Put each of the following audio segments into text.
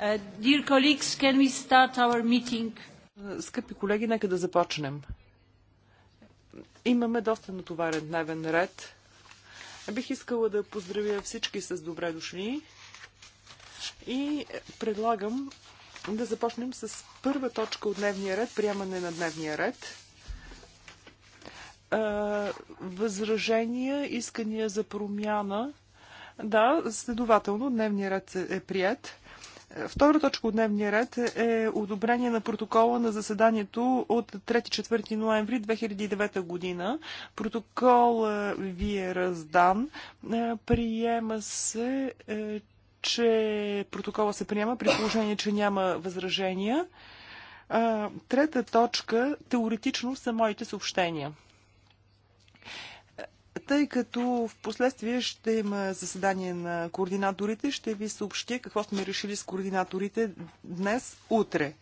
Uh, uh, скъпи колеги, нека да започнем. Имаме доста натоварен дневен ред. Бих искала да поздравя всички с добре дошли и предлагам да започнем с първа точка от дневния ред, приемане на дневния ред възражения, искания за промяна. Да, следователно, дневния ред е прият. Втора точка от дневния ред е одобрение на протокола на заседанието от 3-4 ноември 2009 година. Протокол е, ви е раздан. Е, приема се, е, че протокола се приема при положение, че няма възражения. Трета точка теоретично са моите съобщения. Тъй като в последствие ще има заседание на координаторите, ще ви съобщя какво сме решили с координаторите днес, утре.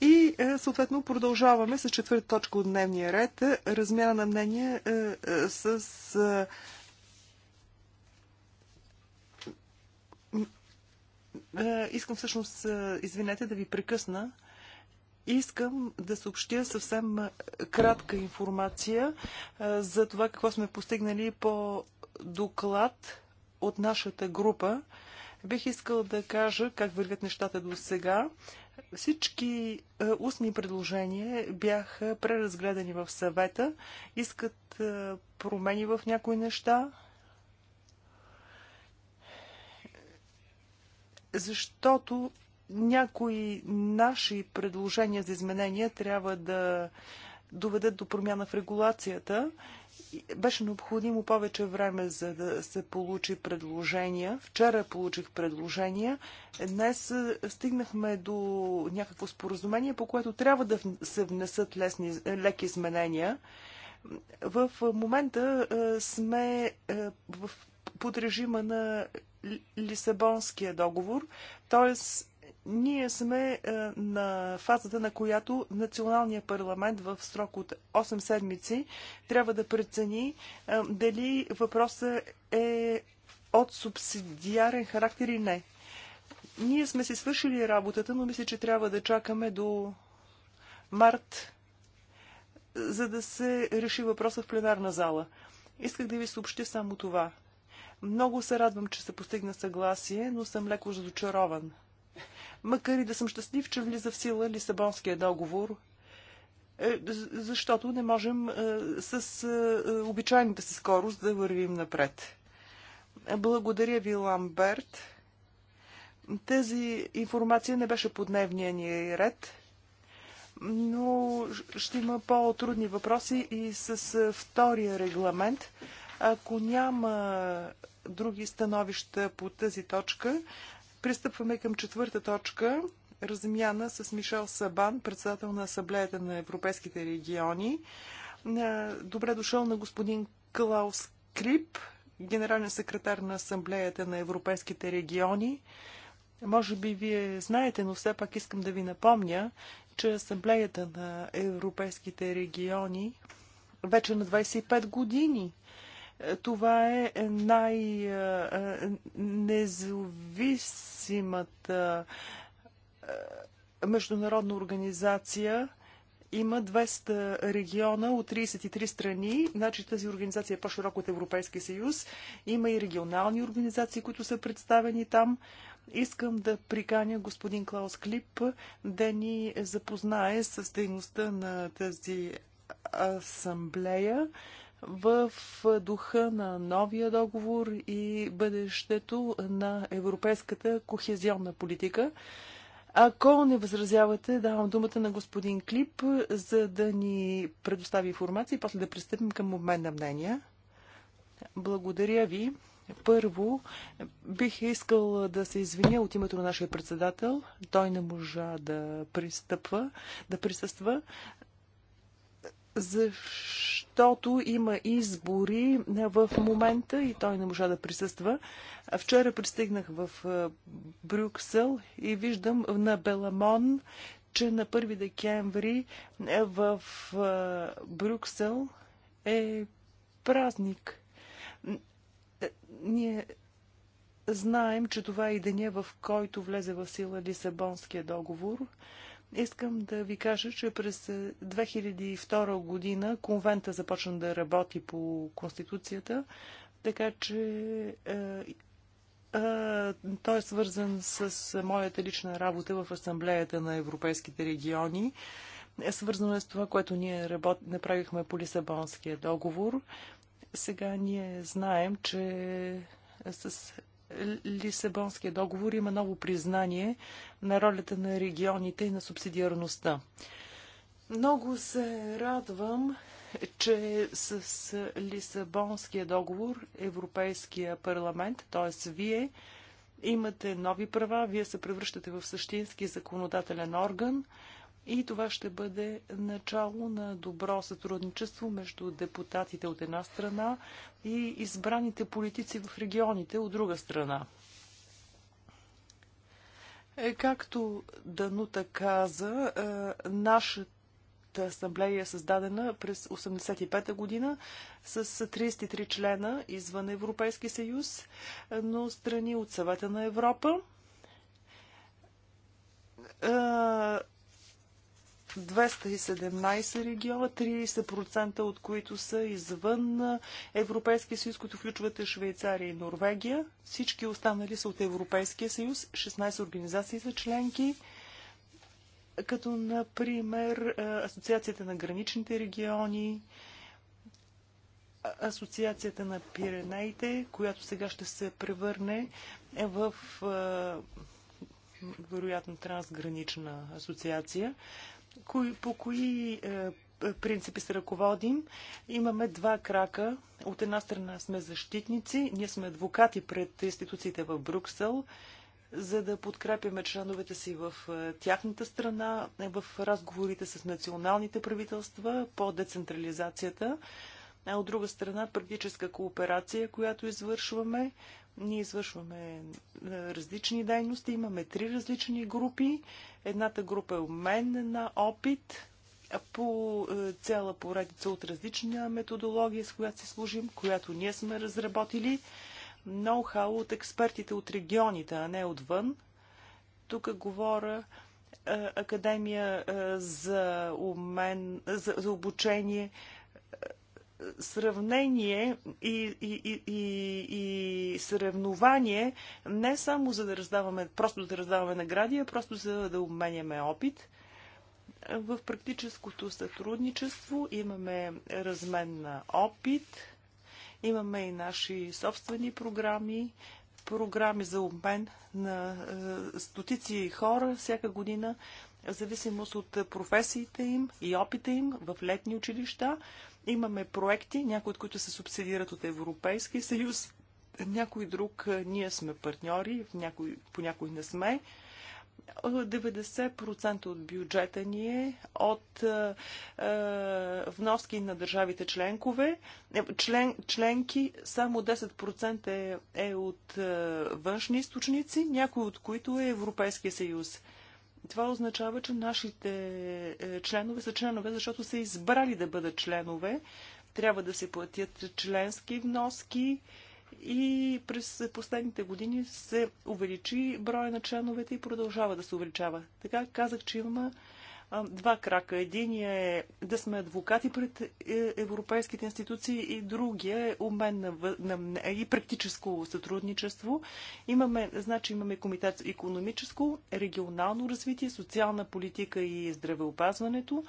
И е, съответно продължаваме с четвърта точка от дневния ред, размяна на мнение е, с е, искам всъщност, извинете, да ви прекъсна. Искам да съобщя съвсем кратка информация за това какво сме постигнали по доклад от нашата група. Бих искал да кажа как вървят нещата до сега. Всички устни предложения бяха преразгледани в съвета. Искат промени в някои неща, защото някои наши предложения за изменения трябва да доведат до промяна в регулацията. Беше необходимо повече време, за да се получи предложения. Вчера получих предложения. Днес е, стигнахме до някакво споразумение, по което трябва да се внесат лесни, е, леки изменения. В момента е, сме под режима на Лисабонския договор, т.е ние сме е, на фазата, на която националния парламент в срок от 8 седмици трябва да прецени е, дали въпросът е от субсидиарен характер или не. Ние сме си свършили работата, но мисля, че трябва да чакаме до март, за да се реши въпроса в пленарна зала. Исках да ви съобщя само това. Много се радвам, че се постигна съгласие, но съм леко разочарован макар и да съм щастлив, че влиза в сила Лисабонския договор, е, защото не можем е, с е, обичайната си скорост да вървим напред. Благодаря ви, Ламберт. Тази информация не беше по дневния ни ред, но ще има по-трудни въпроси и с втория регламент. Ако няма други становища по тази точка, Пристъпваме към четвърта точка размяна с Мишел Сабан, председател на Асамблеята на Европейските региони. Добре дошъл на господин Клаус Крип, генерален секретар на Асамблеята на Европейските региони. Може би вие знаете, но все пак искам да ви напомня, че Асамблеята на Европейските региони вече на 25 години това е най-независимата е, международна организация. Има 200 региона от 33 страни, значи тази организация е по-широко от Европейския съюз. Има и регионални организации, които са представени там. Искам да приканя господин Клаус Клип да ни запознае с дейността на тази асамблея в духа на новия договор и бъдещето на европейската кохезионна политика. Ако не възразявате, давам думата на господин Клип, за да ни предостави информация и после да пристъпим към обмен на мнения. Благодаря ви. Първо, бих искал да се извиня от името на нашия председател. Той не можа да пристъпва, да присъства защото има избори в момента и той не можа да присъства. Вчера пристигнах в е, Брюксел и виждам на Беламон, че на 1 декември в е, Брюксел е празник. Ние знаем, че това е и деня, в който влезе в сила Лисабонския договор – Искам да ви кажа, че през 2002 е, година конвента започна да работи по Конституцията, така че е, е, той е свързан с моята лична работа в Асамблеята на Европейските региони. Е свързано е с това, което ние работ... направихме по Лисабонския договор. Сега ние знаем, че е, с Лисабонския договор има ново признание на ролята на регионите и на субсидиарността. Много се радвам, че с Лисабонския договор Европейския парламент, т.е. вие, имате нови права, вие се превръщате в същински законодателен орган, и това ще бъде начало на добро сътрудничество между депутатите от една страна и избраните политици в регионите от друга страна. Е, както Данута каза, е, нашата асамблея е създадена през 1985 година с 33 члена извън Европейски съюз, е, но страни от съвета на Европа 217 региона, 30% от които са извън Европейския съюз, като включват Швейцария и Норвегия. Всички останали са от Европейския съюз, 16 организации са членки, като например Асоциацията на граничните региони, Асоциацията на Пиренеите, която сега ще се превърне в вероятно трансгранична асоциация кои, по кои е, принципи се ръководим. Имаме два крака. От една страна сме защитници, ние сме адвокати пред институциите в Брюксел, за да подкрепяме членовете си в е, тяхната страна, е, в разговорите с националните правителства по децентрализацията а от друга страна практическа кооперация, която извършваме ние извършваме е, различни дейности, имаме три различни групи. Едната група е обмен на опит по е, цяла поредица от различна методология, с която се служим, която ние сме разработили. Ноу-хау от експертите от регионите, а не отвън. Тук говоря е, академия за, умен, за, за обучение сравнение и, и, и, и, и съревнование не само за да раздаваме, просто да раздаваме награди, а просто за да обменяме опит. В практическото сътрудничество имаме размен на опит, имаме и наши собствени програми, програми за обмен на е, стотици хора всяка година, в зависимост от професиите им и опита им в летни училища, Имаме проекти, някои от които се субсидират от Европейския съюз, някой друг ние сме партньори, някой, по някой не сме. 90% от бюджета ни е от е, вноски на държавите членкове. Е, член, членки само 10% е, е от е, външни източници, някои от които е Европейския съюз това означава, че нашите е, членове са членове, защото са избрали да бъдат членове. Трябва да се платят членски вноски и през последните години се увеличи броя на членовете и продължава да се увеличава. Така казах, че има два крака. Единия е да сме адвокати пред е, европейските институции и другия е обмен на, на, и практическо сътрудничество. Имаме, значи имаме комитет економическо, регионално развитие, социална политика и здравеопазването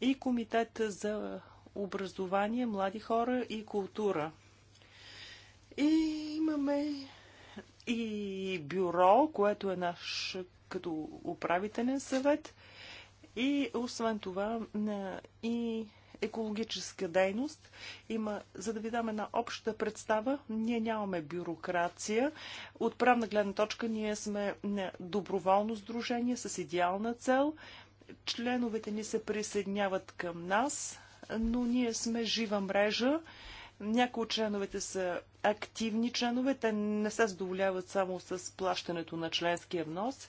и комитет за образование, млади хора и култура. И имаме и бюро, което е наш като управителен съвет – и освен това и екологическа дейност. Има, за да ви дам една обща представа, ние нямаме бюрокрация. От правна гледна точка ние сме доброволно сдружение с идеална цел. Членовете ни се присъединяват към нас, но ние сме жива мрежа. Някои от членовете са активни членове, те не се задоволяват само с плащането на членския внос.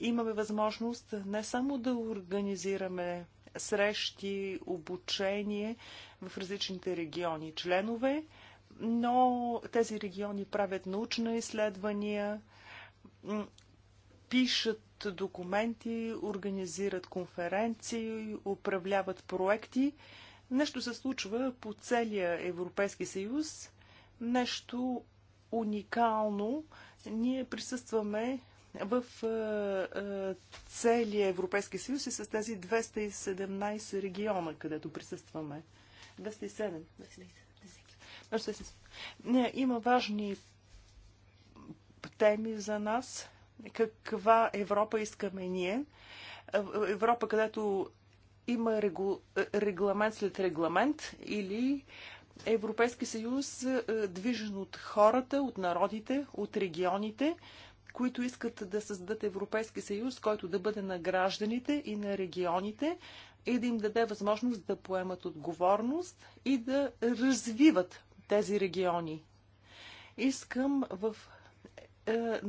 Имаме възможност не само да организираме срещи, обучение в различните региони членове, но тези региони правят научна изследвания, пишат документи, организират конференции, управляват проекти. Нещо се случва по целия Европейски съюз, нещо уникално. Ние присъстваме в целия Европейски съюз и с тези 217 региона, където присъстваме. 207. 207. Не, има важни теми за нас. Каква Европа искаме ние? Европа, където има регу... регламент след регламент или Европейски съюз, движен от хората, от народите, от регионите, които искат да създадат Европейски съюз, който да бъде на гражданите и на регионите и да им даде възможност да поемат отговорност и да развиват тези региони. Искам в е, е,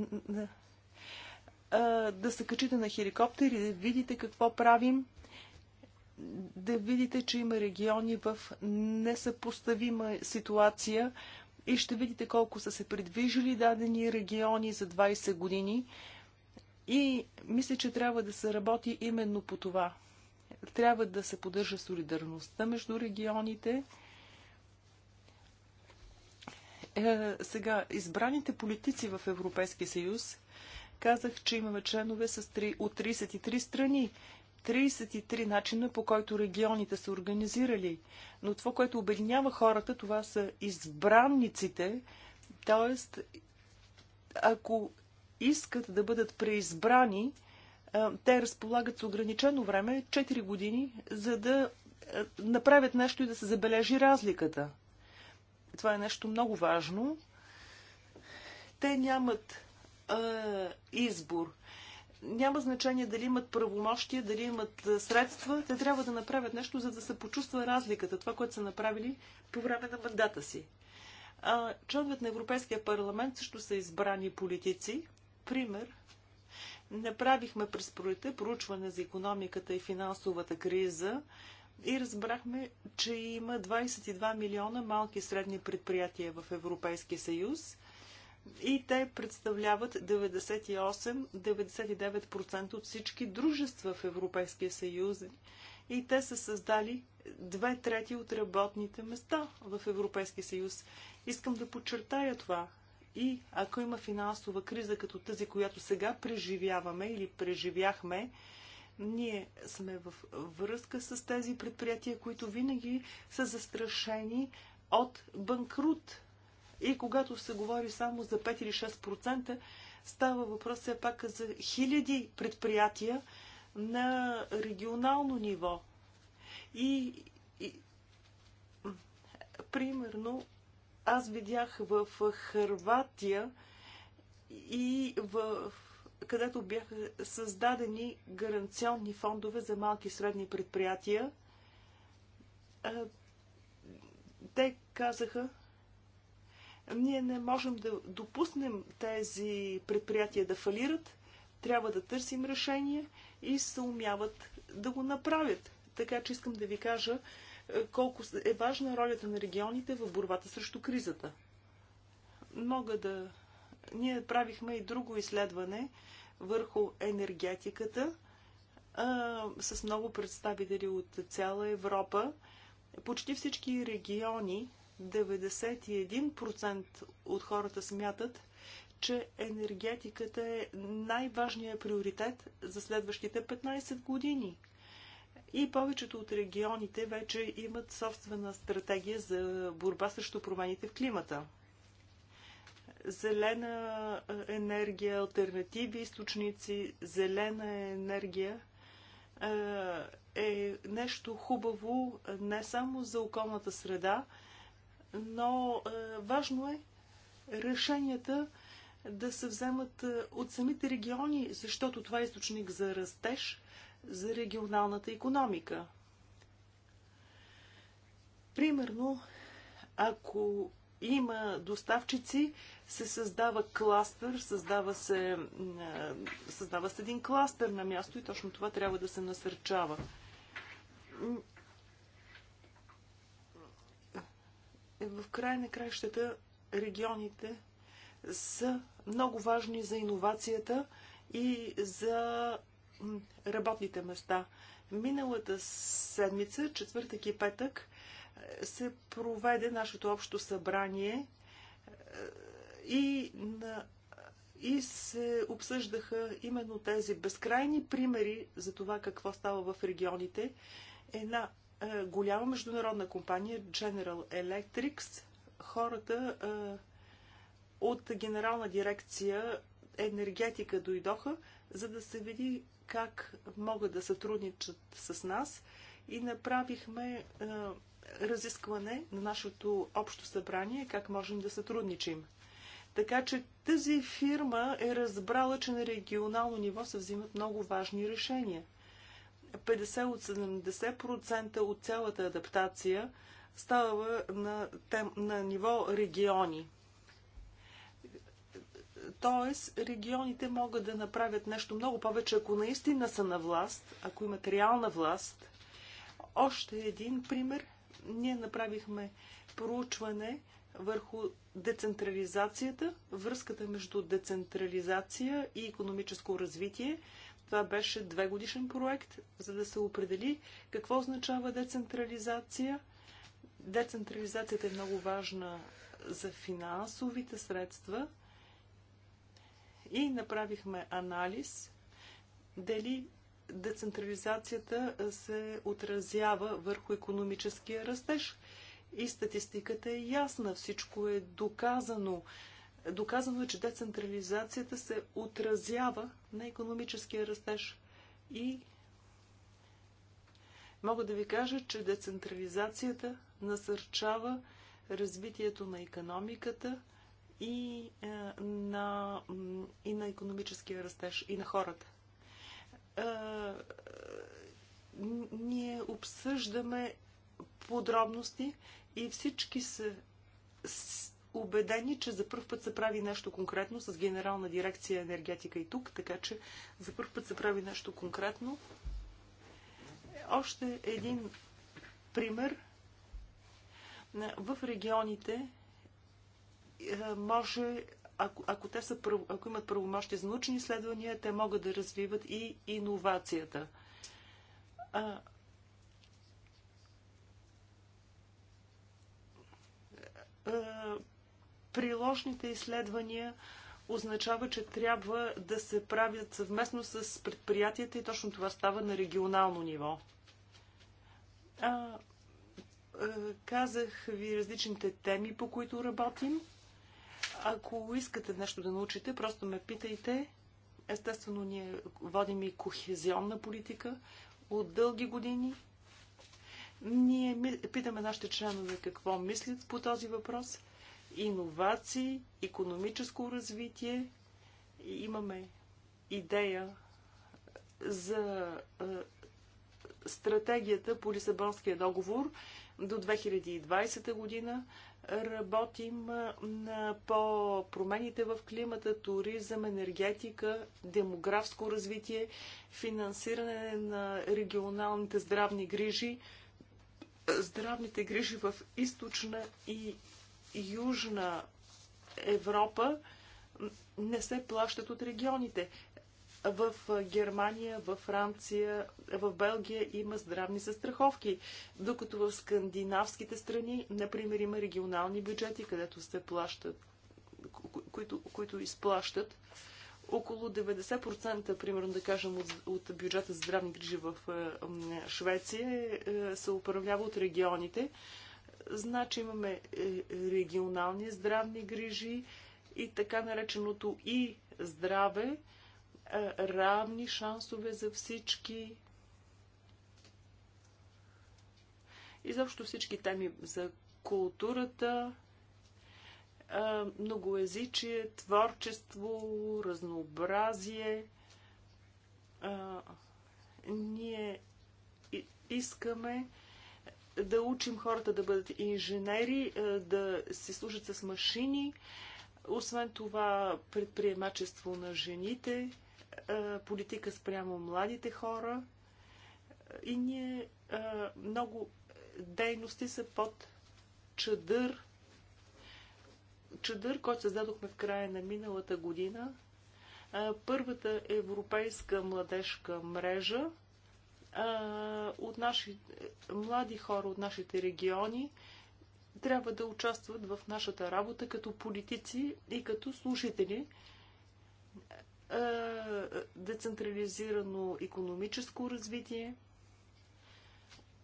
е, да се качите на хеликоптер и да видите какво правим, да видите, че има региони в несъпоставима ситуация, и ще видите колко са се придвижили дадени региони за 20 години. И мисля, че трябва да се работи именно по това. Трябва да се поддържа солидарността между регионите. Е, сега, избраните политици в Европейския съюз казах, че имаме членове с 3, от 33 страни 33 начина, по който регионите са организирали. Но това, което обединява хората, това са избранниците, т.е. ако искат да бъдат преизбрани, те разполагат с ограничено време, 4 години, за да направят нещо и да се забележи разликата. Това е нещо много важно. Те нямат е, избор няма значение дали имат правомощия, дали имат е, средства, те трябва да направят нещо, за да се почувства разликата, това, което са направили по време на мандата си. А, членовете на Европейския парламент също са избрани политици. Пример, направихме през пролета проучване за економиката и финансовата криза и разбрахме, че има 22 милиона малки и средни предприятия в Европейския съюз – и те представляват 98-99% от всички дружества в Европейския съюз и те са създали две трети от работните места в Европейския съюз. Искам да подчертая това. И ако има финансова криза като тази, която сега преживяваме или преживяхме, ние сме в връзка с тези предприятия, които винаги са застрашени от банкрут и когато се говори само за 5 или 6%, става въпрос все пак за хиляди предприятия на регионално ниво. И, и примерно, аз видях в Харватия и в където бяха създадени гаранционни фондове за малки и средни предприятия. Те казаха, ние не можем да допуснем тези предприятия да фалират. Трябва да търсим решение и се умяват да го направят. Така че искам да ви кажа е, колко е важна ролята на регионите в борбата срещу кризата. Мога да. Ние правихме и друго изследване върху енергетиката а, с много представители от цяла Европа. Почти всички региони 91% от хората смятат, че енергетиката е най-важният приоритет за следващите 15 години. И повечето от регионите вече имат собствена стратегия за борба срещу промените в климата. Зелена енергия, альтернативи източници, зелена енергия е нещо хубаво не само за околната среда, но е, важно е решенията да се вземат е, от самите региони, защото това е източник за растеж за регионалната економика. Примерно, ако има доставчици, се създава кластър, създава се, е, създава се един кластър на място и точно това трябва да се насърчава. Е, в края на кращата регионите са много важни за иновацията и за работните места. Миналата седмица, четвъртък и петък, е, се проведе нашето общо събрание е, и, на, и се обсъждаха именно тези безкрайни примери за това какво става в регионите. Една е, голяма международна компания General Electric, хората е, от генерална дирекция енергетика дойдоха, за да се види как могат да сътрудничат с нас и направихме е, разискване на нашето общо събрание, как можем да сътрудничим. Така че тази фирма е разбрала, че на регионално ниво се взимат много важни решения – 50 от 70% от цялата адаптация става на, тем, на ниво региони. Тоест, регионите могат да направят нещо много повече, ако наистина са на власт, ако имат реална власт. Още един пример. Ние направихме проучване върху децентрализацията, връзката между децентрализация и економическо развитие. Това беше две годишен проект, за да се определи какво означава децентрализация. Децентрализацията е много важна за финансовите средства и направихме анализ дали децентрализацията се отразява върху економическия растеж. И статистиката е ясна, всичко е доказано. Доказано е, че децентрализацията се отразява на економическия растеж и мога да ви кажа, че децентрализацията насърчава развитието на економиката и, е, на, и на економическия растеж и на хората. Е, ние обсъждаме подробности и всички се убедени, че за първ път се прави нещо конкретно с Генерална дирекция енергетика и тук, така че за първ път се прави нещо конкретно. Още един пример. В регионите е, може, ако, ако, те са, ако имат правомощи за научни изследвания, те могат да развиват и иновацията. Е, приложните изследвания означава, че трябва да се правят съвместно с предприятията и точно това става на регионално ниво. А, казах ви различните теми, по които работим. Ако искате нещо да научите, просто ме питайте. Естествено, ние водим и кохезионна политика от дълги години. Ние питаме нашите членове какво мислят по този въпрос иновации, економическо развитие. Имаме идея за стратегията по Лисабонския договор до 2020 година. Работим по промените в климата, туризъм, енергетика, демографско развитие, финансиране на регионалните здравни грижи, здравните грижи в източна и Южна Европа не се плащат от регионите. В Германия, в Франция, в Белгия има здравни застраховки, докато в скандинавските страни, например, има регионални бюджети, където се плащат, които, които изплащат около 90%, примерно да кажем, от, от бюджета за здравни грижи в е, Швеция е, се управлява от регионите, Значи имаме е, регионални здравни грижи и така нареченото и здраве, е, равни шансове за всички. И заобщо всички теми за културата, е, многоязичие, творчество, разнообразие. Ние искаме да учим хората да бъдат инженери, е, да се служат с машини. Освен това, предприемачество на жените, е, политика спрямо младите хора. И ние е, много дейности са под чадър. Чадър, който създадохме в края на миналата година. Първата европейска младежка мрежа – от наши млади хора от нашите региони трябва да участват в нашата работа като политици и като служители. Децентрализирано економическо развитие,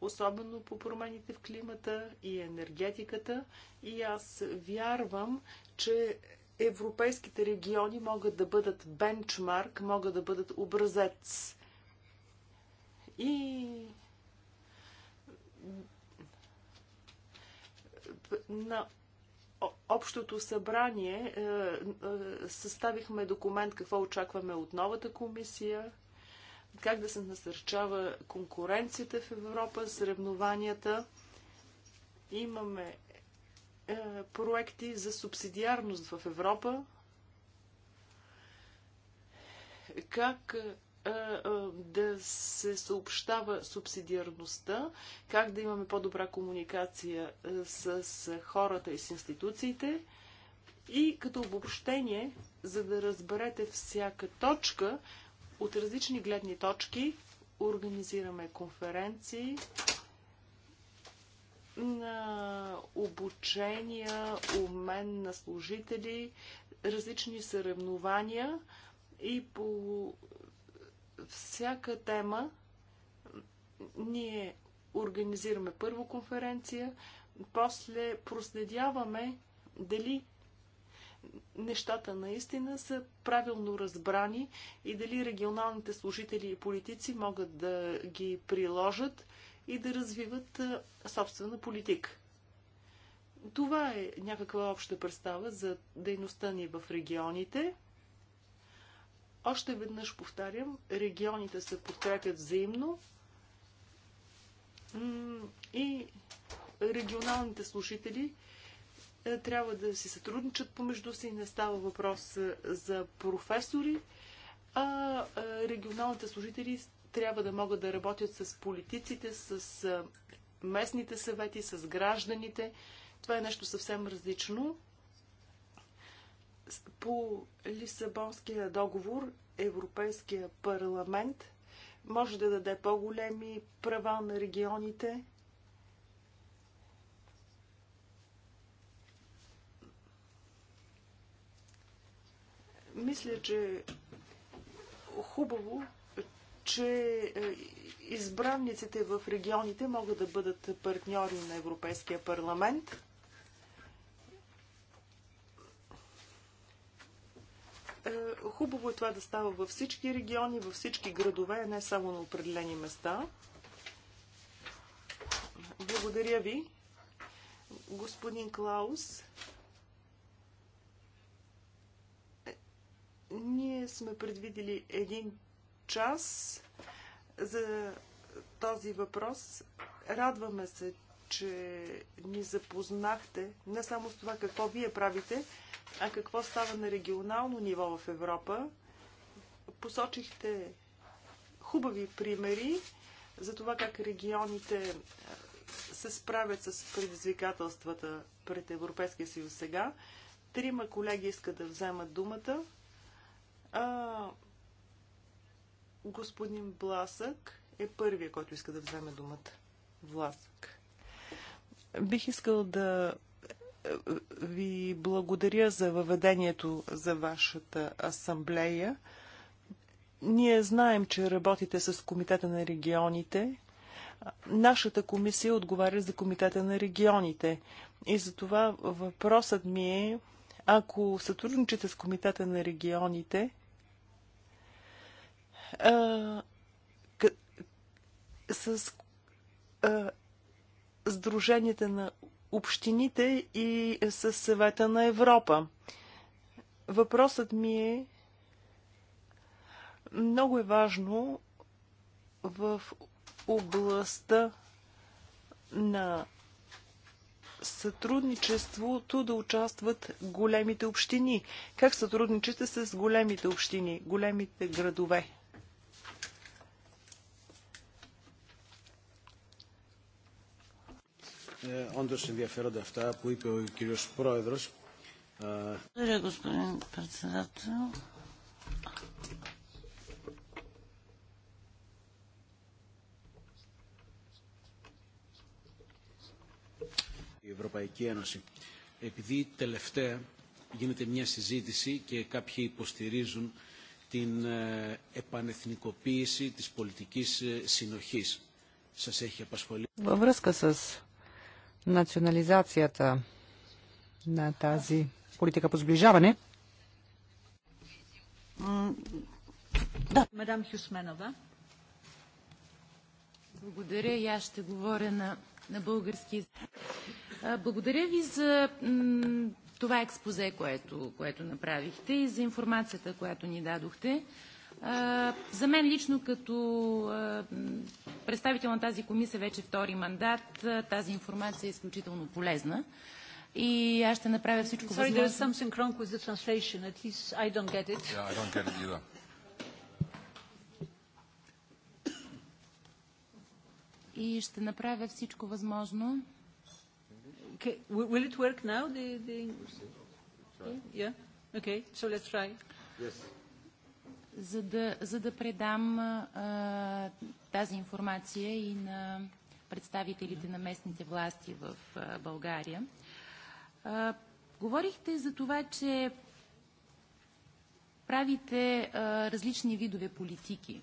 особено по промените в климата и енергетиката. И аз вярвам, че европейските региони могат да бъдат бенчмарк, могат да бъдат образец и на общото събрание е, е, съставихме документ какво очакваме от новата комисия, как да се насърчава конкуренцията в Европа, съревнованията. Имаме е, проекти за субсидиарност в Европа. Как да се съобщава субсидиарността, как да имаме по-добра комуникация с хората и с институциите. И като обобщение, за да разберете всяка точка, от различни гледни точки организираме конференции, на обучения, обмен на служители, различни съревнования и по всяка тема ние организираме първо конференция, после проследяваме дали нещата наистина са правилно разбрани и дали регионалните служители и политици могат да ги приложат и да развиват собствена политика. Това е някаква обща представа за дейността ни в регионите. Още веднъж повтарям, регионите се подкрепят взаимно и регионалните служители е, трябва да си сътрудничат помежду си. Не става въпрос е, за професори, а е, регионалните служители трябва да могат да работят с политиците, с местните съвети, с гражданите. Това е нещо съвсем различно по Лисабонския договор Европейския парламент може да даде по-големи права на регионите. Мисля, че хубаво, че е, избранниците в регионите могат да бъдат партньори на Европейския парламент. Хубаво е това да става във всички региони, във всички градове, не само на определени места. Благодаря ви. Господин Клаус, е, ние сме предвидели един час за този въпрос. Радваме се, че ни запознахте не само с това какво вие правите, а какво става на регионално ниво в Европа. Посочихте хубави примери за това как регионите е, се справят с предизвикателствата пред Европейския съюз сега. Трима колеги искат да вземат думата. А, господин Бласък е първия, който иска да вземе думата. Власък. Бих искал да ви благодаря за въведението за вашата асамблея. Ние знаем, че работите с Комитета на регионите. Нашата комисия отговаря за Комитета на регионите. И за това въпросът ми е, ако сътрудничите с Комитета на регионите, а, с а, Сдруженията на общините и с съвета на Европа. Въпросът ми е много е важно в областта на сътрудничеството да участват големите общини. Как сътрудничите с големите общини, големите градове? όντως ενδιαφέροντα αυτά που είπε ο κύριος Πρόεδρος. Η Ευρωπαϊκή Ένωση. Επειδή τελευταία γίνεται μια συζήτηση και κάποιοι υποστηρίζουν την επανεθνικοποίηση της πολιτικής συνοχής. Σας έχει απασχολήσει национализацията на тази политика по сближаване. Да. Мадам Хюсменова. Благодаря и аз ще говоря на, на български. Благодаря ви за това експозе, което, което направихте и за информацията, която ни дадохте. За мен лично като представител на тази комисия вече втори мандат, тази информация е изключително полезна. И аз ще направя всичко Sorry, възможно. Sorry, something wrong with the translation. At least I don't get it. Yeah, I don't get it either. И ще направя всичко възможно. Okay. Will it work now? The, the... Yeah? Okay, so let's try. Yes за да, за да предам а, тази информация и на представителите на местните власти в а, България. А, говорихте за това, че правите а, различни видове политики.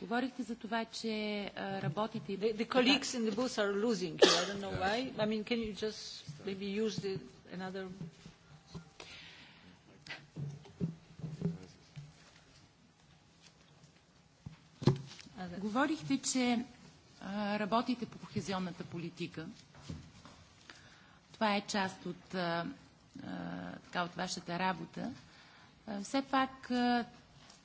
Говорихте за това, че а, работите... The, the colleagues in the booth are losing you. I don't know why. I mean, can you just maybe use the, another Говорихте, че работите по кохезионната политика. Това е част от, така, от вашата работа. Все пак,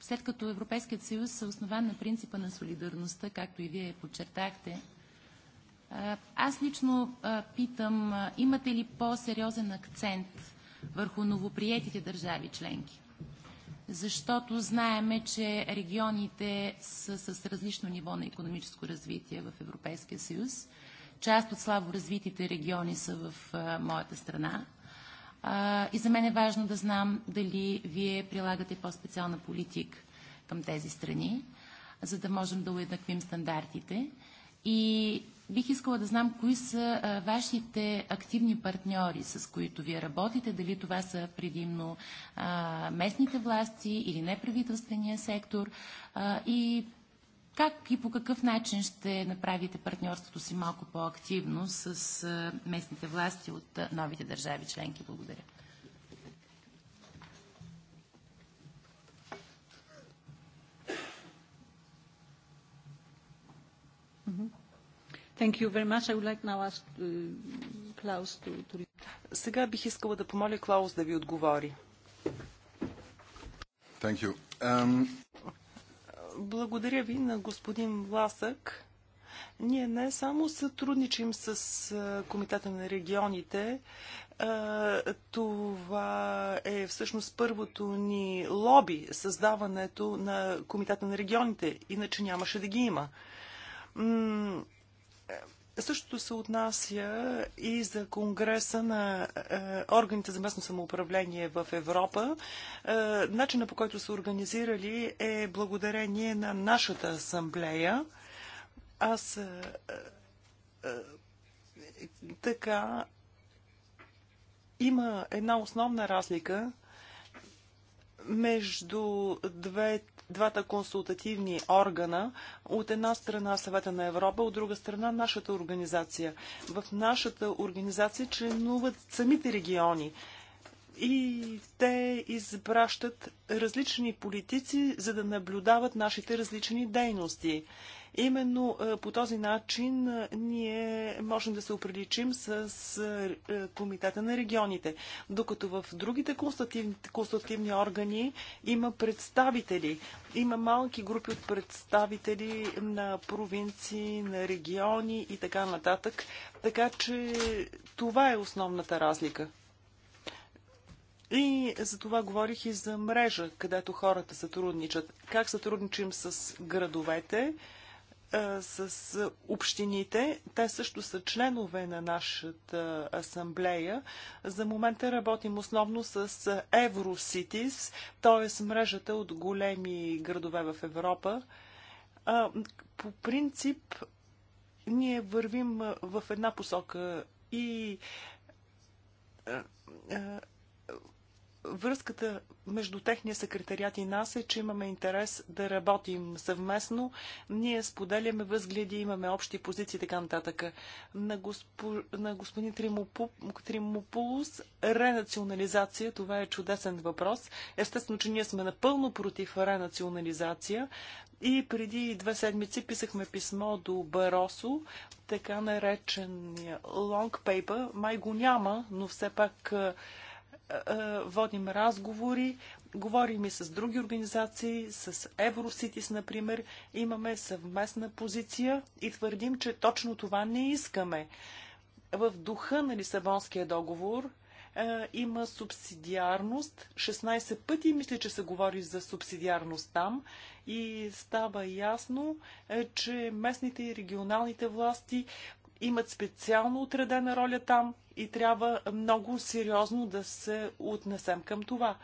след като Европейският съюз е основан на принципа на солидарността, както и вие подчертахте, аз лично питам, имате ли по-сериозен акцент върху новоприетите държави членки? защото знаеме, че регионите са с различно ниво на економическо развитие в Европейския съюз. Част от слабо развитите региони са в моята страна. и за мен е важно да знам дали вие прилагате по-специална политика към тези страни, за да можем да уеднаквим стандартите. И Бих искала да знам кои са вашите активни партньори, с които вие работите, дали това са предимно местните власти или неправителствения сектор и как и по какъв начин ще направите партньорството си малко по-активно с местните власти от новите държави членки? Благодаря. Uh, Сега бих искала да помоля Клаус да ви отговори. Um... Благодаря ви на господин Власък. Ние не само сътрудничим с Комитета на регионите, това е всъщност първото ни лоби, създаването на Комитета на регионите, иначе нямаше да ги има Същото се отнася и за Конгреса на е, органите за местно самоуправление в Европа. Е, начина по който са организирали е благодарение на нашата асамблея. Аз е, е, така има една основна разлика между двете двата консултативни органа, от една страна съвета на Европа, от друга страна нашата организация. В нашата организация членуват самите региони и те изпращат различни политици, за да наблюдават нашите различни дейности. Именно е, по този начин е, ние можем да се оприличим с е, Комитета на регионите, докато в другите консултативни, органи има представители. Има малки групи от представители на провинции, на региони и така нататък. Така че това е основната разлика. И за това говорих и за мрежа, където хората сътрудничат. Как сътрудничим с градовете, е, с е, общините. Те също са членове на нашата асамблея. За момента работим основно с Eurocities, т.е. мрежата от големи градове в Европа. По принцип, ние вървим в една посока и е, връзката между техния секретарят и нас е, че имаме интерес да работим съвместно. Ние споделяме възгледи, имаме общи позиции и така нататък. На, госпо, на господин Тримопулус ренационализация, това е чудесен въпрос. Естествено, че ние сме напълно против ренационализация. И преди две седмици писахме писмо до Баросо, така наречен long paper. Май го няма, но все пак е, водим разговори, говорим и с други организации, с Евроситис, например, имаме съвместна позиция и твърдим, че точно това не искаме. В духа на Лисабонския договор е, има субсидиарност. 16 пъти мисля, че се говори за субсидиарност там и става ясно, е, че местните и регионалните власти имат специално отредена роля там и трябва много сериозно да се отнесем към това.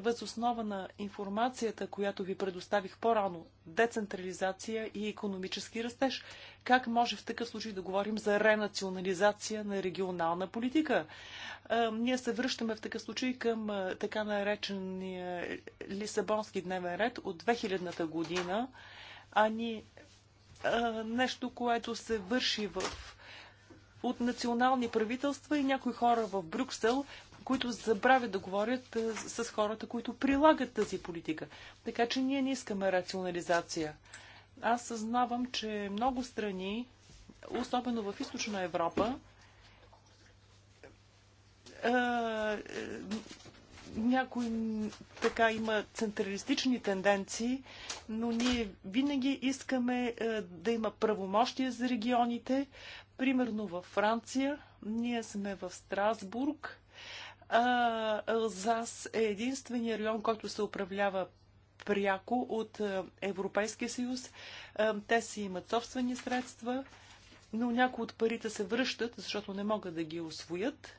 Въз основа на информацията, която ви предоставих по-рано, децентрализация и економически растеж, как може в такъв случай да говорим за ренационализация на регионална политика? А, ние се връщаме в такъв случай към а, така наречения Лисабонски дневен ред от 2000-та година, а ни нещо, което се върши в, от национални правителства и някои хора в Брюксел, които забравят да говорят с хората, които прилагат тази политика. Така че ние не искаме рационализация. Аз съзнавам, че много страни, особено в източна Европа, някой така има централистични тенденции, но ние винаги искаме е, да има правомощия за регионите. Примерно във Франция, ние сме в Страсбург. Алзас е единствения район, който се управлява пряко от е, Европейския съюз. Е, те си имат собствени средства, но някои от парите се връщат, защото не могат да ги освоят.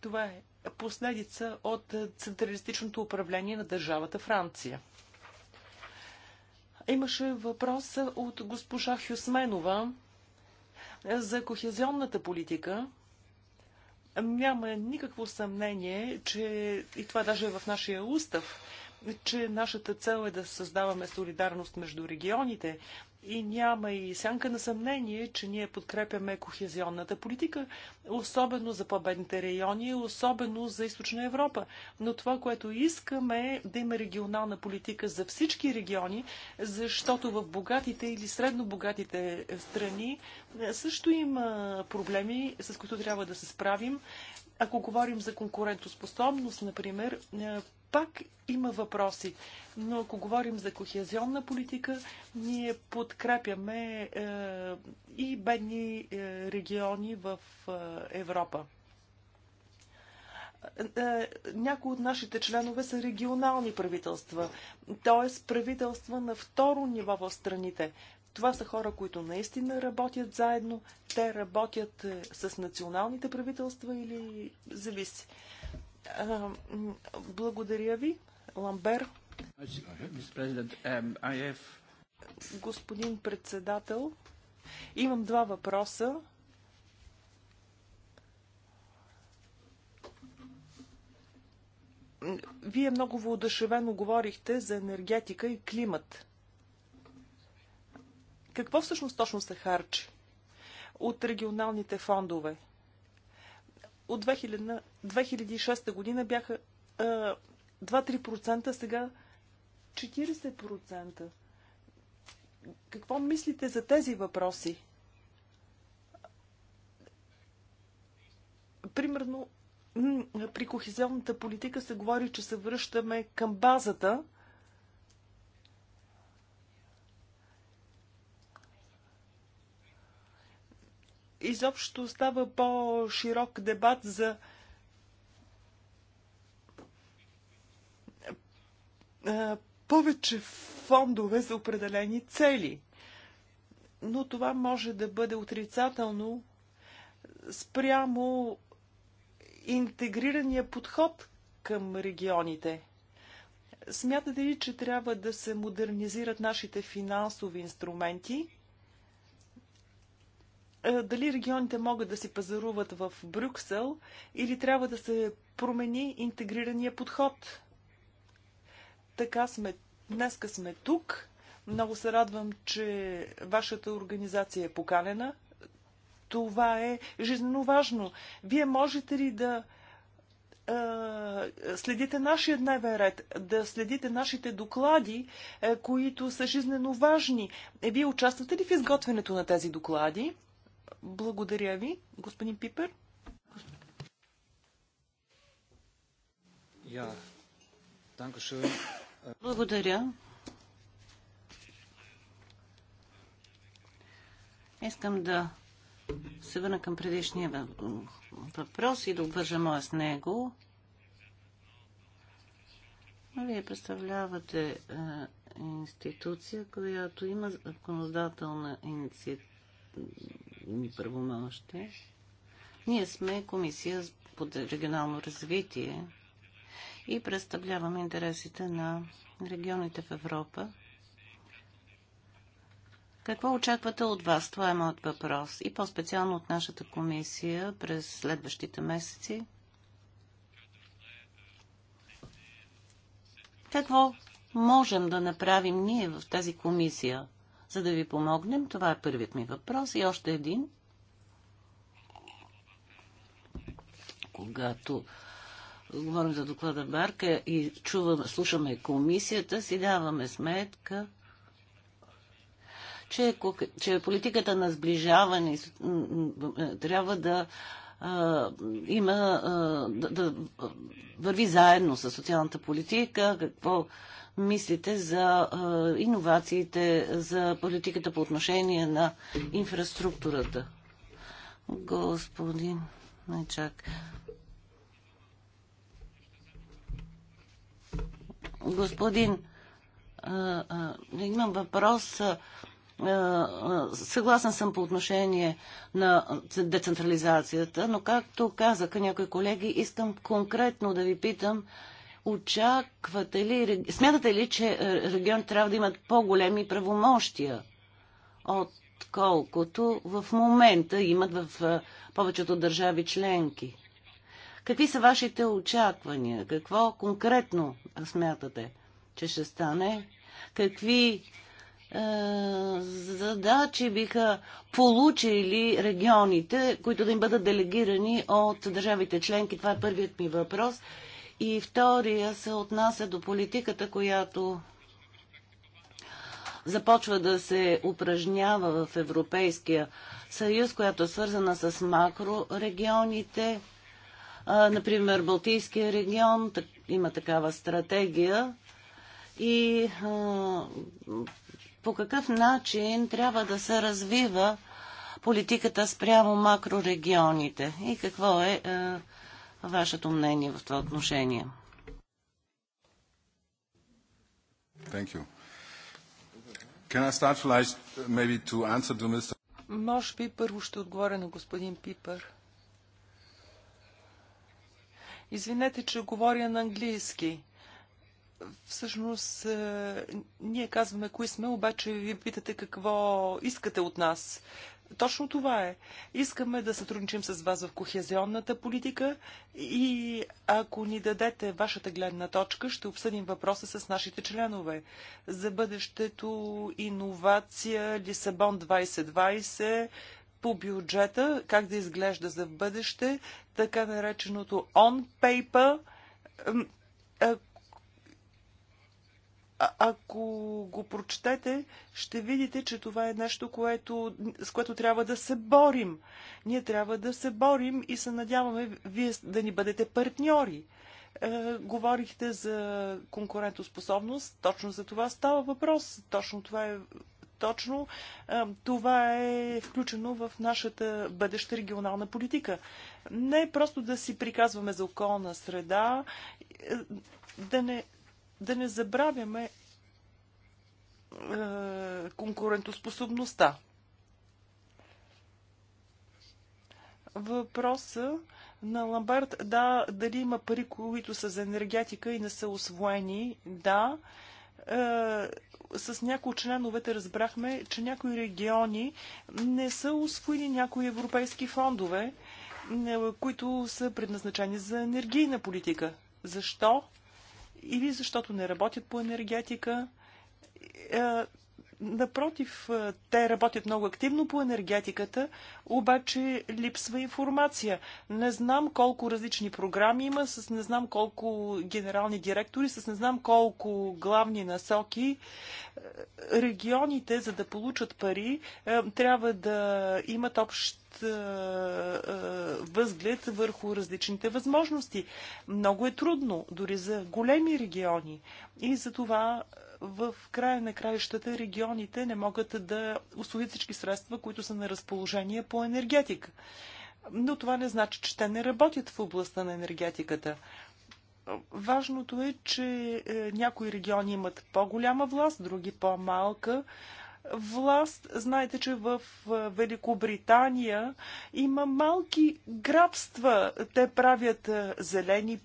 Това е последица от централистичното управление на държавата Франция. Имаше въпрос от госпожа Хюсменова за кохезионната политика. Няма никакво съмнение, че и това даже е в нашия устав, че нашата цел е да създаваме солидарност между регионите, и няма и сянка на съмнение, че ние подкрепяме кохезионната политика, особено за по-бедните райони, особено за Източна Европа. Но това, което искаме е да има регионална политика за всички региони, защото в богатите или средно богатите страни е, също има проблеми, с които трябва да се справим. Ако говорим за конкурентоспособност, например, е, пак има въпроси. Но ако говорим за кохезионна политика, ние подкрепяме е, и бедни е, региони в е, Европа. Е, е, някои от нашите членове са регионални правителства, т.е. правителства на второ ниво в страните. Това са хора, които наистина работят заедно. Те работят е, с националните правителства или зависи. Благодаря ви, Ламбер. Господин председател, имам два въпроса. Вие много воодушевено говорихте за енергетика и климат. Какво всъщност точно се харчи от регионалните фондове? от 2000, 2006 година бяха 2-3%, сега 40%. Какво мислите за тези въпроси? Примерно, при кохезионната политика се говори, че се връщаме към базата – изобщо става по-широк дебат за повече фондове за определени цели. Но това може да бъде отрицателно спрямо интегрирания подход към регионите. Смятате ли, че трябва да се модернизират нашите финансови инструменти е, дали регионите могат да си пазаруват в Брюксел или трябва да се промени интегрирания подход. Така сме, днеска сме тук. Много се радвам, че вашата организация е поканена. Това е жизненно важно. Вие можете ли да е, следите нашия дневен ред, да следите нашите доклади, е, които са жизнено важни. Е, вие участвате ли в изготвянето на тези доклади? Благодаря ви, господин Пипер. Благодаря. Искам да се върна към предишния въпрос и да обвържа моя с него. Вие представлявате е, институция, която има законодателна инициатива ми правомощи. Ние сме комисия по регионално развитие и представляваме интересите на регионите в Европа. Какво очаквате от вас? Това е моят въпрос. И по-специално от нашата комисия през следващите месеци. Какво можем да направим ние в тази комисия? за да ви помогнем? Това е първият ми въпрос. И още един. Когато говорим за доклада Барка и чувам, слушаме комисията, си даваме сметка, че, че политиката на сближаване е, трябва да има да, да върви заедно с социалната политика, какво мислите за иновациите, за политиката по отношение на инфраструктурата? Господин Нечак. Господин, а, а, имам въпрос. А, съгласен съм по отношение на децентрализацията, но както казаха някои колеги, искам конкретно да ви питам Очаквате ли, смятате ли, че е, регион трябва да имат по-големи правомощия, отколкото в момента имат в е, повечето държави членки? Какви са вашите очаквания? Какво конкретно смятате, че ще стане? Какви е, задачи биха получили регионите, които да им бъдат делегирани от държавите членки? Това е първият ми въпрос. И втория се отнася до политиката, която започва да се упражнява в Европейския съюз, която е свързана с макрорегионите. Например, Балтийския регион има такава стратегия. И по какъв начин трябва да се развива политиката спрямо макрорегионите и какво е, е вашето мнение в това отношение. Thank you. Can I start uh, maybe to answer to Mr. Може би първо ще отговоря на господин Пипър. Извинете, че говоря на английски. Всъщност, е, ние казваме кои сме, обаче ви питате какво искате от нас. Точно това е. Искаме да сътрудничим с вас в кохезионната политика и ако ни дадете вашата гледна точка, ще обсъдим въпроса с нашите членове за бъдещето, иновация, Лисабон 2020, по бюджета, как да изглежда за бъдеще, така нареченото on paper, а, ако го прочетете, ще видите, че това е нещо, което, с което трябва да се борим. Ние трябва да се борим и се надяваме вие да ни бъдете партньори. Е, говорихте за конкурентоспособност, точно за това става въпрос. Точно това е точно е, това е включено в нашата бъдеща регионална политика. Не е просто да си приказваме за околна среда, е, да не да не забравяме е, конкурентоспособността. Въпроса на Ламбард, да, дали има пари, които са за енергетика и не са освоени, да. Е, с някои от членовете разбрахме, че някои региони не са освоили някои европейски фондове, е, които са предназначени за енергийна политика. Защо? или защото не работят по енергетика е, Напротив, е, те работят много активно по енергетиката, обаче липсва информация. Не знам колко различни програми има, с не знам колко генерални директори, с не знам колко главни насоки. Е, регионите, за да получат пари, е, трябва да имат общ възглед върху различните възможности. Много е трудно, дори за големи региони. И за това в края на краищата регионите не могат да освоят всички средства, които са на разположение по енергетика. Но това не значи, че те не работят в областта на енергетиката. Важното е, че е, някои региони имат по-голяма власт, други по-малка власт. Знаете, че в е, Великобритания има малки грабства. Те правят е, зелени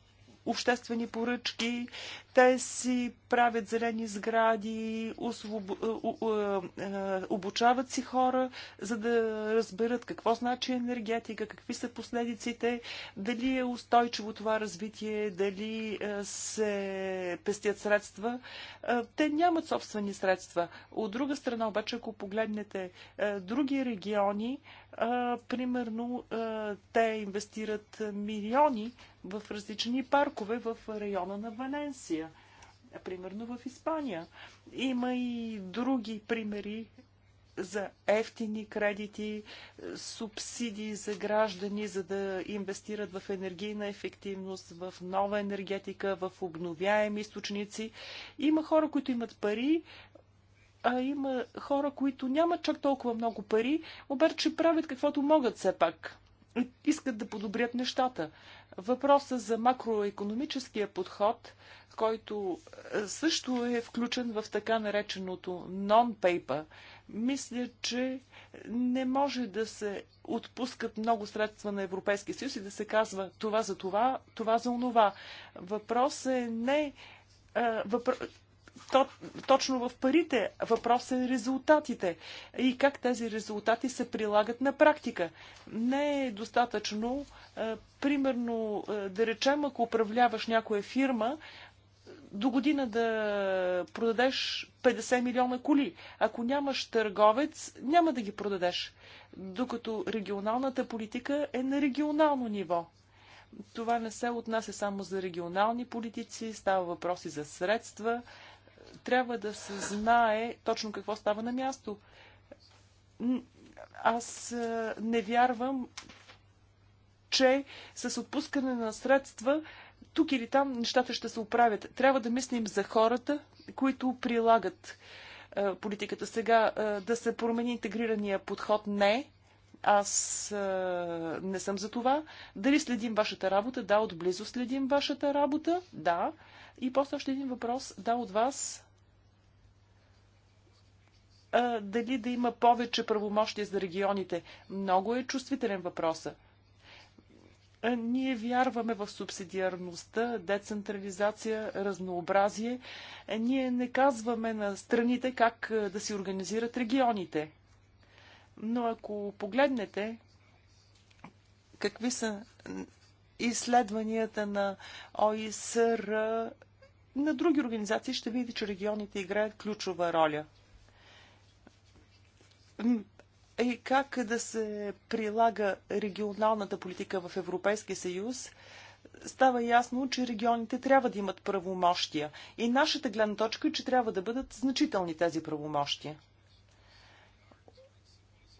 обществени поръчки, те си правят зелени сгради, освоб... Е, е, е, обучават си хора, за да разберат какво значи енергетика, какви са последиците, дали е устойчиво това развитие, дали се пестят средства. Те нямат собствени средства. От друга страна, обаче, ако погледнете други региони, примерно те инвестират милиони в различни паркове в района на Валенсия примерно в Испания. Има и други примери за ефтини кредити, субсидии за граждани, за да инвестират в енергийна ефективност, в нова енергетика, в обновяеми източници. Има хора, които имат пари, а има хора, които нямат чак толкова много пари, обаче правят каквото могат все пак искат да подобрят нещата. Въпроса за макроекономическия подход, който е, също е включен в така нареченото нон paper мисля, че не може да се отпускат много средства на Европейския съюз и да се казва това за това, това за онова. Въпросът е не е, Въпро то, точно в парите. Въпрос е резултатите и как тези резултати се прилагат на практика. Не е достатъчно, е, примерно, е, да речем, ако управляваш някоя фирма, до година да продадеш 50 милиона коли. Ако нямаш търговец, няма да ги продадеш. Докато регионалната политика е на регионално ниво. Това не се отнася само за регионални политици, става въпроси за средства, трябва да се знае точно какво става на място. Аз е, не вярвам, че с отпускане на средства тук или там нещата ще се оправят. Трябва да мислим за хората, които прилагат е, политиката. Сега е, да се промени интегрирания подход не. Аз не съм за това. Дали следим вашата работа? Да, отблизо следим вашата работа. Да. И после още един въпрос, да, от вас. А, дали да има повече правомощия за регионите? Много е чувствителен въпрос. Ние вярваме в субсидиарността, децентрализация, разнообразие. Ние не казваме на страните как да си организират регионите. Но ако погледнете какви са изследванията на ОИСР, на други организации, ще видите, че регионите играят ключова роля. И е, как да се прилага регионалната политика в Европейския съюз, става ясно, че регионите трябва да имат правомощия. И нашата гледна точка е, че трябва да бъдат значителни тези правомощия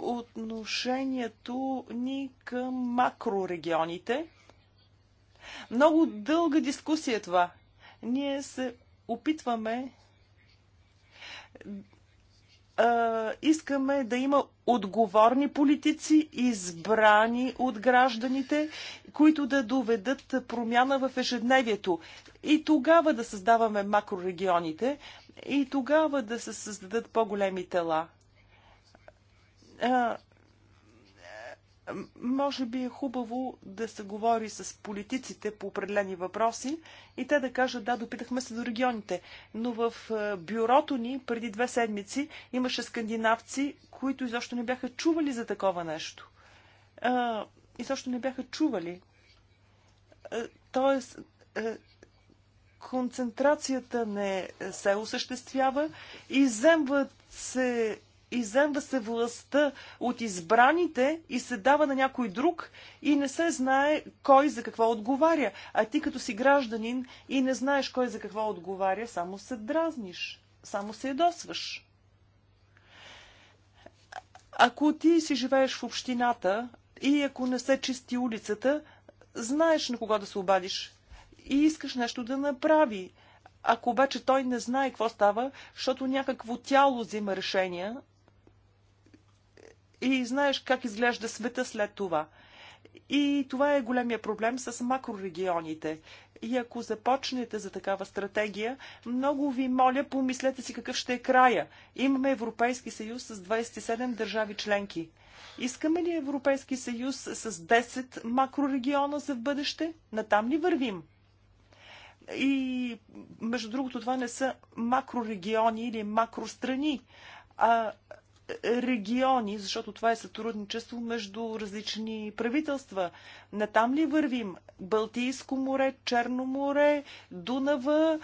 отношението ни към макрорегионите. Много дълга дискусия е това. Ние се опитваме а, искаме да има отговорни политици, избрани от гражданите, които да доведат промяна в ежедневието. И тогава да създаваме макрорегионите, и тогава да се създадат по-големи тела. А, може би е хубаво да се говори с политиците по определени въпроси и те да кажат, да, допитахме се до регионите, но в е, бюрото ни преди две седмици имаше скандинавци, които изобщо не бяха чували за такова нещо. А, изобщо не бяха чували. А, тоест, а, концентрацията не се осъществява, и вземват се изземва се властта от избраните и се дава на някой друг и не се знае кой за какво отговаря. А ти като си гражданин и не знаеш кой за какво отговаря, само се дразниш, само се ядосваш. Ако ти си живееш в общината и ако не се чисти улицата, знаеш на кого да се обадиш и искаш нещо да направи. Ако обаче той не знае какво става, защото някакво тяло взима решения, и знаеш как изглежда света след това. И това е големия проблем с макрорегионите. И ако започнете за такава стратегия, много ви моля, помислете си какъв ще е края. Имаме Европейски съюз с 27 държави членки. Искаме ли Европейски съюз с 10 макрорегиона за в бъдеще? Натам ли вървим? И, между другото, това не са макрорегиони или макространи, а региони, защото това е сътрудничество между различни правителства. Натам ли вървим? Балтийско море, Черно море, Дунава,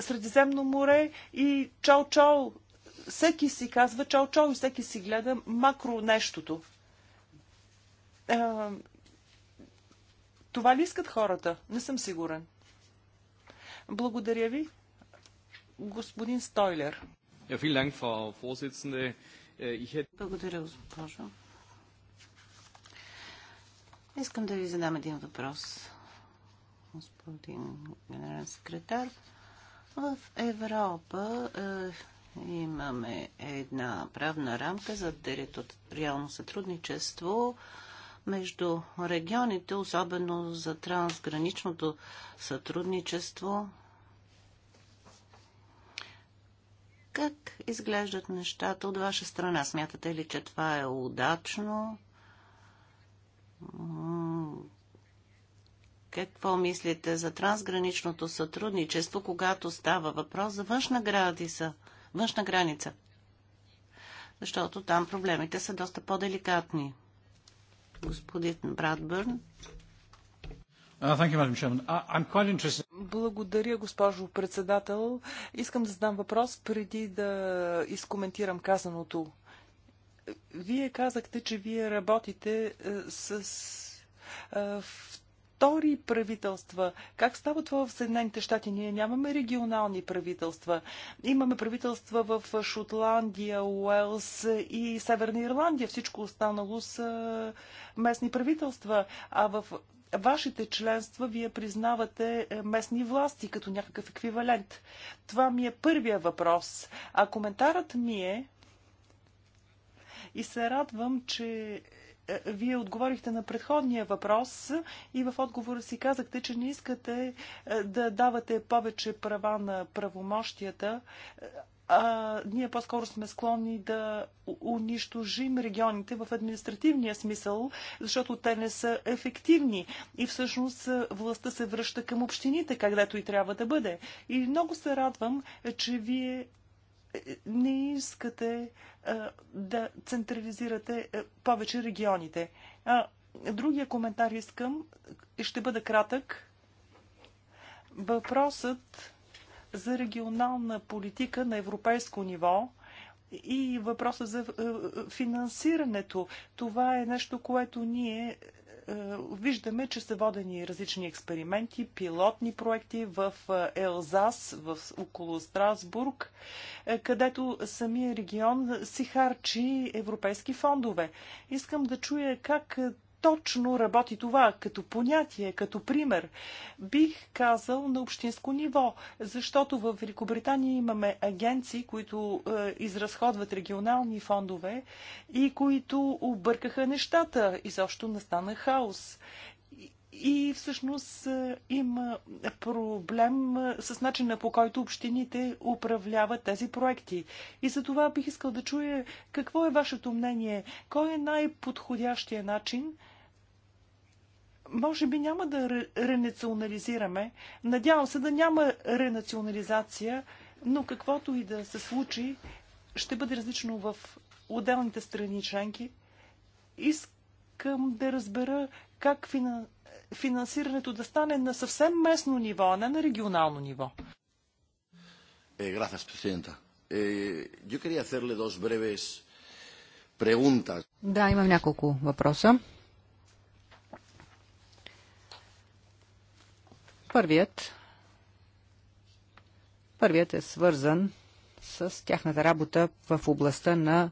Средиземно море и чао-чао. Всеки си казва чао-чао и всеки си гледа макро нещото. Това ли искат хората? Не съм сигурен. Благодаря ви, господин Стойлер. Ja, vielen Dank, Frau Vorsitzende. Е, Благодаря, госпожо. Искам да ви задам един въпрос, господин генерален секретар. В Европа е, имаме една правна рамка за териториално сътрудничество между регионите, особено за трансграничното сътрудничество Как изглеждат нещата от ваша страна? Смятате ли, че това е удачно? Какво мислите за трансграничното сътрудничество, когато става въпрос за външна граница? Външна граница. Защото там проблемите са доста по-деликатни. Господин Брадбърн. Uh, uh, Благодаря, госпожо председател. Искам да задам въпрос преди да изкоментирам казаното. Вие казахте, че вие работите е, с е, втори правителства. Как става това в Съединените щати? Ние нямаме регионални правителства. Имаме правителства в Шотландия, Уелс и Северна Ирландия. Всичко останало са местни правителства. А в вашите членства вие признавате е, местни власти като някакъв еквивалент. Това ми е първия въпрос. А коментарът ми е и се радвам, че е, вие отговорихте на предходния въпрос и в отговора си казахте, че не искате е, да давате повече права на правомощията а, ние по-скоро сме склонни да унищожим регионите в административния смисъл, защото те не са ефективни и всъщност властта се връща към общините, където и трябва да бъде. И много се радвам, че вие е, не искате а, да централизирате е, повече регионите. А, другия коментар искам, ще бъда кратък. Въпросът за регионална политика на европейско ниво и въпроса за е, финансирането. Това е нещо, което ние е, виждаме, че са водени различни експерименти, пилотни проекти в е, Елзас, в, около Страсбург, където самия регион си харчи европейски фондове. Искам да чуя как точно работи това като понятие, като пример? Бих казал на общинско ниво, защото в Великобритания имаме агенции, които е, изразходват регионални фондове и които объркаха нещата. Изобщо настана хаос. И всъщност е, има проблем е, с начина по който общините управляват тези проекти. И за това бих искал да чуя какво е вашето мнение. Кой е най-подходящия начин може би няма да ренационализираме. Надявам се да няма ренационализация, но каквото и да се случи, ще бъде различно в отделните страни членки. Искам да разбера как финансирането да стане на съвсем местно ниво, а не на регионално ниво. Е, gracias, президента. Е, hacerle dos breves preguntas. Да, имам няколко въпроса. Първият, първият е свързан с тяхната работа в областта на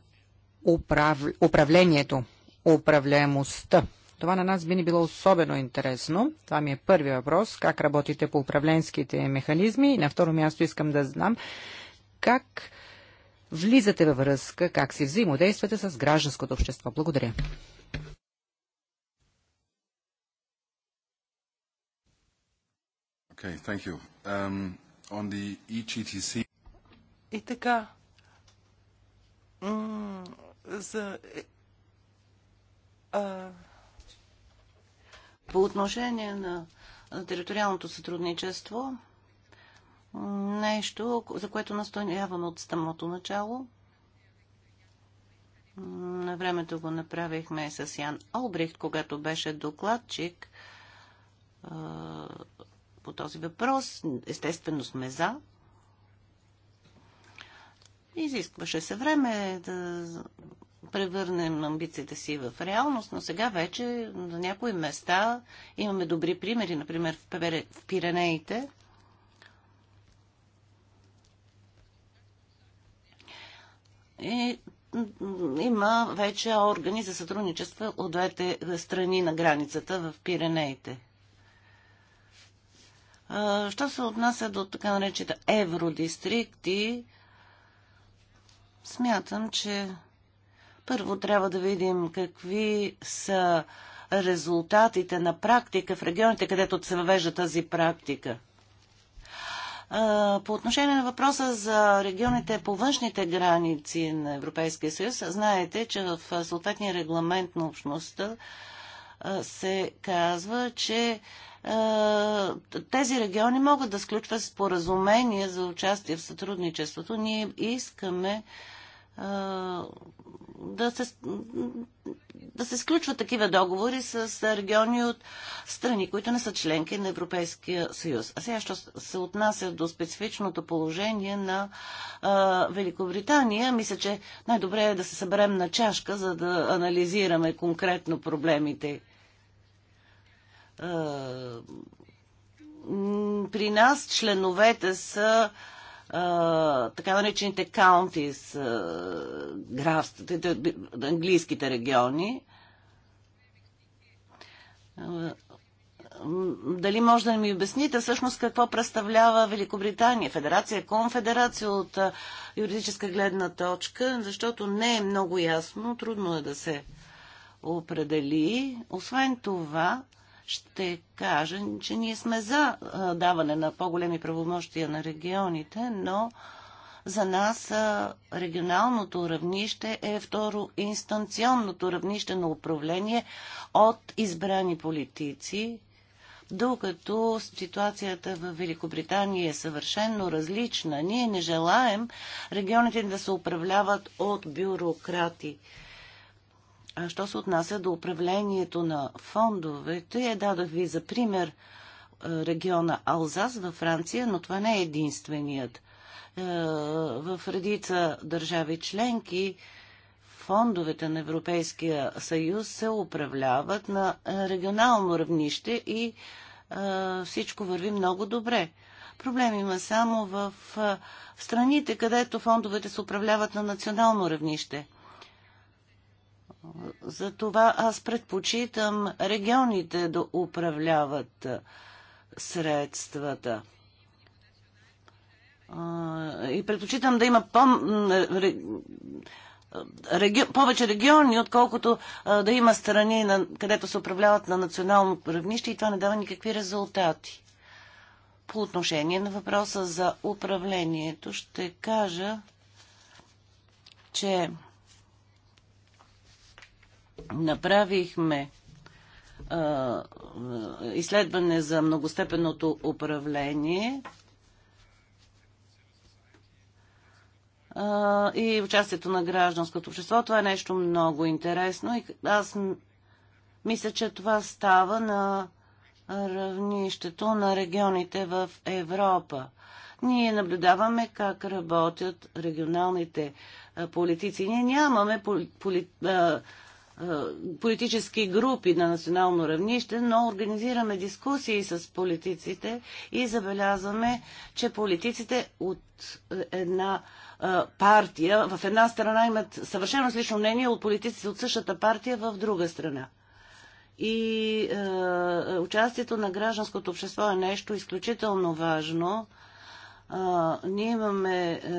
управ... управлението, управляемостта. Това на нас би ни било особено интересно. Това ми е първи въпрос. Как работите по управленските механизми? И на второ място искам да знам как влизате във връзка, как си взаимодействате с гражданското общество. Благодаря. Okay, thank you. Um, on the EGTC... И така, за... Е, а... По отношение на, на териториалното сътрудничество, нещо, за което настояваме от самото начало. На времето го направихме с Ян Олбрихт, когато беше докладчик по този въпрос. Естествено сме за. Изискваше се време да превърнем амбициите си в реалност, но сега вече на някои места имаме добри примери, например в Пиренеите. И има вече органи за сътрудничество от двете страни на границата в Пиренеите. Що се отнася до така наречите евродистрикти, смятам, че първо трябва да видим какви са резултатите на практика в регионите, където се въвежда тази практика. По отношение на въпроса за регионите по външните граници на Европейския съюз, знаете, че в съответния регламент на общността се казва, че е, тези региони могат да сключват споразумения за участие в сътрудничеството. Ние искаме е, да се, да се сключват такива договори с региони от страни, които не са членки на Европейския съюз. А сега, що се отнася до специфичното положение на а, е, Великобритания, мисля, че най-добре е да се съберем на чашка, за да анализираме конкретно проблемите е, при нас членовете са а, е, така наречените каунтис, е, графствата, английските региони. дали може да ми обясните всъщност какво представлява Великобритания? Федерация, конфедерация от юридическа гледна точка, защото не е много ясно, трудно е да се определи. Освен това, ще кажа, че ние сме за даване на по-големи правомощия на регионите, но за нас регионалното равнище е второ инстанционното равнище на управление от избрани политици, докато ситуацията в Великобритания е съвършенно различна. Ние не желаем регионите да се управляват от бюрократи. А що се отнася до управлението на фондовете, е дадах ви за пример е, региона Алзас във Франция, но това не е единственият. Е, в редица държави членки фондовете на Европейския съюз се управляват на е, регионално равнище и всичко върви много добре. Проблем има само в страните, където фондовете се управляват на национално равнище – затова аз предпочитам регионите да управляват средствата. И предпочитам да има по реги... повече региони, отколкото а, да има страни, на... където се управляват на национално равнище и това не дава никакви резултати. По отношение на въпроса за управлението ще кажа, че Направихме а, изследване за многостепенното управление а, и участието на гражданското общество. Това е нещо много интересно и аз мисля, че това става на равнището на регионите в Европа. Ние наблюдаваме как работят регионалните политици. Ние нямаме поли, е, политически групи на национално равнище, но организираме дискусии с политиците и забелязваме, че политиците от е, една е, партия в една страна имат съвършено лично мнение от политиците от същата партия в друга страна. И е, участието на гражданското общество е нещо изключително важно а, ние имаме а, е,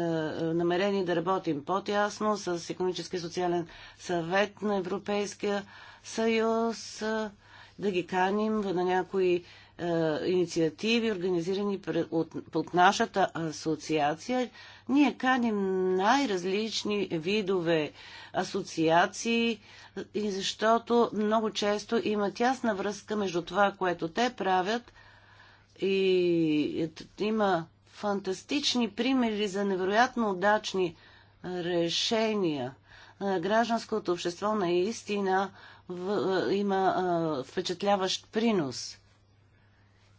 намерение да работим по-тясно с економически и социален съвет на Европейския съюз, а, е, да ги каним на някои а, е, инициативи, организирани от, от нашата асоциация. Ние каним най-различни видове асоциации, и защото много често има тясна връзка между това, което те правят и има фантастични примери за невероятно удачни решения. Гражданското общество наистина има впечатляващ принос.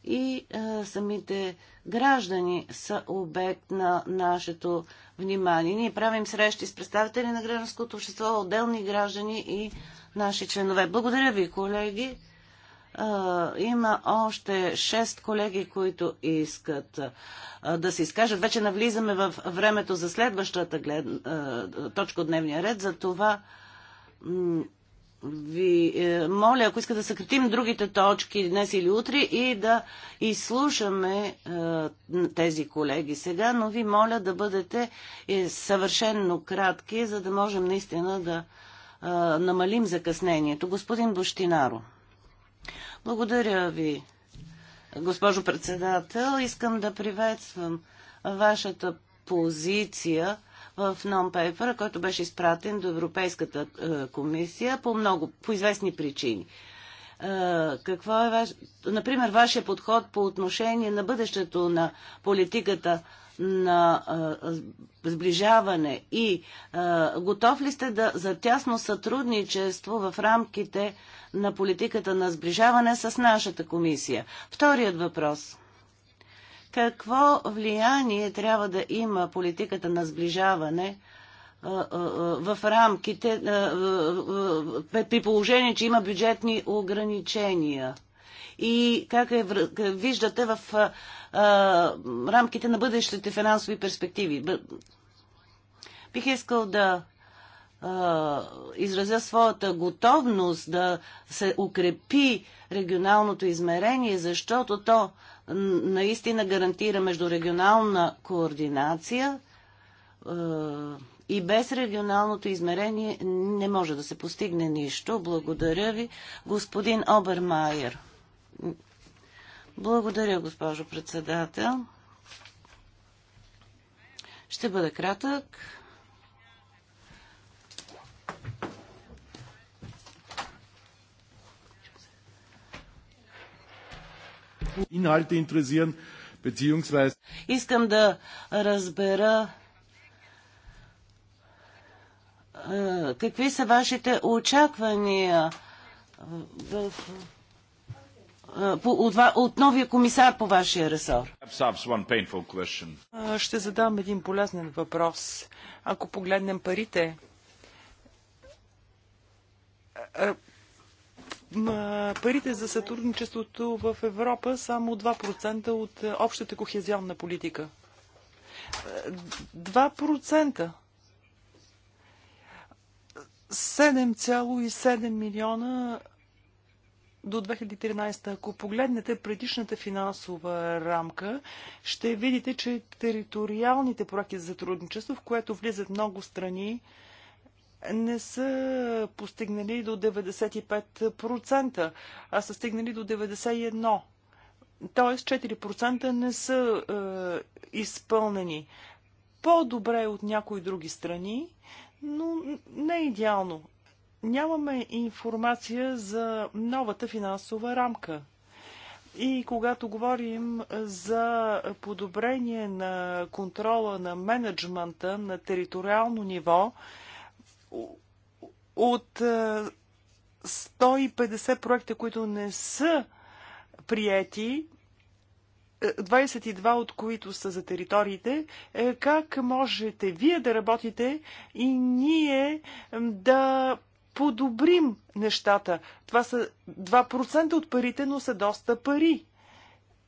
И самите граждани са обект на нашето внимание. Ние правим срещи с представители на гражданското общество, отделни граждани и наши членове. Благодаря ви, колеги а, има още шест колеги, които искат а, да се изкажат. Вече навлизаме в времето за следващата глед... а, точка от дневния ред. За това ви е, моля, ако искате да съкратим другите точки днес или утре и да изслушаме е, тези колеги сега, но ви моля да бъдете е, съвършенно кратки, за да можем наистина да е, намалим закъснението. Господин Бощинаро. Благодаря ви, госпожо председател. Искам да приветствам вашата позиция в нон пейпер който беше изпратен до Европейската е, комисия по много, по известни причини. Е, какво е ваш... Например, вашия подход по отношение на бъдещето на политиката на сближаване и готов ли сте да, за тясно сътрудничество в рамките на политиката на сближаване с нашата комисия? Вторият въпрос. Какво влияние трябва да има политиката на сближаване в рамките, при положение, че има бюджетни ограничения? И как е, виждате в рамките на бъдещите финансови перспективи. Бих искал да изразя своята готовност да се укрепи регионалното измерение, защото то наистина гарантира междурегионална координация и без регионалното измерение не може да се постигне нищо. Благодаря ви, господин Обермайер. Благодаря, госпожо председател. Ще бъда кратък. Искам да разбера какви са вашите очаквания в от, от новия комисар по вашия ресор? Ще задам един полезен въпрос. Ако погледнем парите, парите за сътрудничеството в Европа само 2% от общата кохезионна политика. 2%. 7,7 милиона до 2013, ако погледнете предишната финансова рамка, ще видите, че териториалните проекти за сътрудничество, в което влизат много страни, не са постигнали до 95%, а са стигнали до 91%. Тоест 4% не са е, изпълнени. По-добре е от някои други страни, но не е идеално нямаме информация за новата финансова рамка. И когато говорим за подобрение на контрола на менеджмента на териториално ниво, от 150 е, проекта, които не са приети, 22 е, от които са за териториите, е, как можете вие да работите и ние да подобрим нещата. Това са 2% от парите, но са доста пари.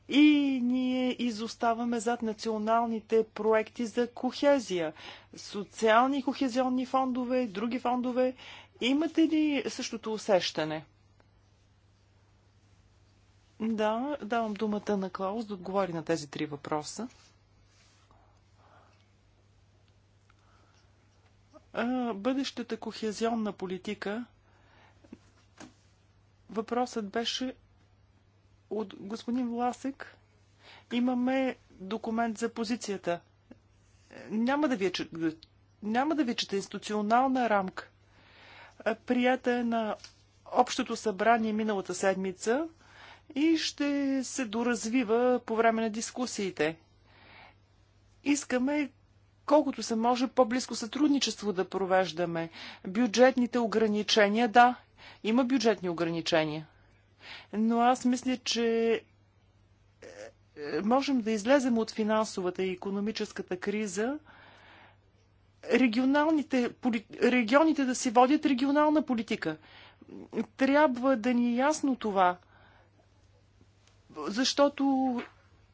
И ние изоставаме зад националните проекти за кохезия, социални кохезионни фондове, други фондове. Имате ли същото усещане? Да, давам думата на Клаус да отговори на тези три въпроса. бъдещата кохезионна политика, въпросът беше от господин Власек. Имаме документ за позицията. Няма да ви, няма да ви чета институционална рамка. Прията е на Общото събрание миналата седмица и ще се доразвива по време на дискусиите. Искаме колкото се може по-близко сътрудничество да провеждаме. Бюджетните ограничения, да, има бюджетни ограничения. Но аз мисля, че е, можем да излезем от финансовата и економическата криза, регионалните, регионите да си водят регионална политика. Трябва да ни е ясно това, защото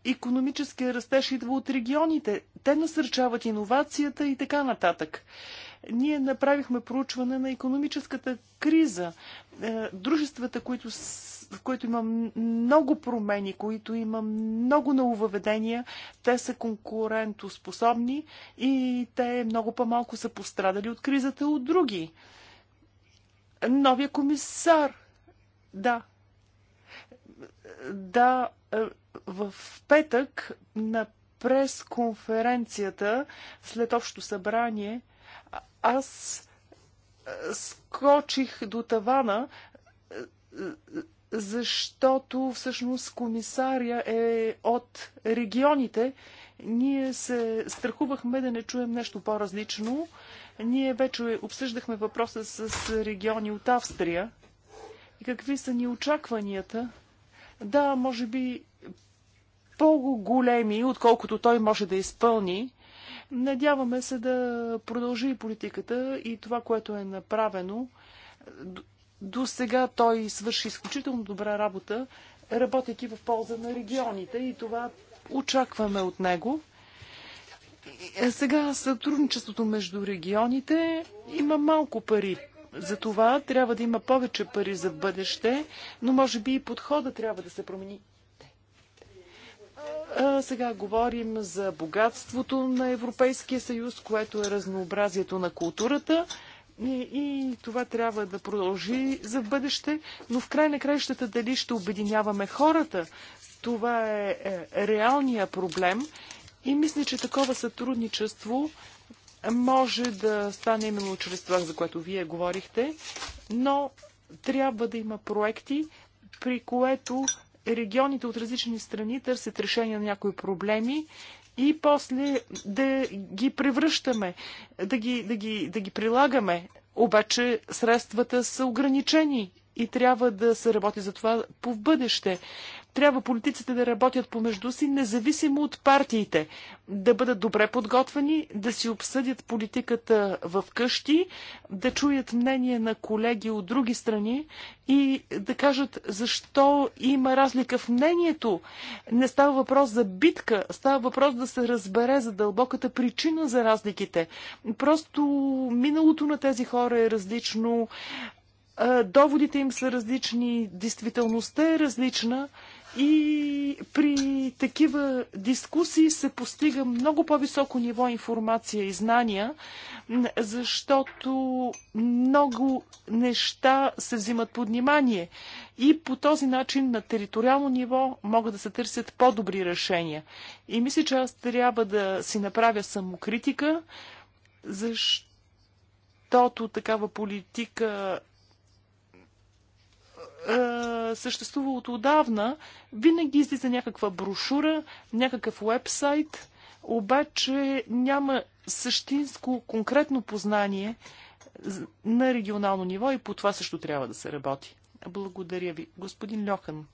Економическия растеж идва от регионите. Те насърчават иновацията и така нататък. Ние направихме проучване на економическата криза. Е, дружествата, които в които има много промени, които има много нововведения, те са конкурентоспособни и те много по-малко са пострадали от кризата от други. Новия комисар. Да. Е, да, е, в петък на пресконференцията след общо събрание аз скочих до тавана, защото всъщност комисаря е от регионите. Ние се страхувахме да не чуем нещо по-различно. Ние вече обсъждахме въпроса с региони от Австрия. И какви са ни очакванията? Да, може би по-големи, отколкото той може да изпълни. Надяваме се да продължи политиката и това, което е направено. До сега той свърши изключително добра работа, работейки в полза на регионите и това очакваме от него. Е, сега сътрудничеството между регионите има малко пари. За това трябва да има повече пари за бъдеще, но може би и подхода трябва да се промени. Сега говорим за богатството на Европейския съюз, което е разнообразието на културата. И, и това трябва да продължи за бъдеще, но в край на краищата дали ще обединяваме хората, това е, е реалния проблем и мисля, че такова сътрудничество може да стане именно чрез това, за което вие говорихте, но трябва да има проекти, при което регионите от различни страни търсят решение на някои проблеми и после да ги превръщаме, да ги, да ги, да ги прилагаме. Обаче средствата са ограничени и трябва да се работи за това по в бъдеще. Трябва политиците да работят помежду си, независимо от партиите, да бъдат добре подготвени, да си обсъдят политиката в къщи, да чуят мнение на колеги от други страни и да кажат защо има разлика в мнението. Не става въпрос за битка, става въпрос да се разбере за дълбоката причина за разликите. Просто миналото на тези хора е различно, доводите им са различни, действителността е различна и при такива дискусии се постига много по-високо ниво информация и знания, защото много неща се взимат под внимание. И по този начин на териториално ниво могат да се търсят по-добри решения. И мисля, че аз трябва да си направя самокритика, защото защото такава политика е, съществува от отдавна. Винаги излиза някаква брошура, някакъв вебсайт, обаче няма същинско конкретно познание на регионално ниво и по това също трябва да се работи. Благодаря ви. Господин Льохан,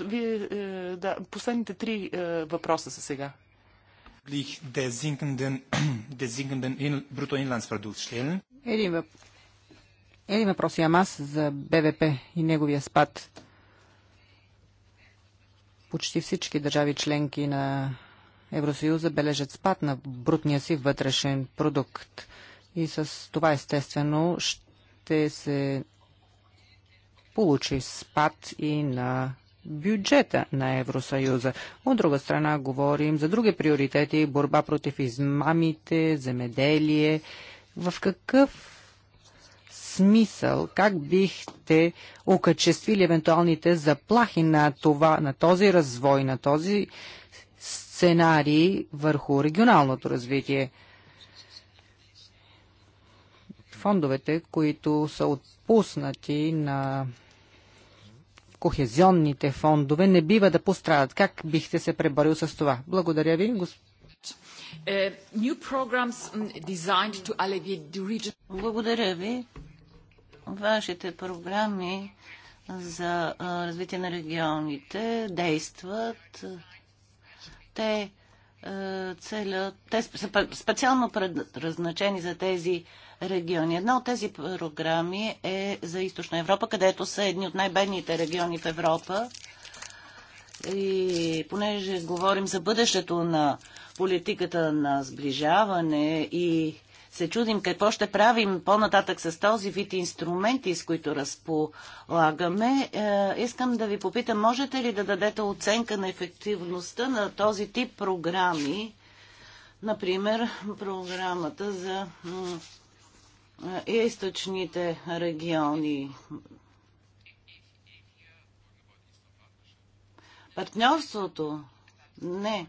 вие, е, да, последните три е, въпроса са сега. Един въпрос един въпрос имам аз за БВП и неговия спад. Почти всички държави членки на Евросъюза бележат спад на брутния си вътрешен продукт. И с това естествено ще се получи спад и на бюджета на Евросъюза. От друга страна говорим за други приоритети, борба против измамите, земеделие. В какъв смисъл? Как бихте окачествили евентуалните заплахи на, това, на този развой, на този сценарий върху регионалното развитие? Фондовете, които са отпуснати на кохезионните фондове, не бива да пострадат. Как бихте се преборил с това? Благодаря ви, господин. Е, Благодаря ви. Вашите програми за развитие на регионите действат. Те целят, те са специално предназначени за тези региони. Една от тези програми е за Източна Европа, където са едни от най-бедните региони в Европа. И понеже говорим за бъдещето на политиката на сближаване и се чудим какво ще правим по-нататък с този вид инструменти, с които разполагаме, е, искам да ви попитам, можете ли да дадете оценка на ефективността на този тип програми, например програмата за е, източните региони, партньорството, не,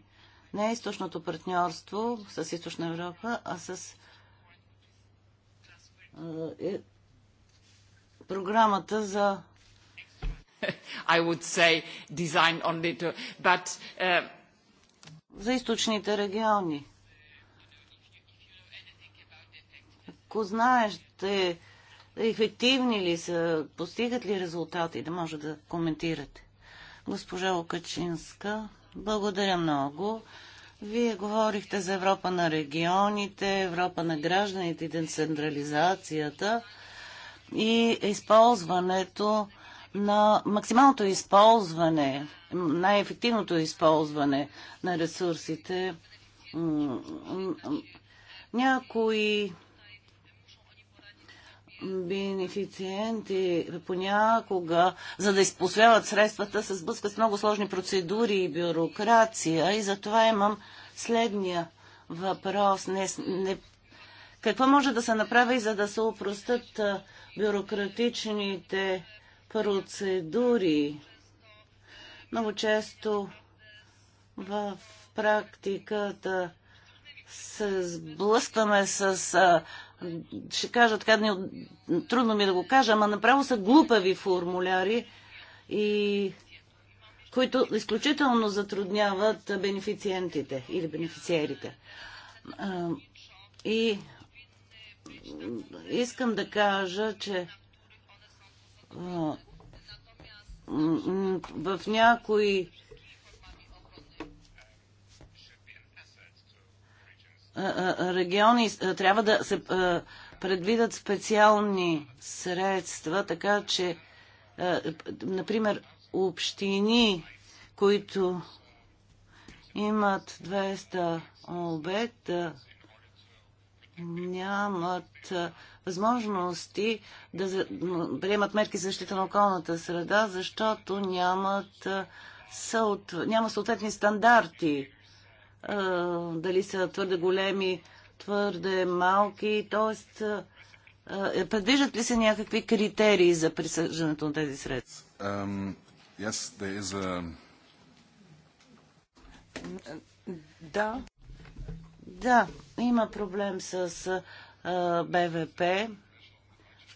не е източното партньорство с източна Европа, а с е програмата за I would say design on little, but uh... за източните региони. Ако знаеш, те ефективни ли са, постигат ли резултати, да може да коментирате. Госпожа Окачинска, благодаря много. Вие говорихте за Европа на регионите, Европа на гражданите и децентрализацията и използването на максималното използване, най-ефективното използване на ресурсите. Някои бенефициенти понякога, за да изпосвяват средствата, се сблъскат с много сложни процедури и бюрокрация. И затова имам следния въпрос. Не, не, какво може да се направи, за да се упростат бюрократичните процедури? Много често в практиката се сблъскваме с ще кажа така, не, трудно ми е да го кажа, ама направо са глупави формуляри и които изключително затрудняват бенефициентите или бенефициерите. И искам да кажа, че в някои региони трябва да се предвидат специални средства, така че, например, общини, които имат 200 обекта, нямат възможности да приемат мерки за защита на околната среда, защото нямат няма съответни стандарти дали са твърде големи, твърде малки, т.е. предвиждат ли се някакви критерии за присъждането на тези средства? Um, yes, a... Да. Да, има проблем с БВП.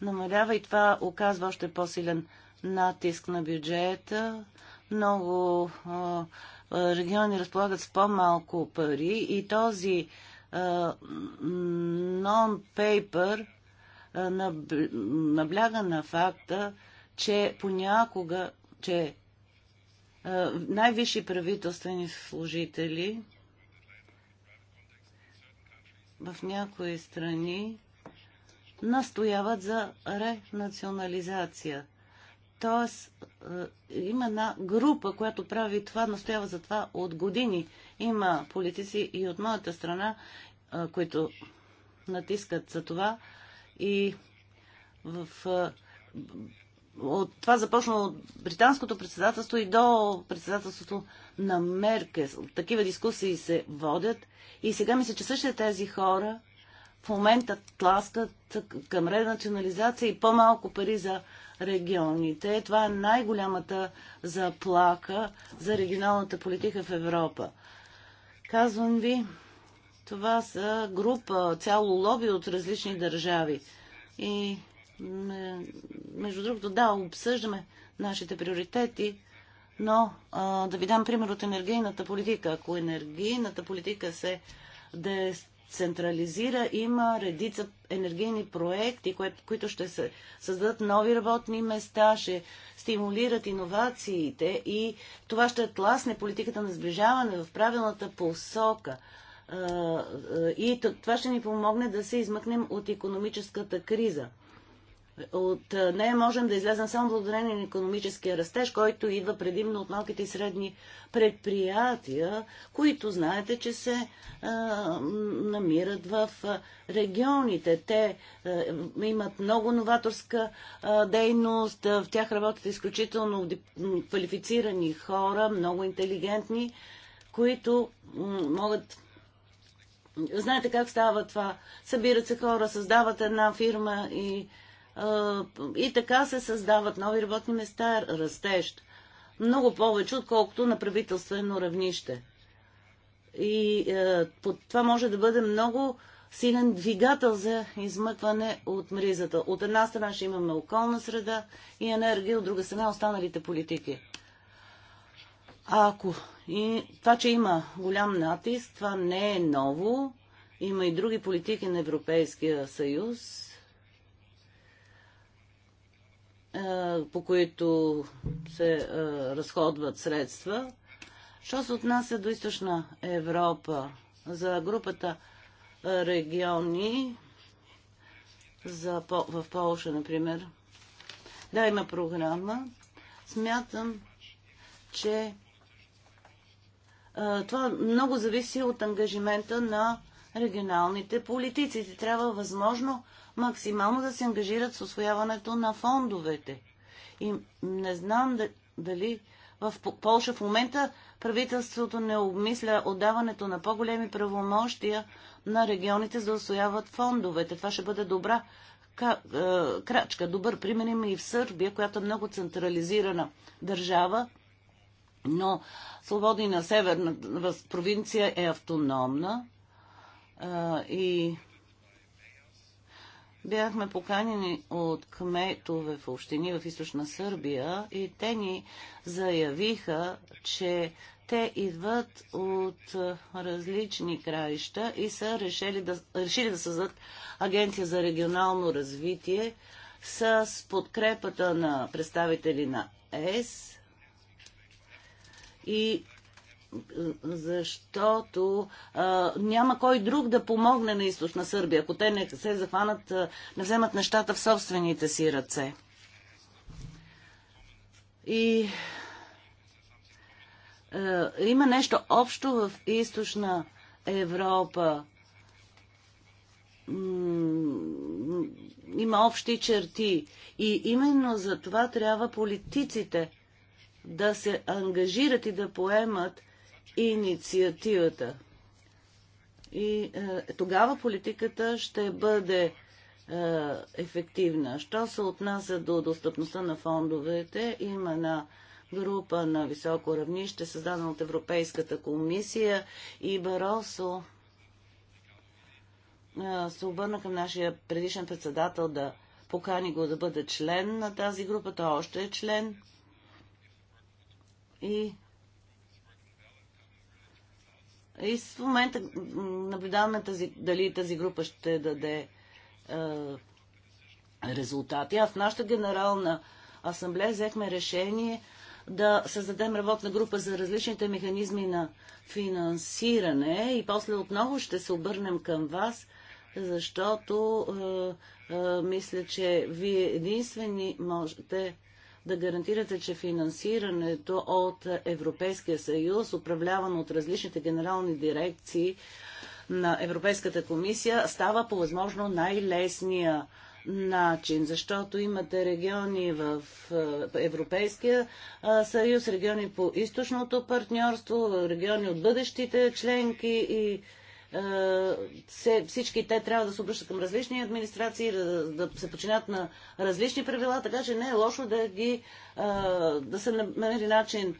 Намалява и това оказва още по-силен натиск на бюджета. Много а, региони разполагат с по-малко пари и този нон-пейпер набляга на факта, че понякога, че най-висши правителствени служители в някои страни настояват за ренационализация. Тоест, е, има една група, която прави това, настоява за това от години. Има политици и от моята страна, е, които натискат за това. И в, е, от това започна от британското председателство и до председателството на Меркес. Такива дискусии се водят. И сега мисля, че същите тези хора в момента тласкат към ренационализация и по-малко пари за регионите. Това е най-голямата заплака за регионалната политика в Европа. Казвам ви, това са група, цяло лоби от различни държави. И между другото, да, обсъждаме нашите приоритети, но да ви дам пример от енергийната политика. Ако енергийната политика се дес, централизира, има редица енергийни проекти, които ще се създадат нови работни места, ще стимулират иновациите и това ще тласне политиката на сближаване в правилната посока. И това ще ни помогне да се измъкнем от економическата криза. От нея можем да излезем само благодарение на економическия растеж, който идва предимно от малките и средни предприятия, които знаете, че се а, намират в регионите. Те а, имат много новаторска а, дейност, в тях работят изключително квалифицирани хора, много интелигентни, които могат Знаете как става това? Събират се хора, създават една фирма и и така се създават нови работни места, растещ. Много повече, отколкото на правителствено равнище. И е, това може да бъде много силен двигател за измъкване от мризата. От една страна ще имаме околна среда и енергия, от друга страна останалите политики. А ако и това, че има голям натиск, това не е ново. Има и други политики на Европейския съюз, по които се разходват средства. Що се отнася до източна Европа, за групата региони, за, в Полша, например, да, има програма. Смятам, че това много зависи от ангажимента на регионалните политици. Трябва възможно максимално да се ангажират с освояването на фондовете. И не знам дали в Польша в момента правителството не обмисля отдаването на по-големи правомощия на регионите за да освояват фондовете. Това ще бъде добра е, крачка. Добър пример има и в Сърбия, която е много централизирана държава, но на северна провинция е автономна е, и Бяхме поканени от кметове в общини в източна Сърбия и те ни заявиха, че те идват от различни краища и са решили да, решили да създадат агенция за регионално развитие с подкрепата на представители на ЕС и защото а, няма кой друг да помогне на източна Сърбия, ако те не се захванат, не вземат нещата в собствените си ръце. И а, има нещо общо в източна Европа. М има общи черти. И именно за това трябва политиците да се ангажират и да поемат инициативата. И е, тогава политиката ще бъде е, ефективна. Що се отнася до достъпността на фондовете, има на група на високо равнище, създадена от Европейската комисия и Баросо е, се обърна към нашия предишен председател да покани го да бъде член на тази група. Той още е член. И и в момента наблюдаваме тази, дали тази група ще даде е, резултати. А в нашата генерална асамблея взехме решение да създадем работна група за различните механизми на финансиране и после отново ще се обърнем към вас, защото е, е, мисля, че вие единствени можете да гарантирате, че финансирането от Европейския съюз, управлявано от различните генерални дирекции на Европейската комисия, става по възможно най-лесния начин, защото имате региони в е, Европейския е, съюз, региони по източното партньорство, региони от бъдещите членки и е, се, всички те трябва да се обръщат към различни администрации, да, да се починят на различни правила, така че не е лошо да ги е, да се намери начин е,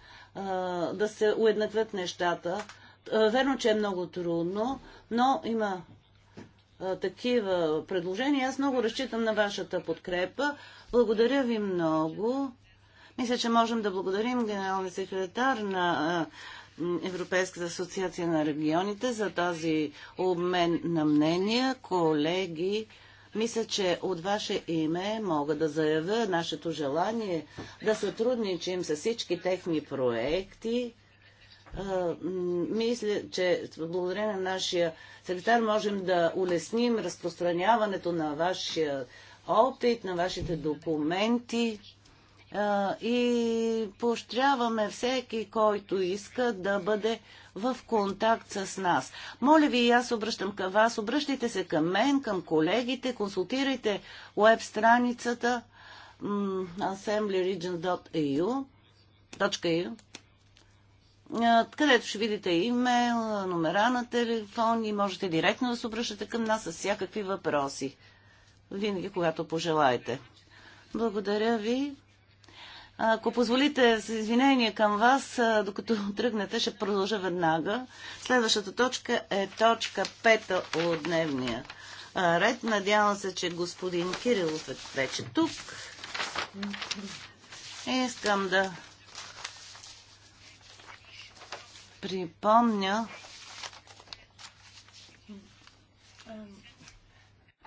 да се уеднаквят нещата. Верно, че е много трудно, но има такива предложения. Аз много разчитам на вашата подкрепа. Благодаря ви много. Мисля, че можем да благодарим генералния секретар на Европейската асоциация на регионите за този обмен на мнения. Колеги, мисля, че от ваше име мога да заявя нашето желание да сътрудничим с всички техни проекти. Мисля, че благодарение на нашия секретар можем да улесним разпространяването на вашия опит, на вашите документи и поощряваме всеки, който иска да бъде в контакт с нас. Моля ви, аз обръщам към вас, обръщайте се към мен, към колегите, консултирайте веб страницата assemblyregion.eu където ще видите имейл, номера на телефон и можете директно да се обръщате към нас с всякакви въпроси. Винаги, когато пожелаете. Благодаря ви. Ако позволите с извинение към вас, докато тръгнете, ще продължа веднага. Следващата точка е точка 5 от дневния ред. Надявам се, че господин Кирилов е вече тук. Искам да припомня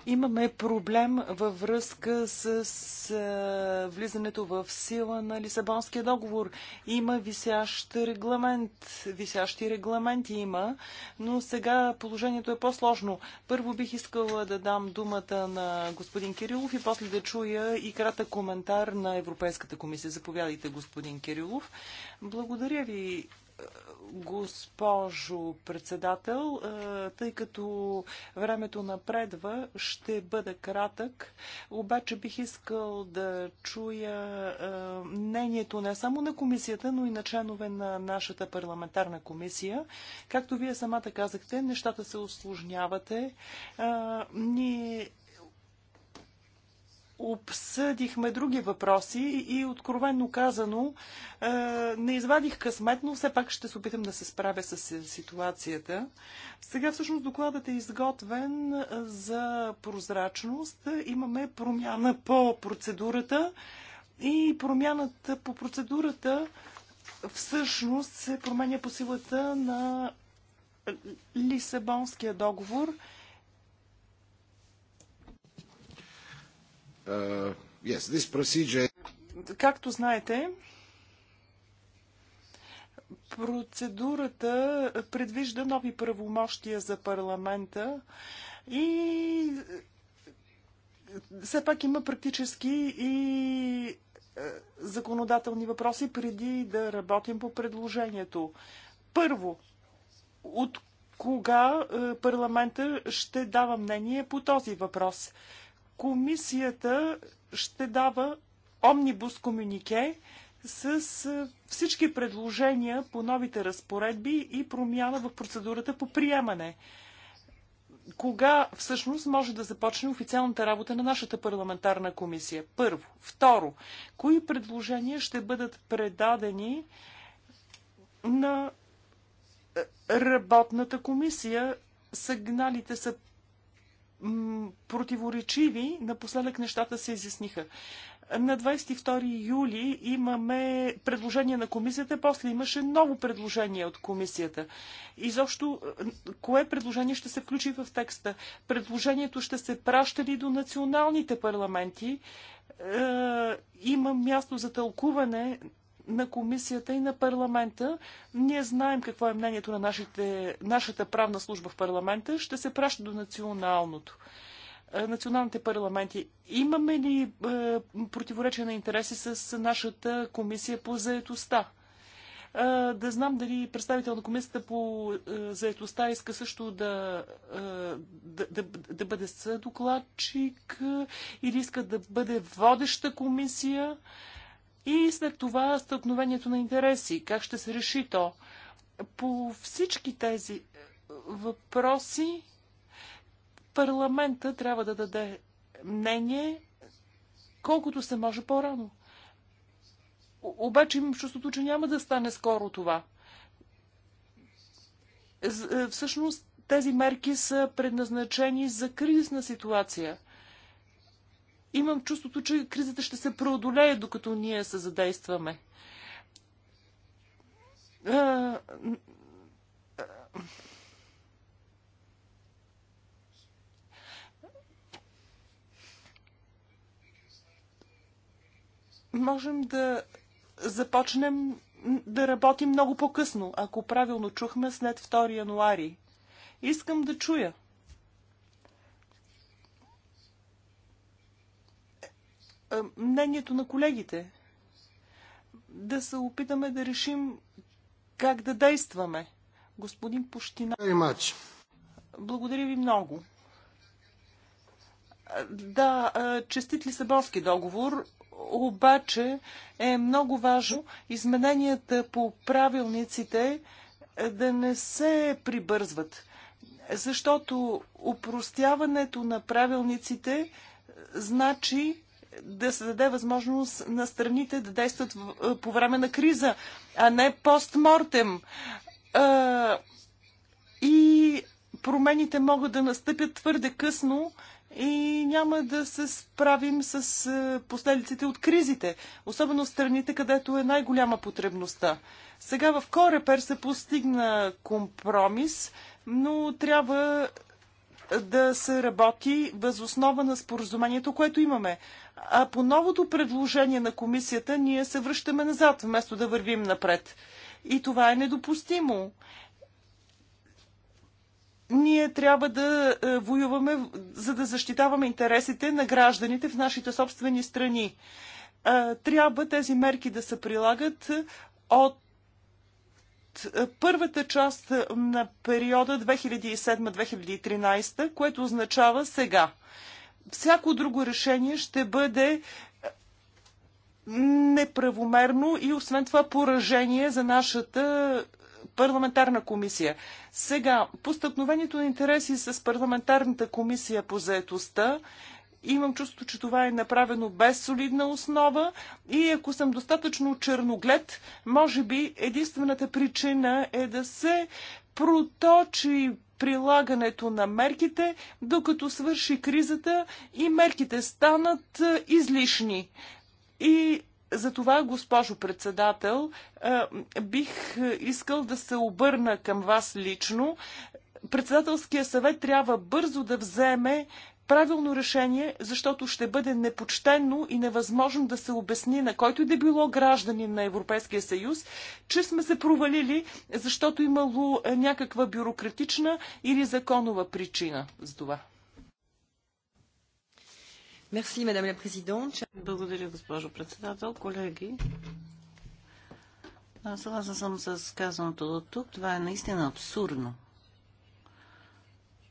Имаме проблем във връзка с, а, влизането в сила на Лисабонския договор. Има висящ регламент, висящи регламенти има, но сега положението е по-сложно. Първо бих искала да дам думата на господин Кирилов и после да чуя и кратък коментар на Европейската комисия. Заповядайте, господин Кирилов. Благодаря ви, госпожо председател. Е, тъй като времето напредва, ще бъда кратък. Обаче бих искал да чуя е, мнението не само на комисията, но и на членове на нашата парламентарна комисия. Както вие самата казахте, нещата се осложнявате. Е, ние обсъдихме други въпроси и откровенно казано е, не извадих късмет, но все пак ще се опитам да се справя с ситуацията. Сега всъщност докладът е изготвен за прозрачност. Имаме промяна по процедурата и промяната по процедурата всъщност се променя по силата на Лисабонския договор – Uh, yes, this procedure... Както знаете, процедурата предвижда нови правомощия за парламента и все пак има практически и е, законодателни въпроси преди да работим по предложението. Първо, от кога е, парламента ще дава мнение по този въпрос? комисията ще дава омнибус комюнике с всички предложения по новите разпоредби и промяна в процедурата по приемане. Кога всъщност може да започне официалната работа на нашата парламентарна комисия? Първо. Второ. Кои предложения ще бъдат предадени на работната комисия? Сигналите са противоречиви. Напоследък нещата се изясниха. На 22 юли имаме предложение на комисията, после имаше ново предложение от комисията. Изобщо, кое предложение ще се включи в текста? Предложението ще се праща ли до националните парламенти? Е, има място за тълкуване на комисията и на парламента. Ние знаем какво е мнението на нашите, нашата правна служба в парламента. Ще се праща до националното е, националните парламенти. Имаме ли е, противоречие на интереси с нашата комисия по заетостта? Е, да знам дали представител на комисията по е, заетостта иска също да, е, да, да, да бъде съдокладчик е, или иска да бъде водеща комисия. Е, и след това стълкновението на интереси. Как ще се реши то? По всички тези е, въпроси парламента трябва да даде мнение колкото се може по-рано. Обаче имам чувството, че няма да стане скоро това. Е, всъщност тези мерки са предназначени за кризисна ситуация – имам чувството, че кризата ще се преодолее, докато ние се задействаме. можем да започнем да работим много по-късно, ако правилно чухме след 2 януари. Искам да чуя мнението на колегите. Да се опитаме да решим как да действаме. Господин Пущина. Благодаря ви много. Да, честит Лисабонски договор, обаче е много важно измененията по правилниците да не се прибързват, защото упростяването на правилниците значи да се даде възможност на страните да действат е, по време на криза, а не постмортем. И промените могат да настъпят твърде късно и няма да се справим с е, последиците от кризите, особено в страните, където е най-голяма потребността. Сега в Корепер се постигна компромис, но трябва да се работи възоснова на споразумението, което имаме. А по новото предложение на комисията ние се връщаме назад, вместо да вървим напред. И това е недопустимо. Ние трябва да е, воюваме, за да защитаваме интересите на гражданите в нашите собствени страни. Е, трябва тези мерки да се прилагат от от е, първата част на периода 2007-2013, което означава сега. Всяко друго решение ще бъде е, неправомерно и освен това поражение за нашата парламентарна комисия. Сега, постъпновението на интереси с парламентарната комисия по заетостта Имам чувство, че това е направено без солидна основа и ако съм достатъчно черноглед, може би единствената причина е да се проточи прилагането на мерките, докато свърши кризата и мерките станат е, излишни. И за това, госпожо председател, е, бих е, искал да се обърна към вас лично. Председателския съвет трябва бързо да вземе правилно решение, защото ще бъде непочтенно и невъзможно да се обясни на който и да било гражданин на Европейския съюз, че сме се провалили, защото имало някаква бюрократична или законова причина за това. Мерси, мадам ла президент. Благодаря, госпожо председател. Колеги, съгласна съм с казаното до тук. Това е наистина абсурдно.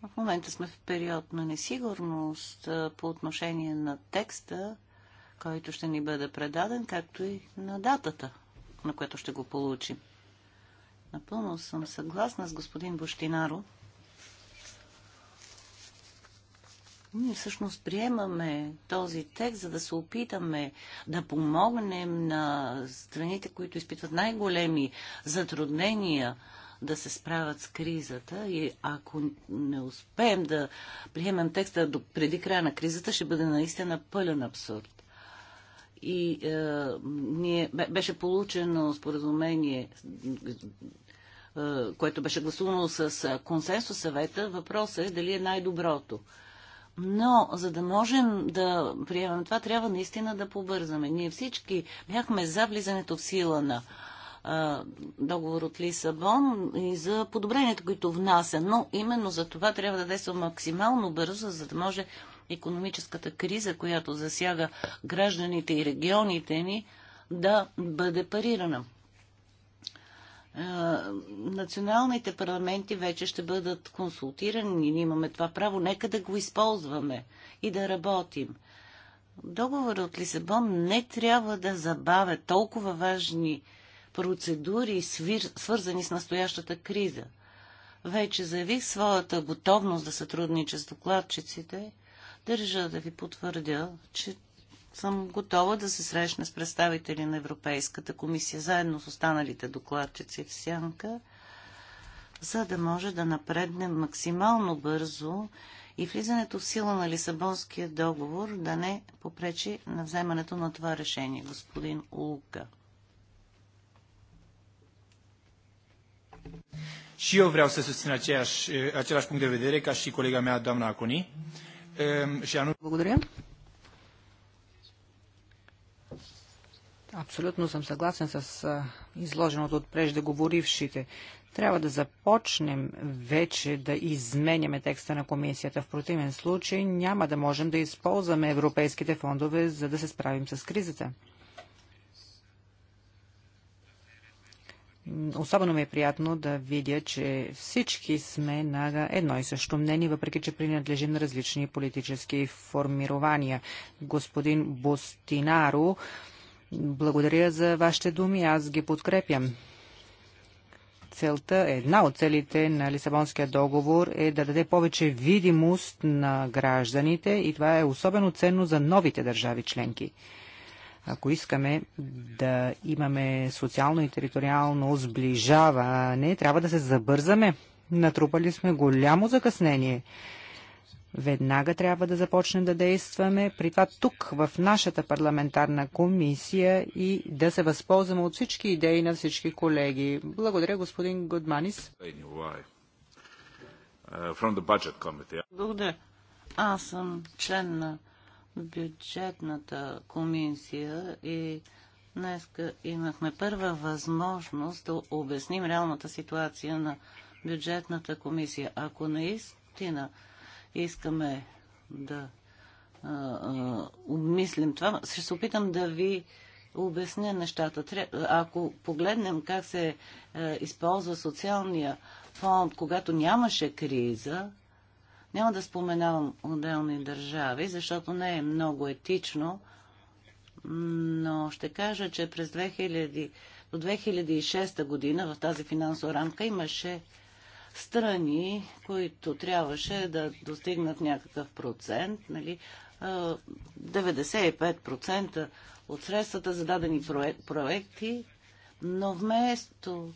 В момента сме в период на несигурност по отношение на текста, който ще ни бъде предаден, както и на датата, на която ще го получим. Напълно съм съгласна с господин Бощинаро. Ние всъщност приемаме този текст, за да се опитаме да помогнем на страните, които изпитват най-големи затруднения да се справят с кризата и ако не успеем да приемем текста до преди края на кризата, ще бъде наистина пълен абсурд. И е, ние, беше получено споразумение, е, което беше гласувано с е, консенсус съвета. Въпросът е дали е най-доброто. Но, за да можем да приемем това, трябва наистина да побързаме. Ние всички бяхме за влизането в сила на договор от Лисабон и за подобренията, които внася. Но именно за това трябва да действа максимално бързо, за да може економическата криза, която засяга гражданите и регионите ни, да бъде парирана. Националните парламенти вече ще бъдат консултирани, ние имаме това право, нека да го използваме и да работим. Договорът от Лисабон не трябва да забавя толкова важни процедури, свир, свързани с настоящата криза. Вече заявих своята готовност да сътруднича с докладчиците. Държа да ви потвърдя, че съм готова да се срещна с представители на Европейската комисия, заедно с останалите докладчици в Сянка, за да може да напреднем максимално бързо и влизането в сила на Лисабонския договор да не попречи на вземането на това решение, господин Улка. Și eu vreau să susțin aceeași, același punct de vedere ca și colega mea, doamna Aconi. Ehm, și anum... mulțumesc. Абсолютно съм съгласен с изложеното от преждеговорившите. Трябва да започнем вече да изменяме текста на комисията. В противен случай няма да можем да използваме европейските фондове, за да се справим с кризата. Особено ми е приятно да видя, че всички сме на едно и също мнение, въпреки че принадлежим на различни политически формирования. Господин Бостинаро, благодаря за вашите думи, аз ги подкрепям. Целта, една от целите на Лисабонския договор е да даде повече видимост на гражданите и това е особено ценно за новите държави членки ако искаме да имаме социално и териториално сближаване, трябва да се забързаме. Натрупали сме голямо закъснение. Веднага трябва да започнем да действаме, при това тук, в нашата парламентарна комисия и да се възползваме от всички идеи на всички колеги. Благодаря, господин Годманис. Благодаря. Аз съм член на бюджетната комисия и днес имахме първа възможност да обясним реалната ситуация на бюджетната комисия. Ако наистина искаме да а, а, обмислим това, ще се опитам да ви обясня нещата. Ако погледнем как се е, използва социалния фонд, когато нямаше криза, няма да споменавам отделни държави, защото не е много етично, но ще кажа, че през 2000, до 2006 година в тази финансова рамка имаше страни, които трябваше да достигнат някакъв процент, нали, 95% от средствата за дадени проекти, но вместо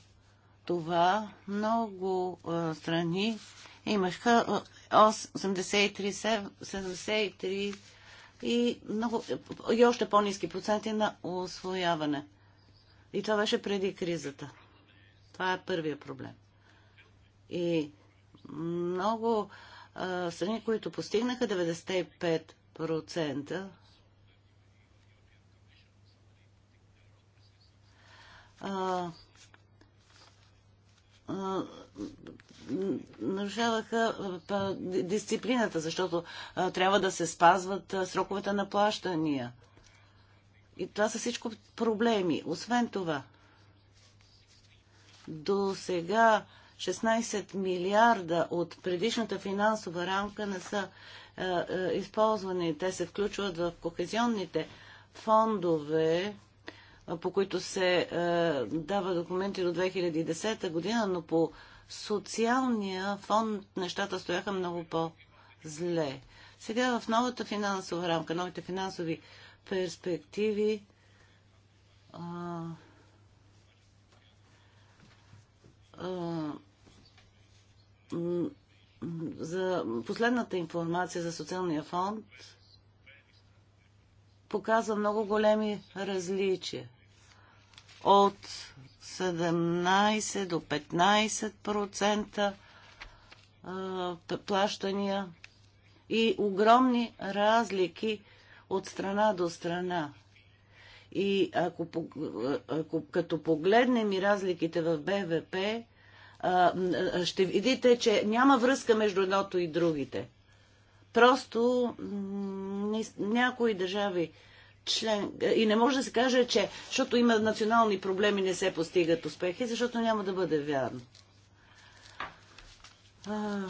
това много страни имаха 83, 73 и, много, и още по-низки проценти на освояване. И това беше преди кризата. Това е първия проблем. И много а, страни, които постигнаха 95%, а, нарушаваха дисциплината, защото трябва да се спазват сроковете на плащания. И това са всичко проблеми. Освен това, до сега 16 милиарда от предишната финансова рамка не са е, е, използвани. Те се включват в кохезионните фондове по които се дава документи до 2010 година, но по социалния фонд нещата стояха много по-зле. Сега в новата финансова рамка, новите финансови перспективи, а, а, за последната информация за социалния фонд показва много големи различия. От 17 до 15% плащания и огромни разлики от страна до страна. И ако, ако като погледнем и разликите в БВП, ще видите, че няма връзка между едното и другите. Просто някои държави член... Е, и не може да се каже, че защото има национални проблеми не се постигат успехи, защото няма да бъде вярно. А...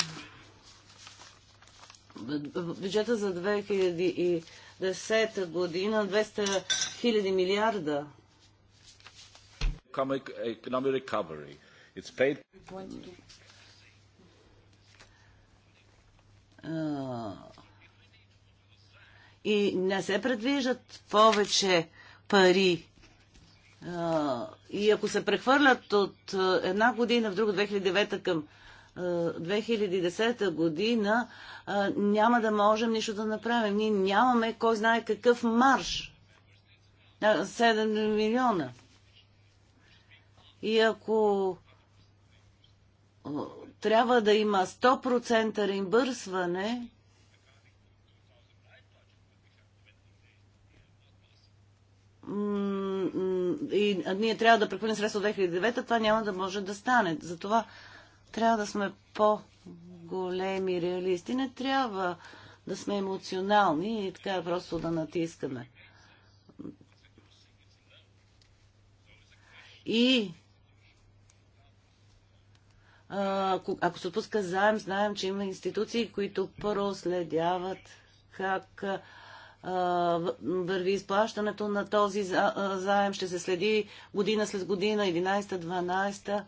Бюджета за 2010 година 200 хиляди милиарда. Economic recovery. It's paid и не се предвиждат повече пари. И ако се прехвърлят от една година в друга 2009 към 2010 година, няма да можем нищо да направим. Ние нямаме кой знае какъв марш. 7 милиона. И ако трябва да има 100% реимбърсване, и ние трябва да прехвърлим средства от 2009, това няма да може да стане. Затова трябва да сме по-големи реалисти. Не трябва да сме емоционални и така просто да натискаме. И ако се отпуска заем, знаем, че има институции, които проследяват как върви изплащането на този заем. Ще се следи година след година, 11-12.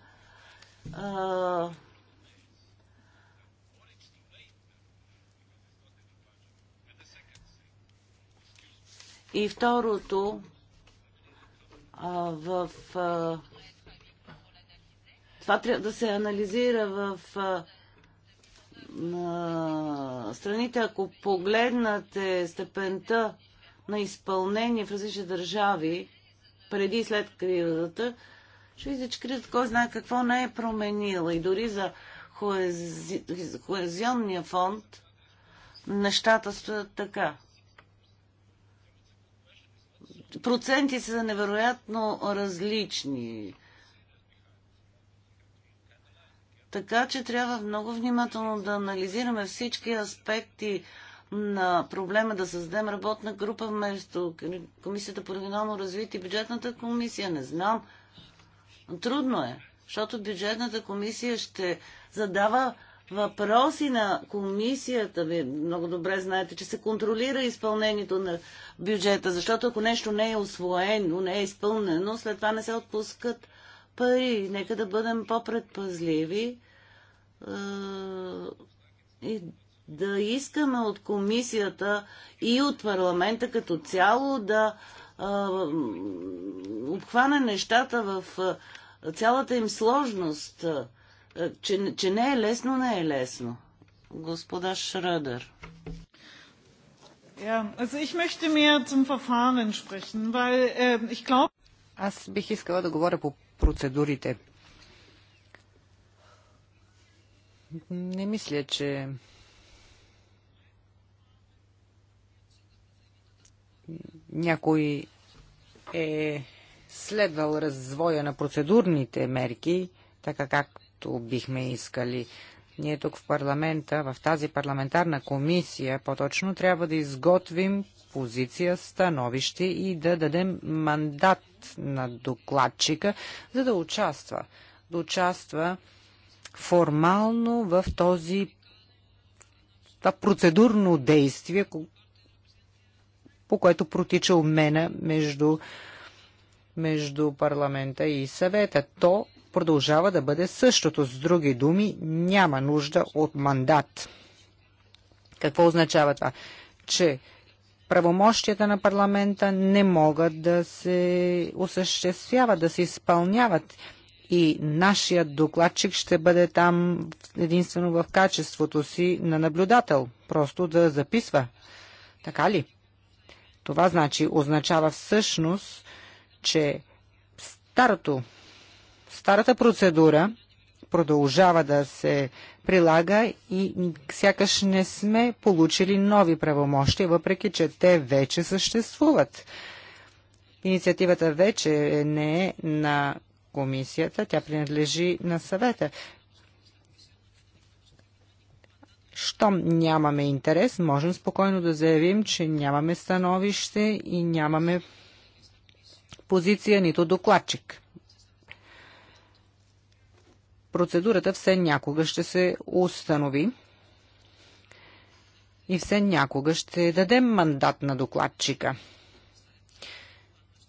И второто, в това трябва да се анализира в на страните, ако погледнате степента на изпълнение в различни държави, преди и след кризата, ще видите, че кризата кой знае какво не е променила. И дори за Коезионния хоезионния фонд нещата стоят така. Проценти са невероятно различни Така че трябва много внимателно да анализираме всички аспекти на проблема да създадем работна група вместо Комисията по регионално развитие и бюджетната комисия. Не знам. Трудно е, защото бюджетната комисия ще задава въпроси на комисията. Вие много добре знаете, че се контролира изпълнението на бюджета, защото ако нещо не е освоено, не е изпълнено, след това не се отпускат пари. Нека да бъдем по-предпазливи и да искаме от комисията и от парламента като цяло да обхване нещата в цялата им сложност. Че, че не е лесно, не е лесно. Господа Шрадър. Äh, Аз бих искала да говоря по процедурите. Не мисля, че някой е следвал развоя на процедурните мерки, така както бихме искали. Ние тук в парламента, в тази парламентарна комисия, по-точно трябва да изготвим позиция, становище и да дадем мандат на докладчика, за да участва. Да участва формално в този това процедурно действие, по което протича обмена между, между парламента и съвета. То продължава да бъде същото. С други думи, няма нужда от мандат. Какво означава това? Че правомощията на парламента не могат да се осъществяват, да се изпълняват. И нашият докладчик ще бъде там единствено в качеството си на наблюдател, просто да записва. Така ли? Това значи, означава всъщност, че старото, старата процедура продължава да се прилага и сякаш не сме получили нови правомощи, въпреки че те вече съществуват. Инициативата вече не е на комисията, тя принадлежи на съвета. Щом нямаме интерес, можем спокойно да заявим, че нямаме становище и нямаме позиция, нито докладчик процедурата все някога ще се установи и все някога ще дадем мандат на докладчика.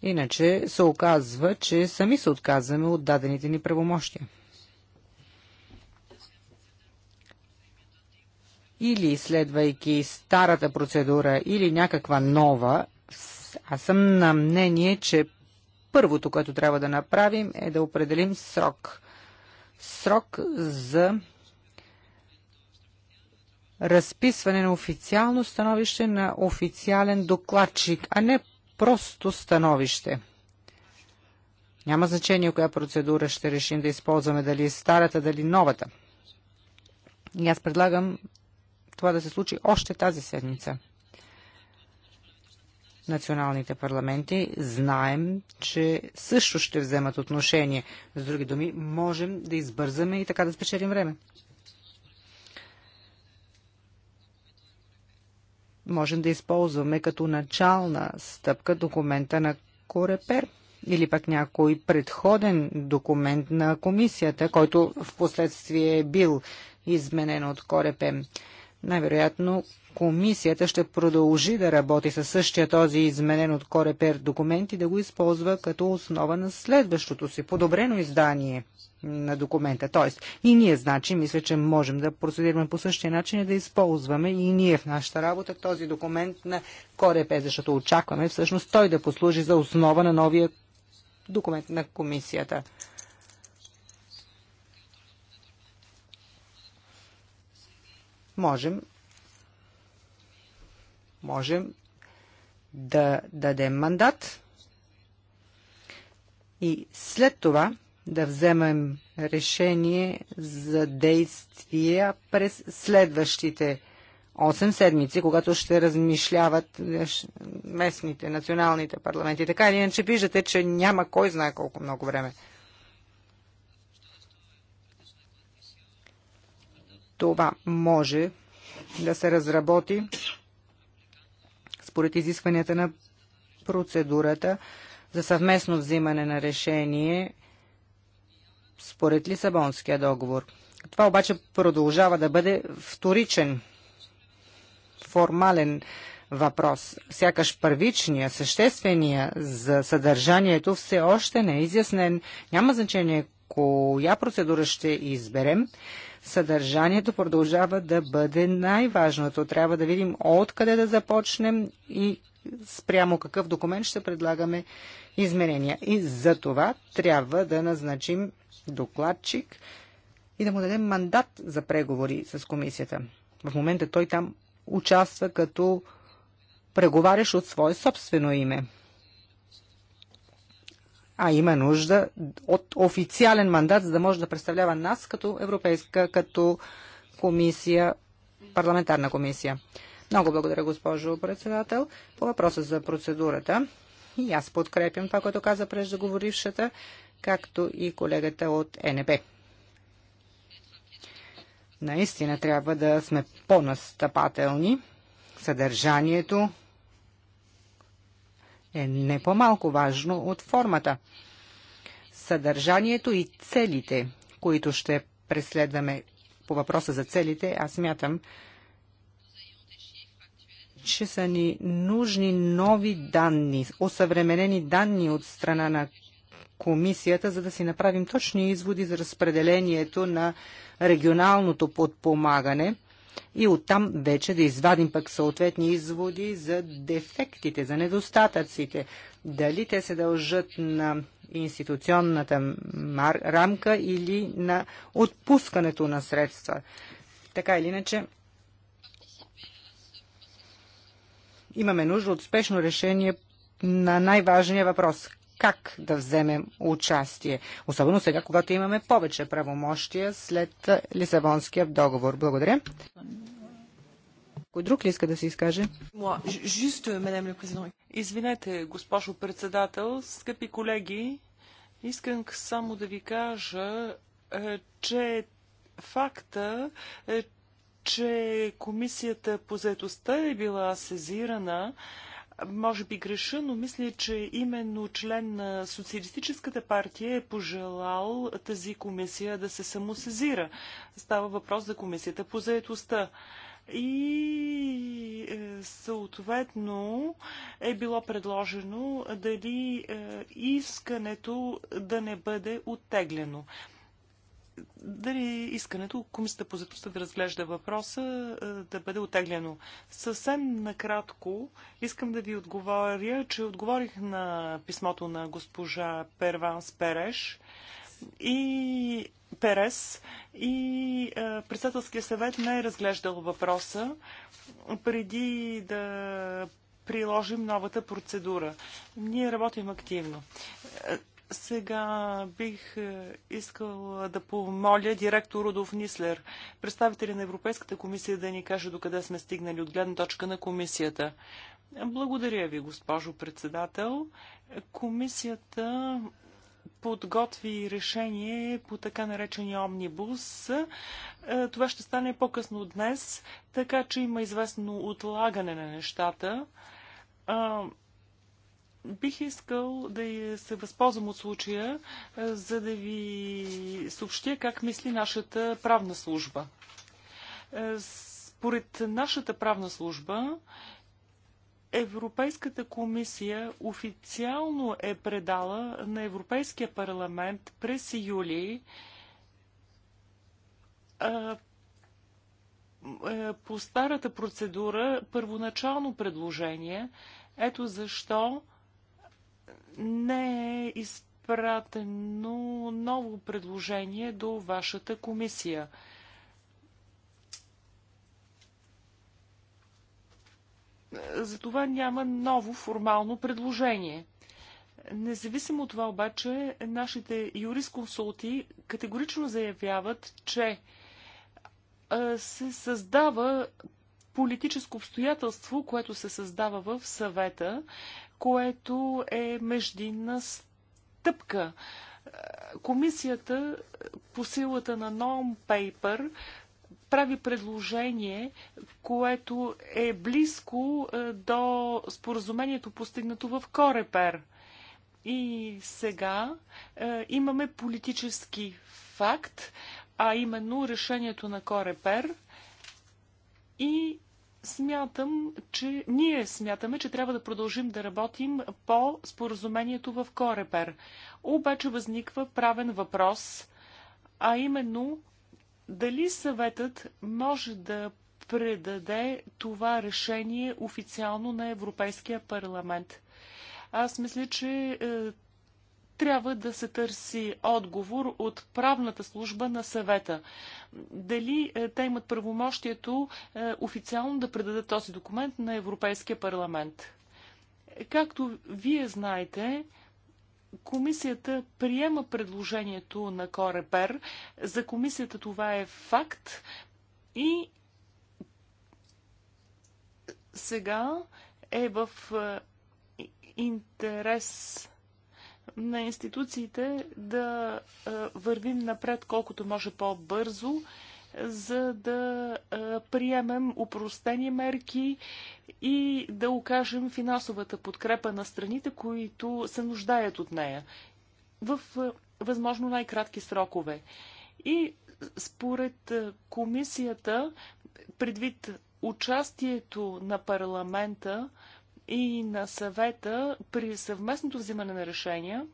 Иначе се оказва, че сами се отказваме от дадените ни правомощия. Или следвайки старата процедура, или някаква нова, аз съм на мнение, че първото, което трябва да направим е да определим срок срок за разписване на официално становище на официален докладчик, а не просто становище. Няма значение коя процедура ще решим да използваме, дали е старата, дали е новата. И аз предлагам това да се случи още тази седмица националните парламенти, знаем, че също ще вземат отношение. С други думи, можем да избързаме и така да спечелим време. Можем да използваме като начална стъпка документа на Корепер или пък някой предходен документ на комисията, който в последствие е бил изменен от Корепем. Най-вероятно комисията ще продължи да работи със същия този изменен от Корепер документ и да го използва като основа на следващото си подобрено издание на документа. Тоест, и ние, значи, мисля, че можем да процедираме по същия начин и да използваме и ние в нашата работа този документ на Корепе, защото очакваме всъщност той да послужи за основа на новия документ на комисията. можем, можем да дадем мандат и след това да вземем решение за действия през следващите 8 седмици, когато ще размишляват местните, националните парламенти. Така или иначе виждате, че няма кой знае колко много време. Това може да се разработи според изискванията на процедурата за съвместно взимане на решение според Лисабонския договор. Това обаче продължава да бъде вторичен, формален въпрос. Сякаш първичния, съществения за съдържанието все още не е изяснен. Няма значение коя процедура ще изберем, съдържанието продължава да бъде най-важното. Трябва да видим откъде да започнем и спрямо какъв документ ще предлагаме изменения. И за това трябва да назначим докладчик и да му дадем мандат за преговори с комисията. В момента той там участва като преговаряш от свое собствено име а има нужда от официален мандат, за да може да представлява нас като Европейска, като комисия, парламентарна комисия. Много благодаря, госпожо председател. По въпроса за процедурата, и аз подкрепям това, което каза преждеговорившата, както и колегата от НБ. Наистина трябва да сме по-настъпателни. Съдържанието е не по-малко важно от формата. Съдържанието и целите, които ще преследваме по въпроса за целите, аз мятам, че са ни нужни нови данни, осъвременени данни от страна на комисията, за да си направим точни изводи за разпределението на регионалното подпомагане и оттам вече да извадим пък съответни изводи за дефектите, за недостатъците. Дали те се дължат на институционната рамка или на отпускането на средства. Така или иначе, имаме нужда от спешно решение на най-важния въпрос как да вземем участие. Особено сега, когато имаме повече правомощия след Лисабонския договор. Благодаря. Кой друг ли иска да се изкаже? Извинете, госпожо председател, скъпи колеги, искам само да ви кажа, е, че факта, е, че комисията по заедостта е била сезирана, може би греша, но мисля, че именно член на Социалистическата партия е пожелал тази комисия да се самосезира. Става въпрос за комисията по заедостта. И е, съответно е било предложено дали е, искането да не бъде оттеглено дали искането Комисията по заедостта да разглежда въпроса е, да бъде отеглено. Съвсем накратко искам да ви отговоря, че отговорих на писмото на госпожа Перванс Переш и Перес и е, председателския съвет не е разглеждал въпроса преди да приложим новата процедура. Ние работим активно. Е, сега бих е, искал да помоля директор Рудов Нислер, представители на Европейската комисия, да ни каже докъде сме стигнали от гледна точка на комисията. Благодаря ви, госпожо председател. Комисията подготви решение по така наречения омнибус. Е, това ще стане по-късно днес, така че има известно отлагане на нещата. Е, Бих искал да се възползвам от случая, е, за да ви съобщя как мисли нашата правна служба. Е, според нашата правна служба, Европейската комисия официално е предала на Европейския парламент през юли е, по старата процедура първоначално предложение. Ето защо не е изпратено ново предложение до вашата комисия. Затова няма ново формално предложение. Независимо от това обаче, нашите юрисконсулти категорично заявяват, че се създава политическо обстоятелство, което се създава в съвета, което е междинна стъпка. Комисията по силата на нон-пейпер прави предложение, което е близко е, до споразумението постигнато в Корепер. И сега е, имаме политически факт, а именно решението на Корепер и смятам, че ние смятаме, че трябва да продължим да работим по споразумението в Корепер. Обаче възниква правен въпрос, а именно дали съветът може да предаде това решение официално на Европейския парламент. Аз мисля, че е, трябва да се търси отговор от правната служба на съвета. Дали е, те имат правомощието е, официално да предадат този документ на Европейския парламент? Както вие знаете, комисията приема предложението на Корепер. За комисията това е факт и сега е в е, интерес на институциите да вървим напред колкото може по-бързо, за да приемем упростени мерки и да окажем финансовата подкрепа на страните, които се нуждаят от нея в възможно най-кратки срокове. И според комисията, предвид участието на парламента, и на съвета при съвместното взимане на решения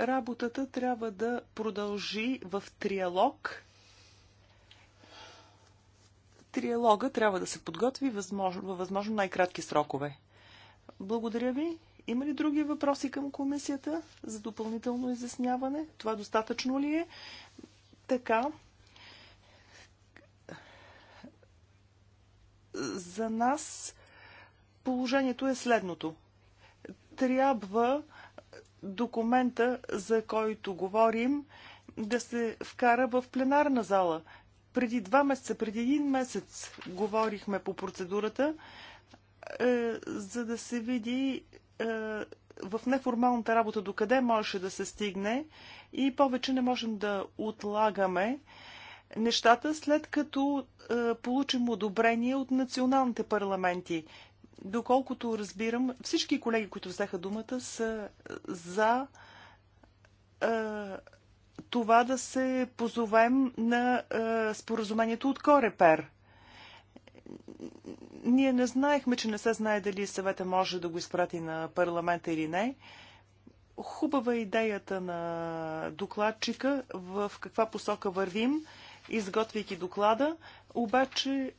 работата трябва да продължи в триалог. Триалога трябва да се подготви възможно, във възможно най-кратки срокове. Благодаря ви. Има ли други въпроси към комисията за допълнително изясняване? Това достатъчно ли е? Така. За нас Положението е следното. Трябва документа, за който говорим, да се вкара в пленарна зала. Преди два месеца, преди един месец говорихме по процедурата, е, за да се види е, в неформалната работа до къде можеше да се стигне и повече не можем да отлагаме нещата, след като е, получим одобрение от националните парламенти. Доколкото разбирам, всички колеги, които взеха думата, са за е, това да се позовем на а, е, споразумението от Корепер. Ние не знаехме, че не се знае дали съвета може да го изпрати на парламента или не. Хубава е идеята на докладчика в каква посока вървим, изготвяйки доклада, обаче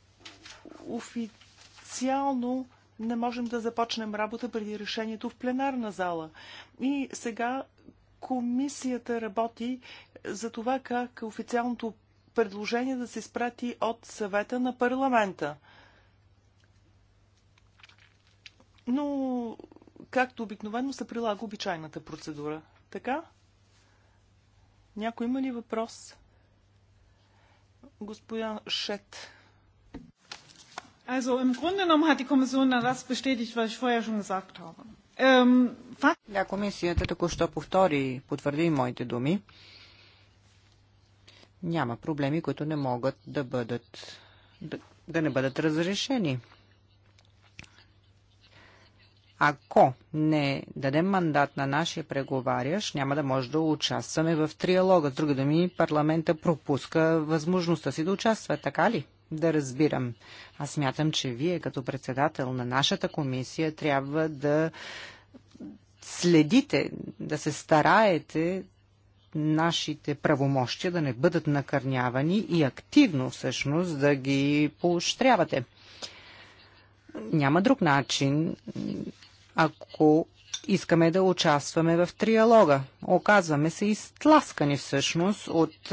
официално не можем да започнем работа преди решението в пленарна зала. И сега комисията работи за това как официалното предложение да се изпрати от съвета на парламента. Но, както обикновено, се прилага обичайната процедура. Така? Някой има ли въпрос? Господин Шет. Also im Grunde genommen hat die Kommission dann das bestätigt, was ich vorher schon gesagt habe. Ähm, да, комисията току-що повтори и потвърди моите думи. Няма проблеми, които не могат да бъдат да, да не бъдат разрешени. Ако не дадем мандат на нашия преговарящ, няма да може да участваме в триалога. С други думи, парламента пропуска възможността си да участва, така ли? да разбирам. Аз мятам, че вие като председател на нашата комисия трябва да следите, да се стараете нашите правомощия да не бъдат накърнявани и активно всъщност да ги поощрявате. Няма друг начин, ако искаме да участваме в триалога. Оказваме се изтласкани всъщност от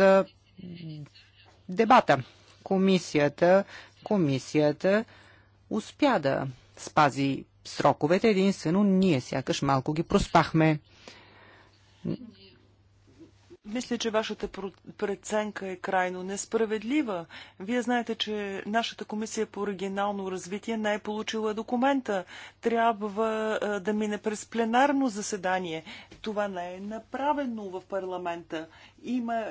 дебата комисията. Комисията успя да спази сроковете, единствено ние сякаш малко ги проспахме. Мисля, че вашата преценка е крайно несправедлива. Вие знаете, че нашата комисия по регионално развитие не е получила документа. Трябва да мине през пленарно заседание. Това не е направено в парламента. Има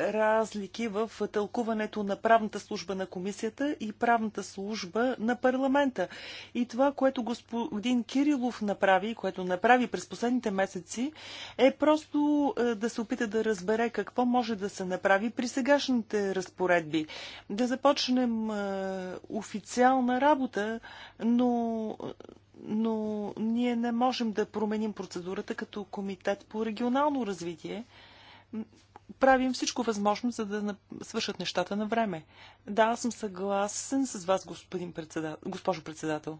разлики в тълкуването на правната служба на комисията и правната служба на парламента. И това, което господин Кирилов направи, което направи през последните месеци, е просто да се опита да разбере какво може да се направи при сегашните разпоредби. Да започнем е, официална работа, но но ние не можем да променим процедурата като комитет по регионално развитие. Правим всичко възможно, за да свършат нещата на време. Да, аз съм съгласен с вас, господин председател, госпожо председател.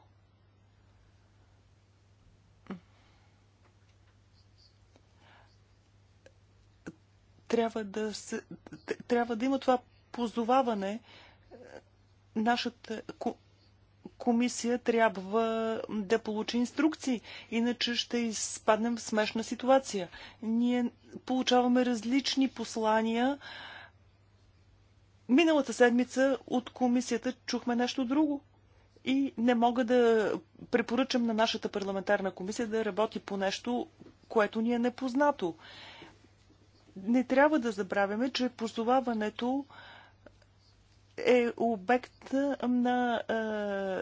Трябва да, се, трябва да има това позоваване. Нашата комисия трябва да получи инструкции, иначе ще изпаднем в смешна ситуация. Ние получаваме различни послания. Миналата седмица от комисията чухме нещо друго. И не мога да препоръчам на нашата парламентарна комисия да работи по нещо, което ни е непознато. Не трябва да забравяме, че позоваването е обект на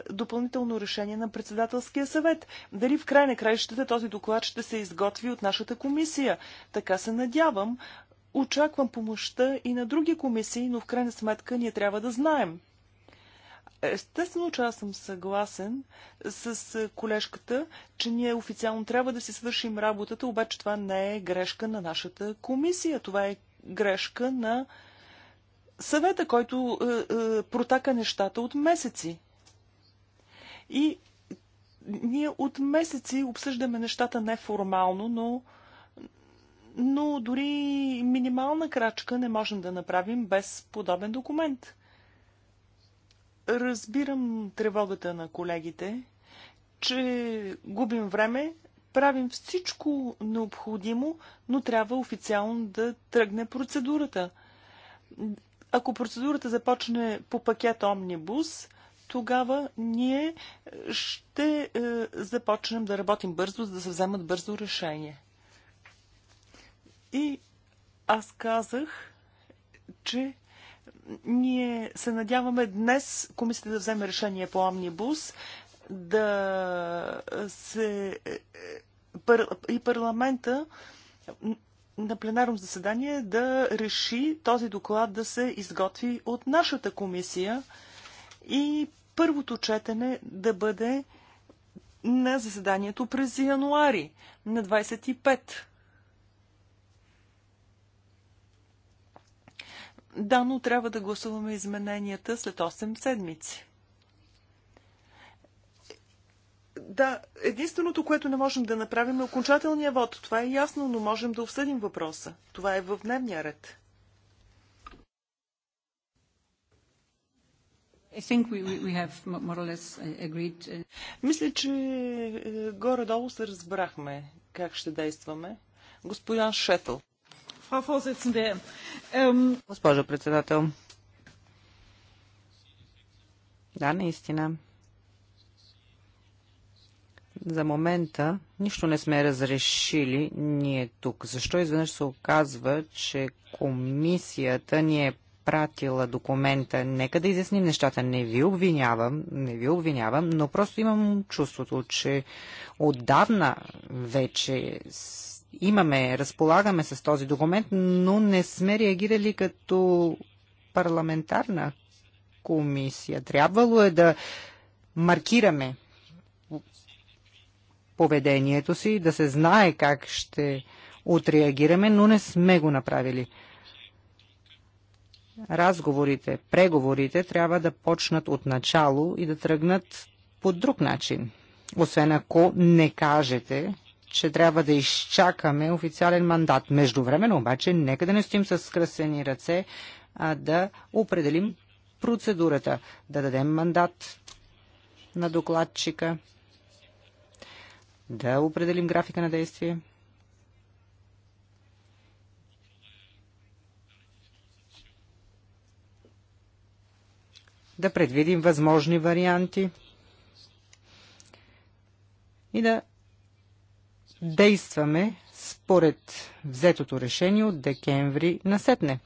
е, допълнително решение на председателския съвет. Дали в край на краищата този доклад ще се изготви от нашата комисия? Така се надявам. Очаквам помощта и на други комисии, но в крайна сметка ние трябва да знаем. Естествено, че аз съм съгласен с колежката, че ние официално трябва да си свършим работата, обаче това не е грешка на нашата комисия. Това е грешка на съвета, който е, е, протака нещата от месеци. И ние от месеци обсъждаме нещата неформално, но, но дори минимална крачка не можем да направим без подобен документ. Разбирам тревогата на колегите, че губим време, правим всичко необходимо, но трябва официално да тръгне процедурата. Ако процедурата започне по пакет Омнибус, тогава ние ще е, започнем да работим бързо, за да се вземат бързо решение. И аз казах, че ние се надяваме днес комисията да вземе решение по Омнибус, да се и парламента на пленарно заседание да реши този доклад да се изготви от нашата комисия и първото четене да бъде на заседанието през януари на 25. Да, но трябва да гласуваме измененията след 8 седмици. Да, единственото, което не можем да направим е окончателния вод. Това е ясно, но можем да обсъдим въпроса. Това е в дневния ред. Uh, uh. Мисля, че е, горе-долу се разбрахме как ще действаме. Господин Шетъл. Ähm, Госпожо председател. Да, наистина. За момента нищо не сме разрешили ние тук. Защо изведнъж се оказва, че комисията ни е пратила документа. Нека да изясним нещата. Не ви обвинявам, не ви обвинявам, но просто имам чувството, че отдавна вече имаме, разполагаме с този документ, но не сме реагирали като парламентарна комисия. Трябвало е да маркираме поведението си, да се знае как ще отреагираме, но не сме го направили. Разговорите, преговорите трябва да почнат от начало и да тръгнат по друг начин. Освен ако не кажете, че трябва да изчакаме официален мандат. Междувременно обаче, нека да не стоим с кръсени ръце, а да определим процедурата, да дадем мандат на докладчика, да определим графика на действие. да предвидим възможни варианти и да действаме според взетото решение от декември насетне.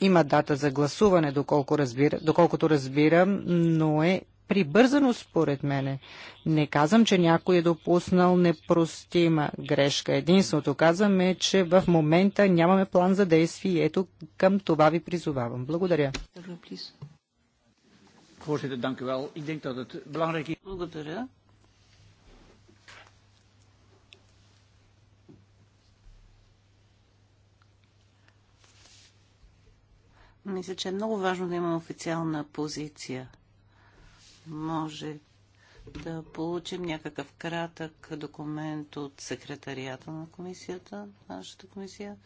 Има дата за гласуване, доколко разбира, доколкото разбирам, но е прибързано според мене. Не казвам, че някой е допуснал непростима грешка. Единственото казвам е, че в момента нямаме план за действие. Ето към това ви призовавам. Благодаря. Благодаря. Мисля, че е много важно да има официална позиция. Може да получим някакъв кратък документ от секретарията на комисията, нашата комисия,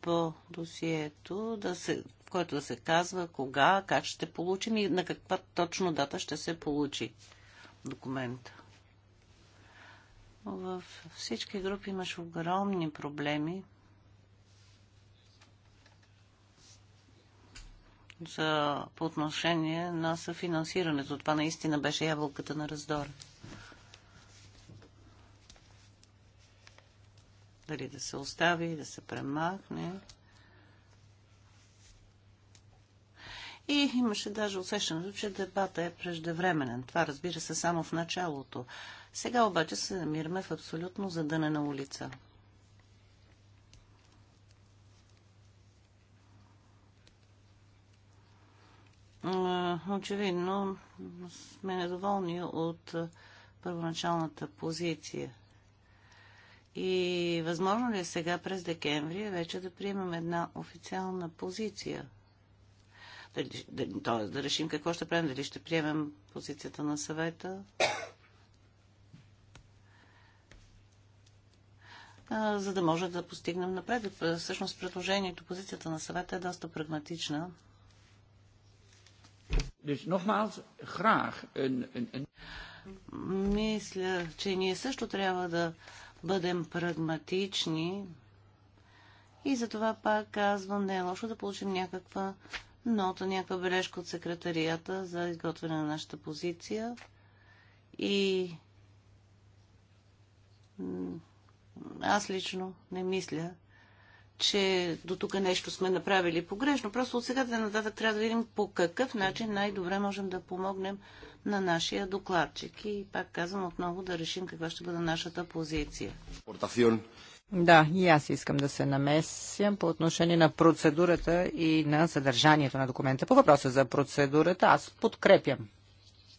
по досието, да се, в което да се казва кога, как ще получим и на каква точно дата ще се получи документа. В всички групи имаш огромни проблеми за, по отношение на съфинансирането. Това наистина беше ябълката на раздора. Дали да се остави, да се премахне. И имаше даже усещането, че дебата е преждевременен. Това разбира се само в началото. Сега обаче се намираме в абсолютно задънена улица. очевидно сме недоволни от първоначалната позиция. И възможно ли е сега през декември вече да приемем една официална позиция? Тоест да решим какво ще правим, дали ще приемем позицията на съвета. За да може да постигнем напред. Всъщност предложението, позицията на съвета е доста прагматична. Dus nogmaals, graag een, een, een... Мисля, че ние също трябва да бъдем прагматични и затова пак казвам, не е лошо да получим някаква нота, някаква бележка от секретарията за изготвяне на нашата позиция и аз лично не мисля, че до тук нещо сме направили погрешно. Просто от сега да нататък трябва да видим по какъв начин най-добре можем да помогнем на нашия докладчик. И пак казвам отново да решим каква ще бъде нашата позиция. Да, и аз искам да се намесям по отношение на процедурата и на съдържанието на документа. По въпроса за процедурата аз подкрепям.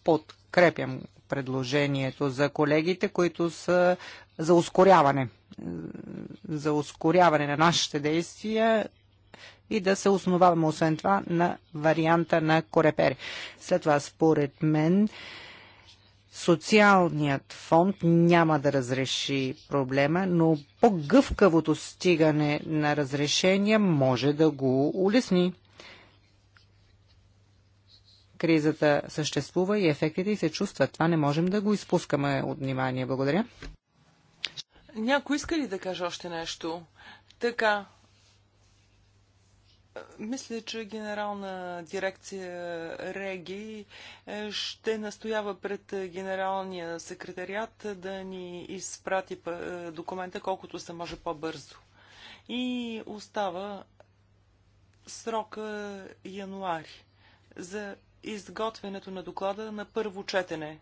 Подкрепям предложението за колегите, които са за ускоряване, за ускоряване на нашите действия и да се основаваме освен това на варианта на Корепер. След това, според мен, социалният фонд няма да разреши проблема, но по-гъвкавото стигане на разрешение може да го улесни. Кризата съществува и ефектите се чувстват. Това не можем да го изпускаме от внимание. Благодаря. Някой иска ли да каже още нещо? Така. Мисля, че генерална дирекция Реги е, ще настоява пред генералния секретариат да ни изпрати е, документа колкото се може по-бързо. И остава срока януари за изготвянето на доклада на първо четене.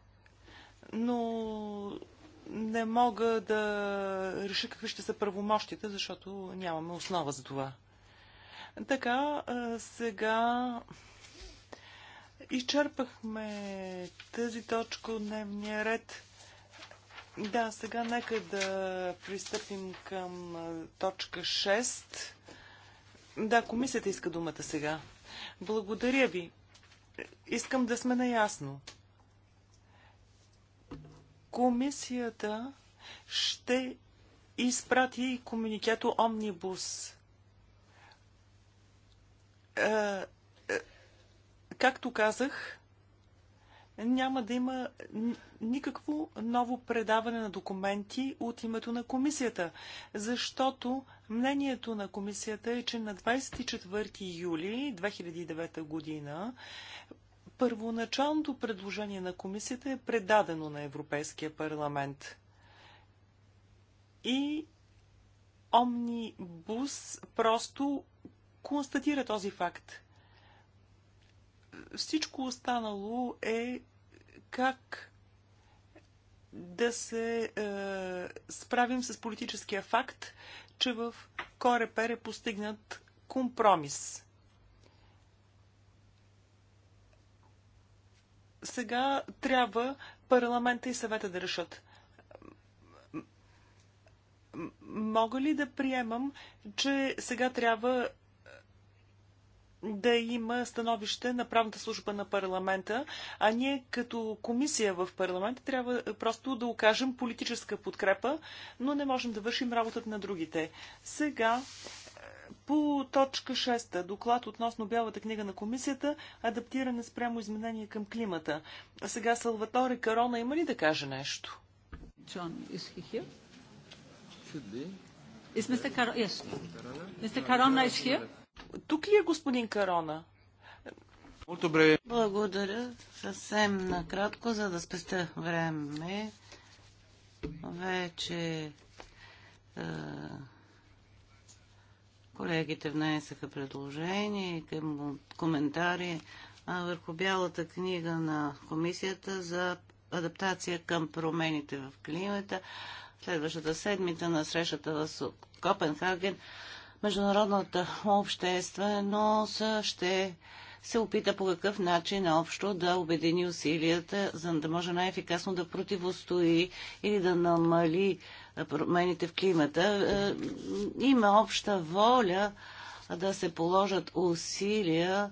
Но не мога да реша какви ще са правомощите, защото нямаме основа за това. Така, сега изчерпахме тази точка от дневния ред. Да, сега нека да пристъпим към точка 6. Да, комисията иска думата сега. Благодаря ви. Искам да сме наясно. Комисията ще изпрати и комуникето Омнибус. Е, е, както казах, няма да има никакво ново предаване на документи от името на комисията, защото мнението на комисията е, че на 24 юли 2009 година Първоначалното предложение на комисията е предадено на Европейския парламент. И Омнибус просто констатира този факт. Всичко останало е как да се е, справим с политическия факт, че в Корепер е постигнат компромис. сега трябва парламента и съвета да решат. Мога ли да приемам, че сега трябва да има становище на правната служба на парламента, а ние като комисия в парламента трябва просто да окажем политическа подкрепа, но не можем да вършим работата на другите. Сега по точка 6, доклад относно Бялата книга на комисията, адаптиране спрямо изменение към климата. А сега Салваторе Карона има ли да каже нещо? John, is he here? Should be. Is Mr. yes. Mr. Carona is here? Тук ли е господин Карона? Добре. Благодаря. Съвсем накратко, за да спестя време. Вече е, Колегите внесаха предложения и коментари върху бялата книга на комисията за адаптация към промените в климата. Следващата седмица на срещата в Копенхаген международната общественост ще се опита по какъв начин общо да обедини усилията, за да може най-ефикасно да противостои или да намали промените в климата. Е, има обща воля да се положат усилия,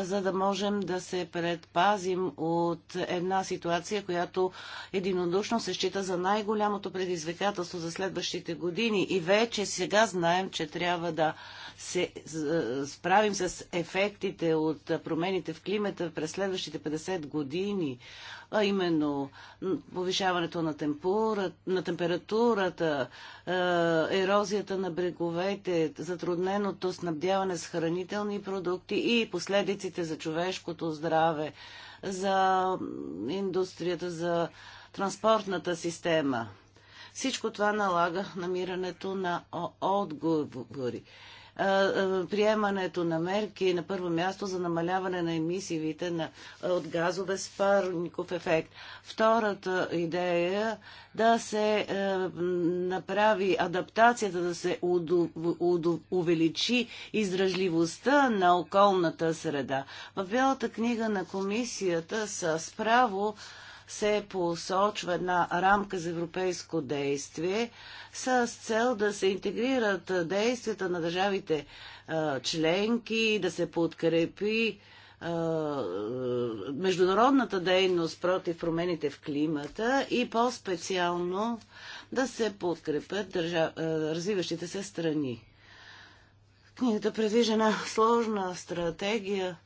е, за да можем да се предпазим от една ситуация, която единодушно се счита за най-голямото предизвикателство за следващите години. И вече сега знаем, че трябва да се справим с ефектите от промените в климата през следващите 50 години, а именно повишаването на, темпура, на температурата, ерозията на бреговете, затрудненото снабдяване с хранителни продукти и последиците за човешкото здраве, за индустрията, за транспортната система. Всичко това налага намирането на отговори приемането на мерки на първо място за намаляване на емисиите на, от газове с парников ефект. Втората идея е да се направи адаптацията, да се удов, удов, увеличи издръжливостта на околната среда. В Бялата книга на комисията с право се посочва една рамка за европейско действие с цел да се интегрират действията на държавите членки, да се подкрепи международната дейност против промените в климата и по-специално да се подкрепят държав... развиващите се страни. Книгата предвижда една сложна стратегия,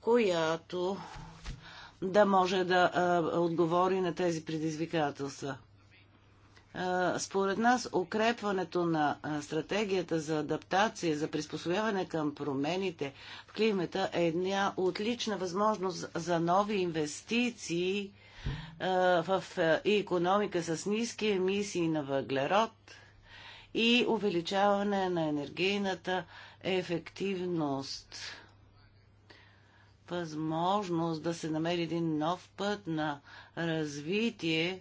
която да може да а, отговори на тези предизвикателства. А, според нас, укрепването на а, стратегията за адаптация, за приспособяване към промените в климата е една отлична възможност за нови инвестиции в и економика с ниски емисии на въглерод и увеличаване на енергийната ефективност възможност да се намери един нов път на развитие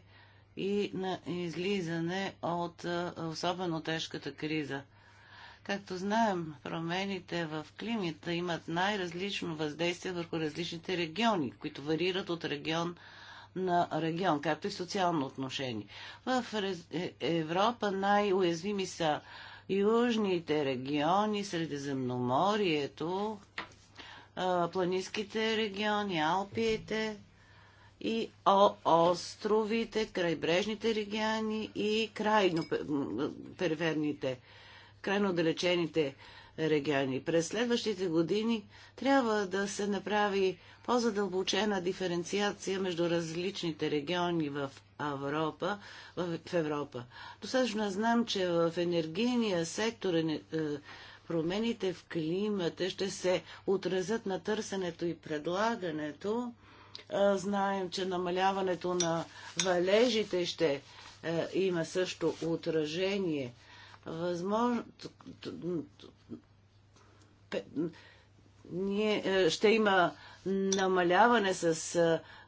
и на излизане от особено тежката криза. Както знаем, промените в климата имат най-различно въздействие върху различните региони, които варират от регион на регион, както и социално отношение. В е, Европа най-уязвими са южните региони, Средиземноморието, планинските региони, Алпиите и островите, крайбрежните региони и крайно периферните, крайно отдалечените региони. През следващите години трябва да се направи по-задълбочена диференциация между различните региони в Европа. В Европа. Достатъчно знам, че в енергийния сектор е, е, промените в климата ще се отразят на търсенето и предлагането. Знаем, че намаляването на валежите ще е, има също отражение. Възможно... Ние, е, ще има намаляване с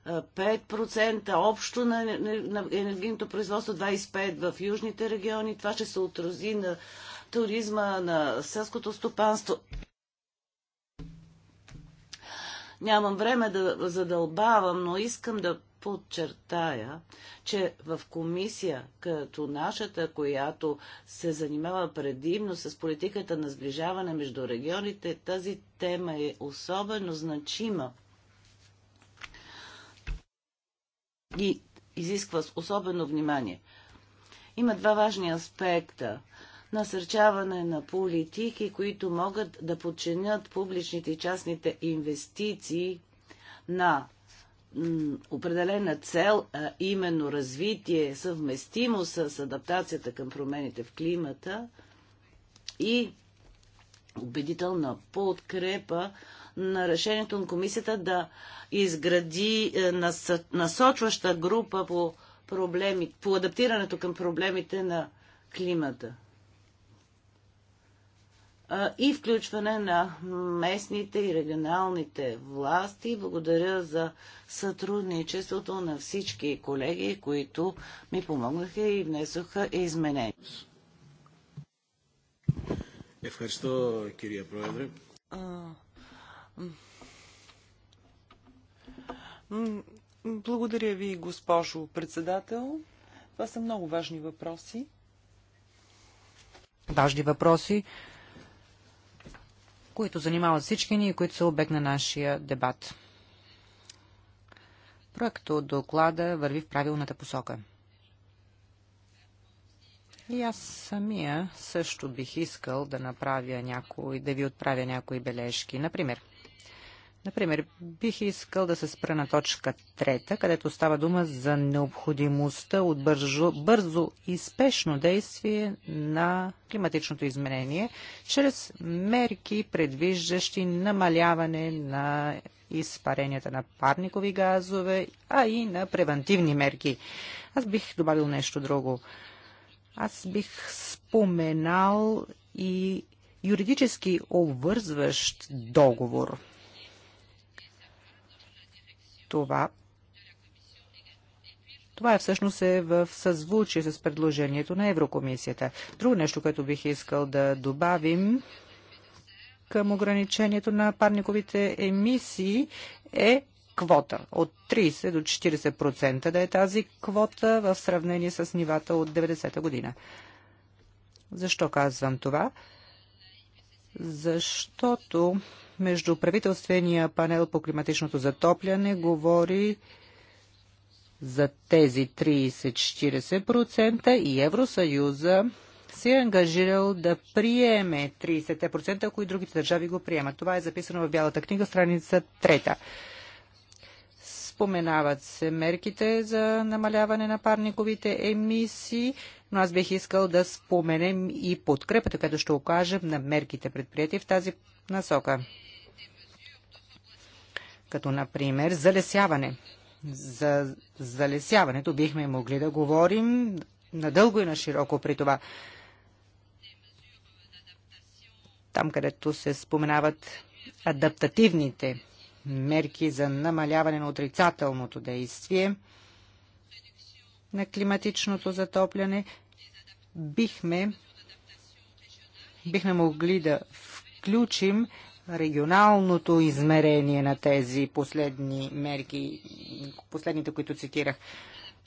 5% е, общо на, на енергийното производство, 25% в южните региони. Това ще се отрази на туризма, на селското стопанство. Нямам време да задълбавам, но искам да подчертая, че в комисия като нашата, която се занимава предимно с политиката на сближаване между регионите, тази тема е особено значима и изисква особено внимание. Има два важни аспекта насърчаване на политики, които могат да подчинят публичните и частните инвестиции на определена цел, а именно развитие, съвместимо с адаптацията към промените в климата и убедителна подкрепа на решението на комисията да изгради е, насочваща група по, проблеми, по адаптирането към проблемите на климата и включване на местните и регионалните власти. Благодаря за сътрудничеството на всички колеги, които ми помогнаха и внесоха изменения. Ευχαριστώ, κυρία Πρόεδρε. Благодаря ви, госпожо председател. Това са много важни въпроси. Важни въпроси, които занимават всички ни и които са обект на нашия дебат. Проекто доклада върви в правилната посока. И аз самия също бих искал да направя някои, да ви отправя някои бележки. Например, Например, бих искал да се спра на точка трета, където става дума за необходимостта от бързо, бързо и спешно действие на климатичното изменение, чрез мерки, предвиждащи намаляване на изпаренията на парникови газове, а и на превентивни мерки. Аз бих добавил нещо друго. Аз бих споменал и юридически обвързващ договор – това това е всъщност е в съзвучие с предложението на Еврокомисията. Друго нещо, което бих искал да добавим към ограничението на парниковите емисии е квота от 30 до 40% да е тази квота в сравнение с нивата от 90-та година. Защо казвам това? Защото между правителствения панел по климатичното затопляне говори за тези 30-40% и Евросъюза се е ангажирал да приеме 30%, ако и другите държави го приемат. Това е записано в Бялата книга, страница 3. Споменават се мерките за намаляване на парниковите емисии, но аз бих искал да споменем и подкрепата, която ще окажем на мерките предприятия в тази насока като например залесяване. За залесяването бихме могли да говорим надълго и на широко при това. Там, където се споменават адаптативните мерки за намаляване на отрицателното действие на климатичното затопляне, бихме, бихме могли да включим регионалното измерение на тези последни мерки, последните, които цитирах,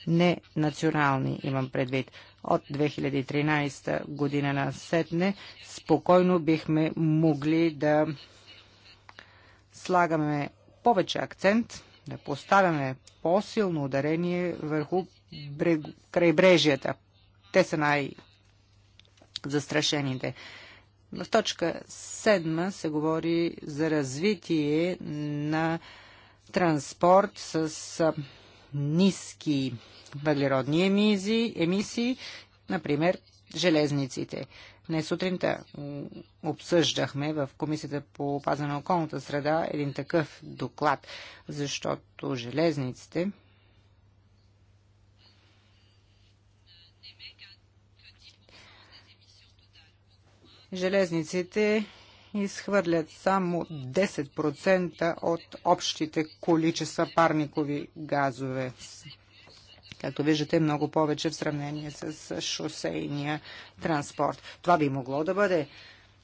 не национални имам предвид. От 2013 година на сетне спокойно бихме могли да слагаме повече акцент, да поставяме по-силно ударение върху брег... крайбрежията. Те са най-застрашените. В точка 7 се говори за развитие на транспорт с ниски въглеродни емисии, емисии например железниците. Днес сутринта обсъждахме в Комисията по опазване на околната среда един такъв доклад, защото железниците железниците изхвърлят само 10% от общите количества парникови газове. Както виждате, много повече в сравнение с шосейния транспорт. Това би могло да бъде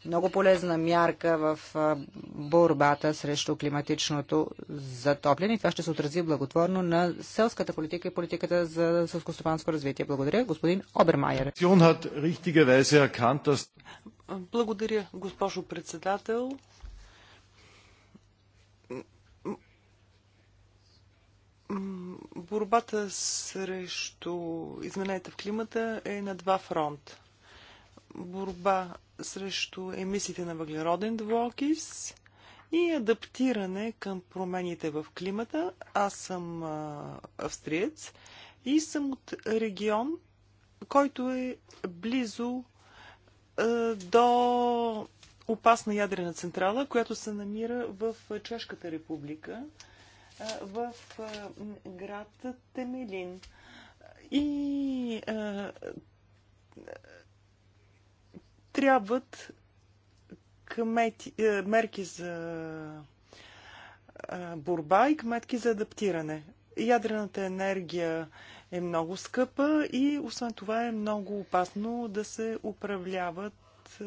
много полезна мярка в борбата срещу климатичното затопляне това ще се отрази благотворно на селската политика и политиката за селскостопанско развитие. Благодаря, господин Обермайер. Благодаря, госпожо председател. Борбата срещу измененията в климата е на два фронта борба срещу емисиите на въглероден двуокис и адаптиране към промените в климата. Аз съм австриец и съм от регион, който е близо до опасна ядрена централа, която се намира в Чешката република, в град Темелин. И трябват кмети, е, мерки за е, борба и кметки за адаптиране. Ядрената енергия е много скъпа и освен това е много опасно да се управляват е,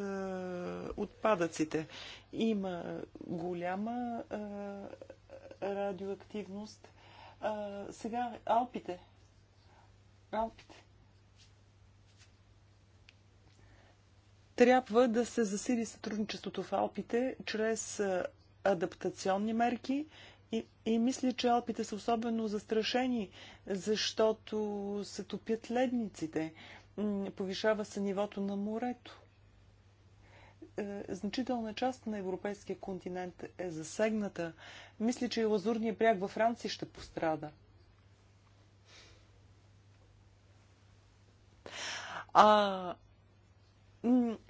отпадъците. Има голяма е, радиоактивност. Е, сега Алпите. Алпите. Трябва да се засили сътрудничеството в Алпите чрез адаптационни мерки и, и мисля, че Алпите са особено застрашени, защото се топят ледниците, повишава се нивото на морето. Е, значителна част на европейския континент е засегната. Мисля, че и Лазурния бряг във Франция ще пострада. А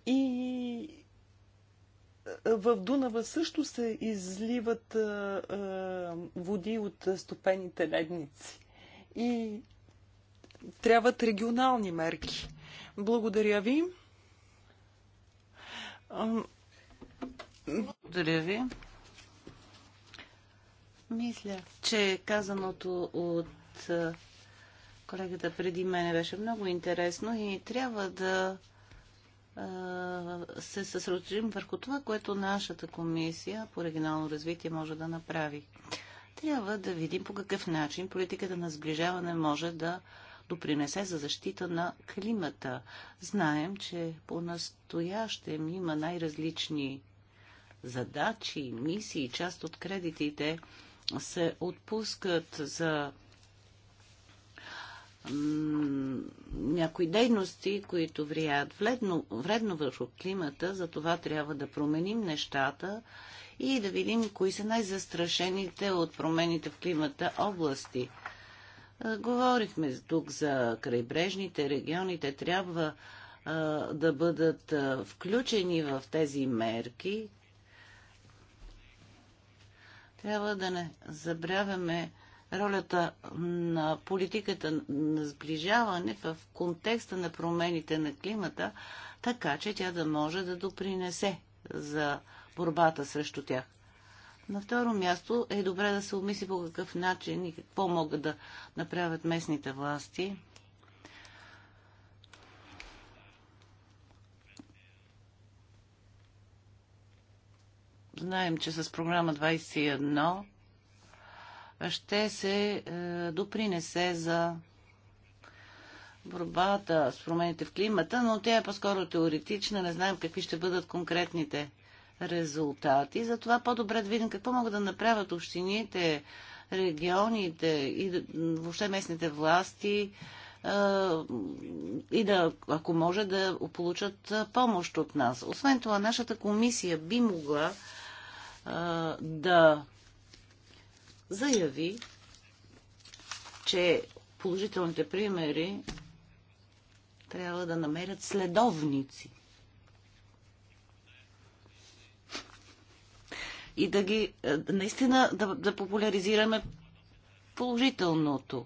и в Дунава също се изливат води от стопените ледници. И трябват регионални мерки. Благодаря ви. Благодаря ви. Мисля, че казаното от колегата преди мене беше много интересно и трябва да се съсредоточим върху това, което нашата комисия по регионално развитие може да направи. Трябва да видим по какъв начин политиката на сближаване може да допринесе за защита на климата. Знаем, че по-настоящем има най-различни задачи, мисии, част от кредитите се отпускат за някои дейности, които влияят вредно, вредно върху климата, за това трябва да променим нещата и да видим кои са най-застрашените от промените в климата области. Говорихме тук за крайбрежните региони. Те трябва а, да бъдат а, включени в тези мерки. Трябва да не забравяме ролята на политиката на сближаване в контекста на промените на климата, така че тя да може да допринесе за борбата срещу тях. На второ място е добре да се обмисли по какъв начин и какво могат да направят местните власти. Знаем, че с програма 21 ще се е, допринесе за борбата с промените в климата, но тя е по-скоро теоретична. Не знаем какви ще бъдат конкретните резултати. Затова по-добре да видим какво могат да направят общините, регионите и въобще местните власти е, и да, ако може, да получат е, помощ от нас. Освен това, нашата комисия би могла да заяви, че положителните примери трябва да намерят следовници и да ги е, наистина да, да популяризираме положителното.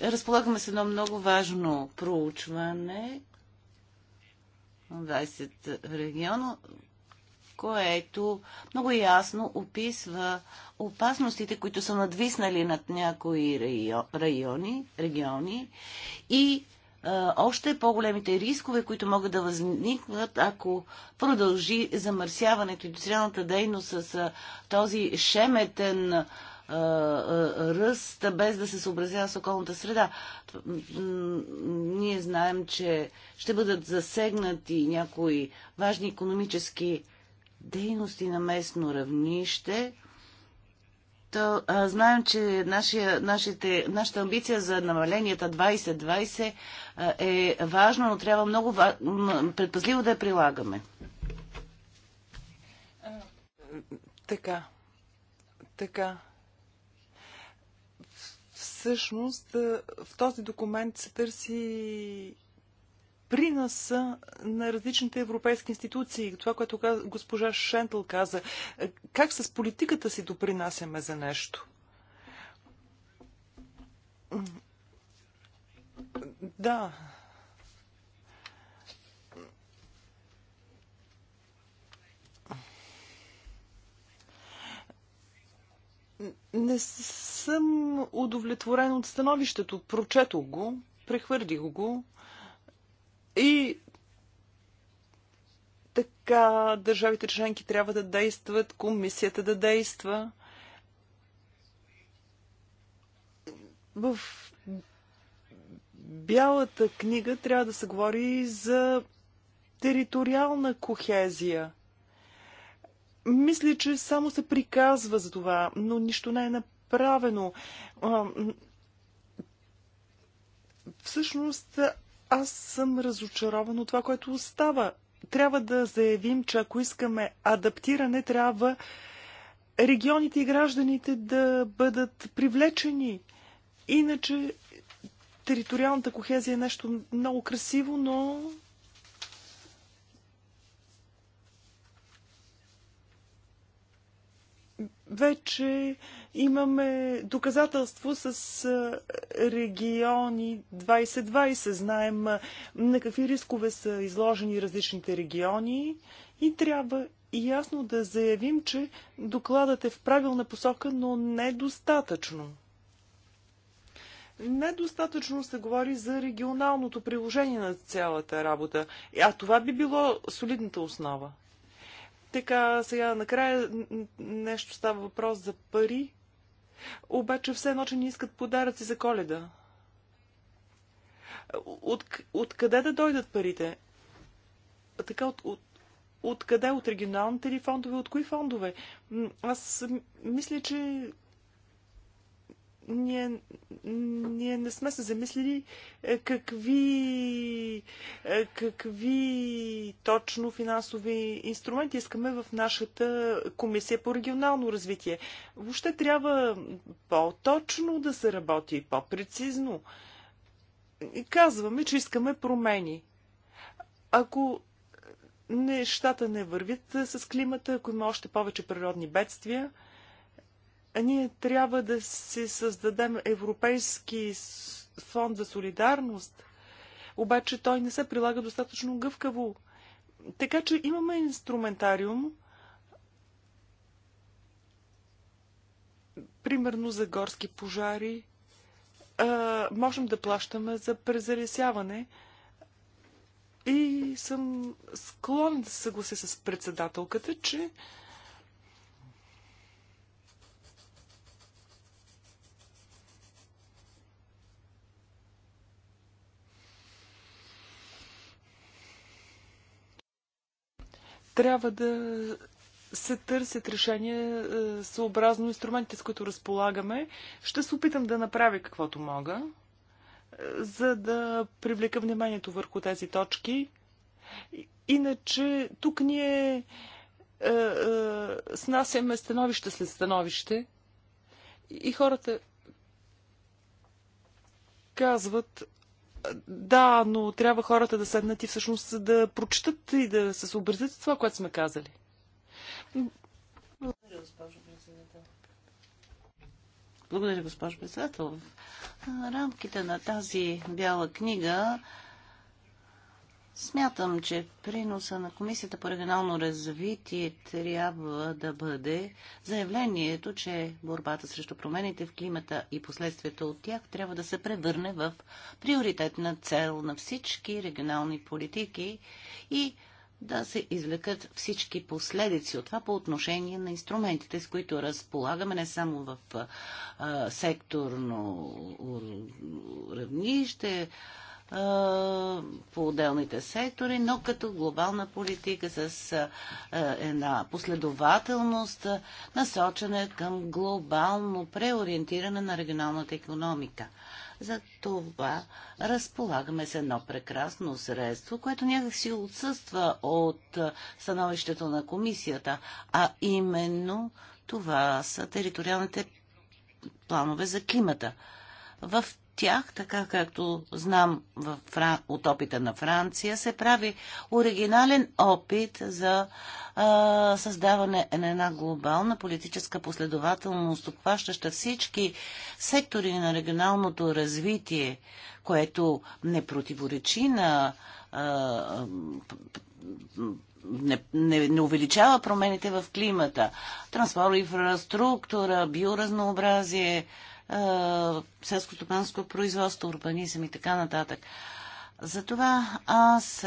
Разполагаме с едно много важно проучване 20 региона, което много ясно описва опасностите, които са надвиснали над някои райони, региони и а, още по-големите рискове, които могат да възникнат, ако продължи замърсяването и индустриалната дейност с а, този шеметен а, ръст, без да се съобразява с околната среда. Ние знаем, че ще бъдат засегнати някои важни економически дейности на местно равнище, то а, знаем, че нашия, нашите, нашата амбиция за намаленията 20-20 е важна, но трябва много предпазливо да я прилагаме. Така. Така. Всъщност, в този документ се търси приноса на различните европейски институции, това, което госпожа Шентъл каза, как с политиката си допринасяме за нещо. Да. Не съм удовлетворен от становището. Прочетох го, прехвърлих го. И така държавите членки трябва да действат, комисията да действа. В Бялата книга трябва да се говори за териториална кохезия. Мисля, че само се приказва за това, но нищо не е направено. Всъщност, аз съм разочарован от това, което остава. Трябва да заявим, че ако искаме адаптиране, трябва регионите и гражданите да бъдат привлечени. Иначе териториалната кохезия е нещо много красиво, но вече Имаме доказателство с региони 2020. Знаем на какви рискове са изложени различните региони и трябва ясно да заявим, че докладът е в правилна посока, но недостатъчно. Недостатъчно се говори за регионалното приложение на цялата работа, а това би било солидната основа. Така, сега накрая нещо става въпрос за пари. Обаче все едно, че не искат подаръци за коледа. От, от къде да дойдат парите? Така, от, от, от къде? От регионалните ли фондове? От кои фондове? Аз мисля, че ние, ние не сме се замислили е, какви, е, какви точно финансови инструменти искаме в нашата комисия по регионално развитие. Въобще трябва по-точно да се работи, по-прецизно. Казваме, че искаме промени. Ако нещата не вървят е, с климата, ако има още повече природни бедствия, ние трябва да си създадем Европейски фонд за солидарност, обаче той не се прилага достатъчно гъвкаво. Така че имаме инструментариум, примерно за горски пожари, а, можем да плащаме за презалесяване. И съм склонен да се съглася с председателката, че Трябва да се търсят решения е, съобразно инструментите, с които разполагаме. Ще се опитам да направя каквото мога, е, за да привлека вниманието върху тези точки. Иначе тук ние е, е, снасяме становище след становище и хората казват, да, но трябва хората да седнат и всъщност да прочитат и да се съобразят с това, което сме казали. Благодаря, госпожо председател. Благодаря, госпожо председател. В рамките на тази бяла книга Смятам, че приноса на Комисията по регионално развитие трябва да бъде заявлението, че борбата срещу промените в климата и последствията от тях трябва да се превърне в приоритетна цел на всички регионални политики и да се извлекат всички последици от това по отношение на инструментите, с които разполагаме не само в а, секторно равнище, по отделните сектори, но като глобална политика с една последователност, насочена към глобално преориентиране на регионалната економика. За това разполагаме с едно прекрасно средство, което някакси отсъства от становището на комисията, а именно това са териториалните планове за климата. В тях, така както знам в, от опита на Франция, се прави оригинален опит за а, създаване на една глобална политическа последователност, обхващаща всички сектори на регионалното развитие, което не противоречи на. А, не, не, не увеличава промените в климата. Транспорт, инфраструктура, биоразнообразие, а, селско-стопанско производство, урбанизъм и така нататък. Затова аз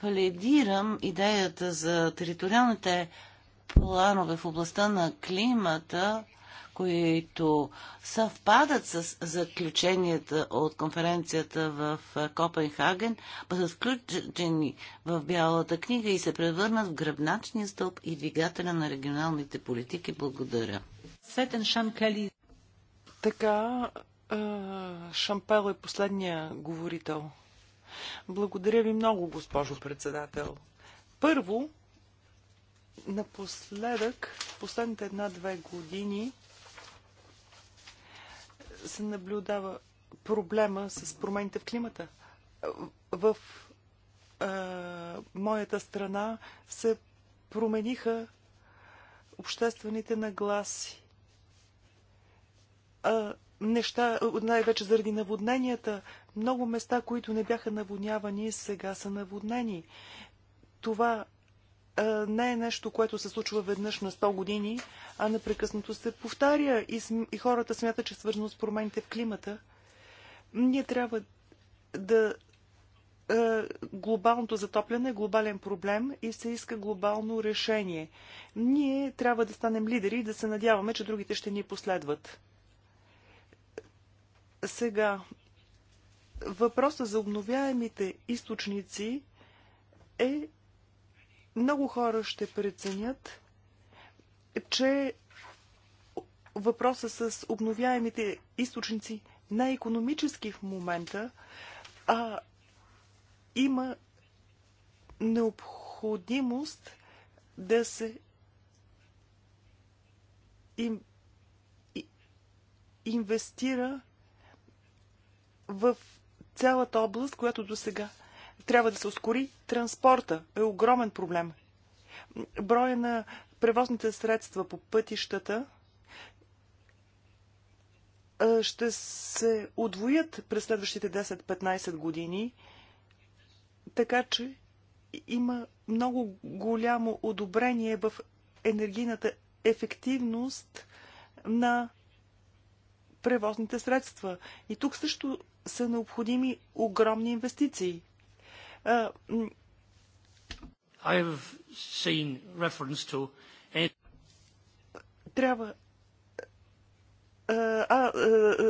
пледирам идеята за териториалните планове в областта на климата, които съвпадат с заключенията от конференцията в Копенхаген, бъдат включени в Бялата книга и се превърнат в гръбначния стълб и двигателя на регионалните политики. Благодаря. Така, Шампел е последния говорител. Благодаря ви много, госпожо председател. Първо, напоследък, последните една-две години, се наблюдава проблема с промените в климата. В е, моята страна се промениха обществените нагласи неща, най-вече заради наводненията. Много места, които не бяха наводнявани, сега са наводнени. Това не е нещо, което се случва веднъж на 100 години, а непрекъснато се повтаря и, и хората смятат, че е свързано с промените в климата. Ние трябва да глобалното затопляне е глобален проблем и се иска глобално решение. Ние трябва да станем лидери и да се надяваме, че другите ще ни последват. Сега, въпроса за обновяемите източници е много хора ще преценят, че въпроса с обновяемите източници на економически в момента, а има необходимост да се им, инвестира в цялата област, която до сега трябва да се ускори. Транспорта е огромен проблем. Броя на превозните средства по пътищата ще се отвоят през следващите 10-15 години, така че има много голямо одобрение в енергийната ефективност на превозните средства. И тук също са необходими огромни инвестиции. To... Трябва а,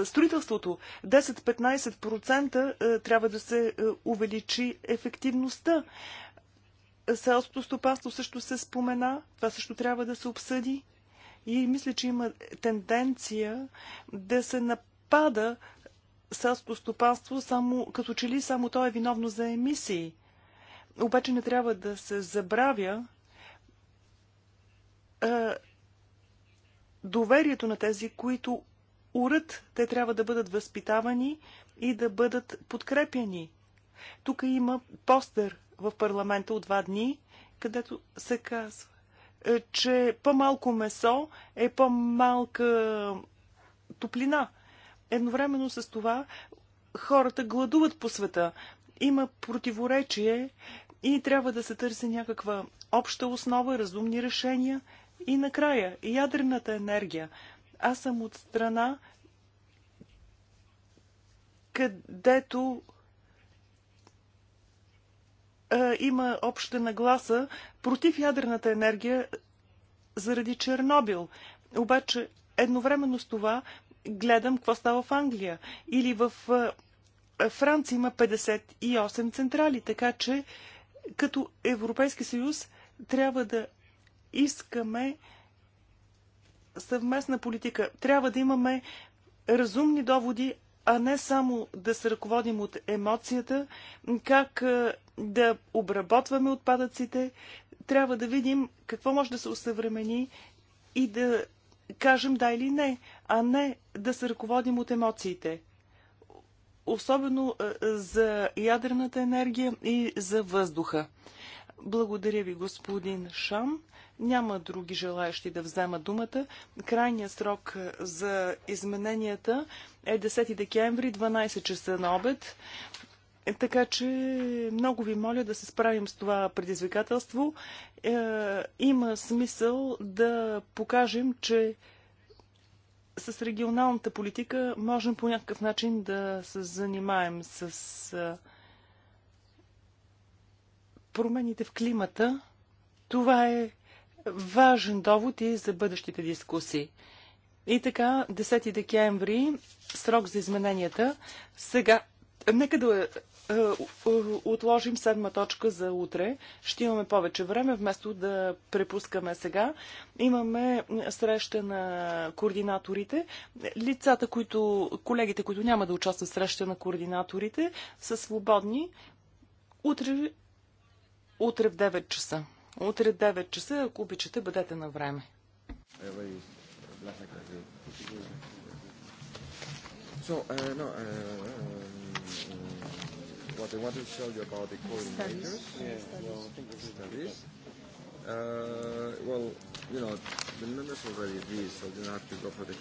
строителството 10-15% трябва да се увеличи ефективността. Селското стопанство също се спомена, това също трябва да се обсъди. И мисля, че има тенденция да се напада селското стопанство, само, като че ли само то е виновно за емисии. Обаче не трябва да се забравя е, доверието на тези, които уред, Те трябва да бъдат възпитавани и да бъдат подкрепяни. Тук има постер в парламента от два дни, където се казва, е, че по-малко месо е по-малка топлина едновременно с това хората гладуват по света. Има противоречие и трябва да се търси някаква обща основа, разумни решения. И накрая, ядрената енергия. Аз съм от страна, където а, има обща нагласа против ядрената енергия заради Чернобил. Обаче, едновременно с това, гледам какво става в Англия. Или в е, Франция има 58 централи, така че като Европейски съюз трябва да искаме съвместна политика. Трябва да имаме разумни доводи, а не само да се ръководим от емоцията, как е, да обработваме отпадъците. Трябва да видим какво може да се усъвремени и да кажем да или не, а не да се ръководим от емоциите. Особено е, за ядрената енергия и за въздуха. Благодаря ви, господин Шам. Няма други желаящи да взема думата. Крайният срок е, за измененията е 10 декември, 12 часа на обед. Така че много ви моля да се справим с това предизвикателство. Е, има смисъл да покажем, че с регионалната политика можем по някакъв начин да се занимаем с е, промените в климата. Това е важен довод и за бъдещите дискусии. И така, 10 декември, срок за измененията. Сега, нека да е, е, отложим седма точка за утре. Ще имаме повече време, вместо да препускаме сега. Имаме среща на координаторите. Лицата, които, колегите, които няма да участват в среща на координаторите, са свободни. Утре, утре в 9 часа. Утре в 9 часа, ако обичате, бъдете на време. So, uh, no, uh, uh what I wanted to tell you about the coordinators. studies. Uh, well, you know, the members already these, so you don't have to go for the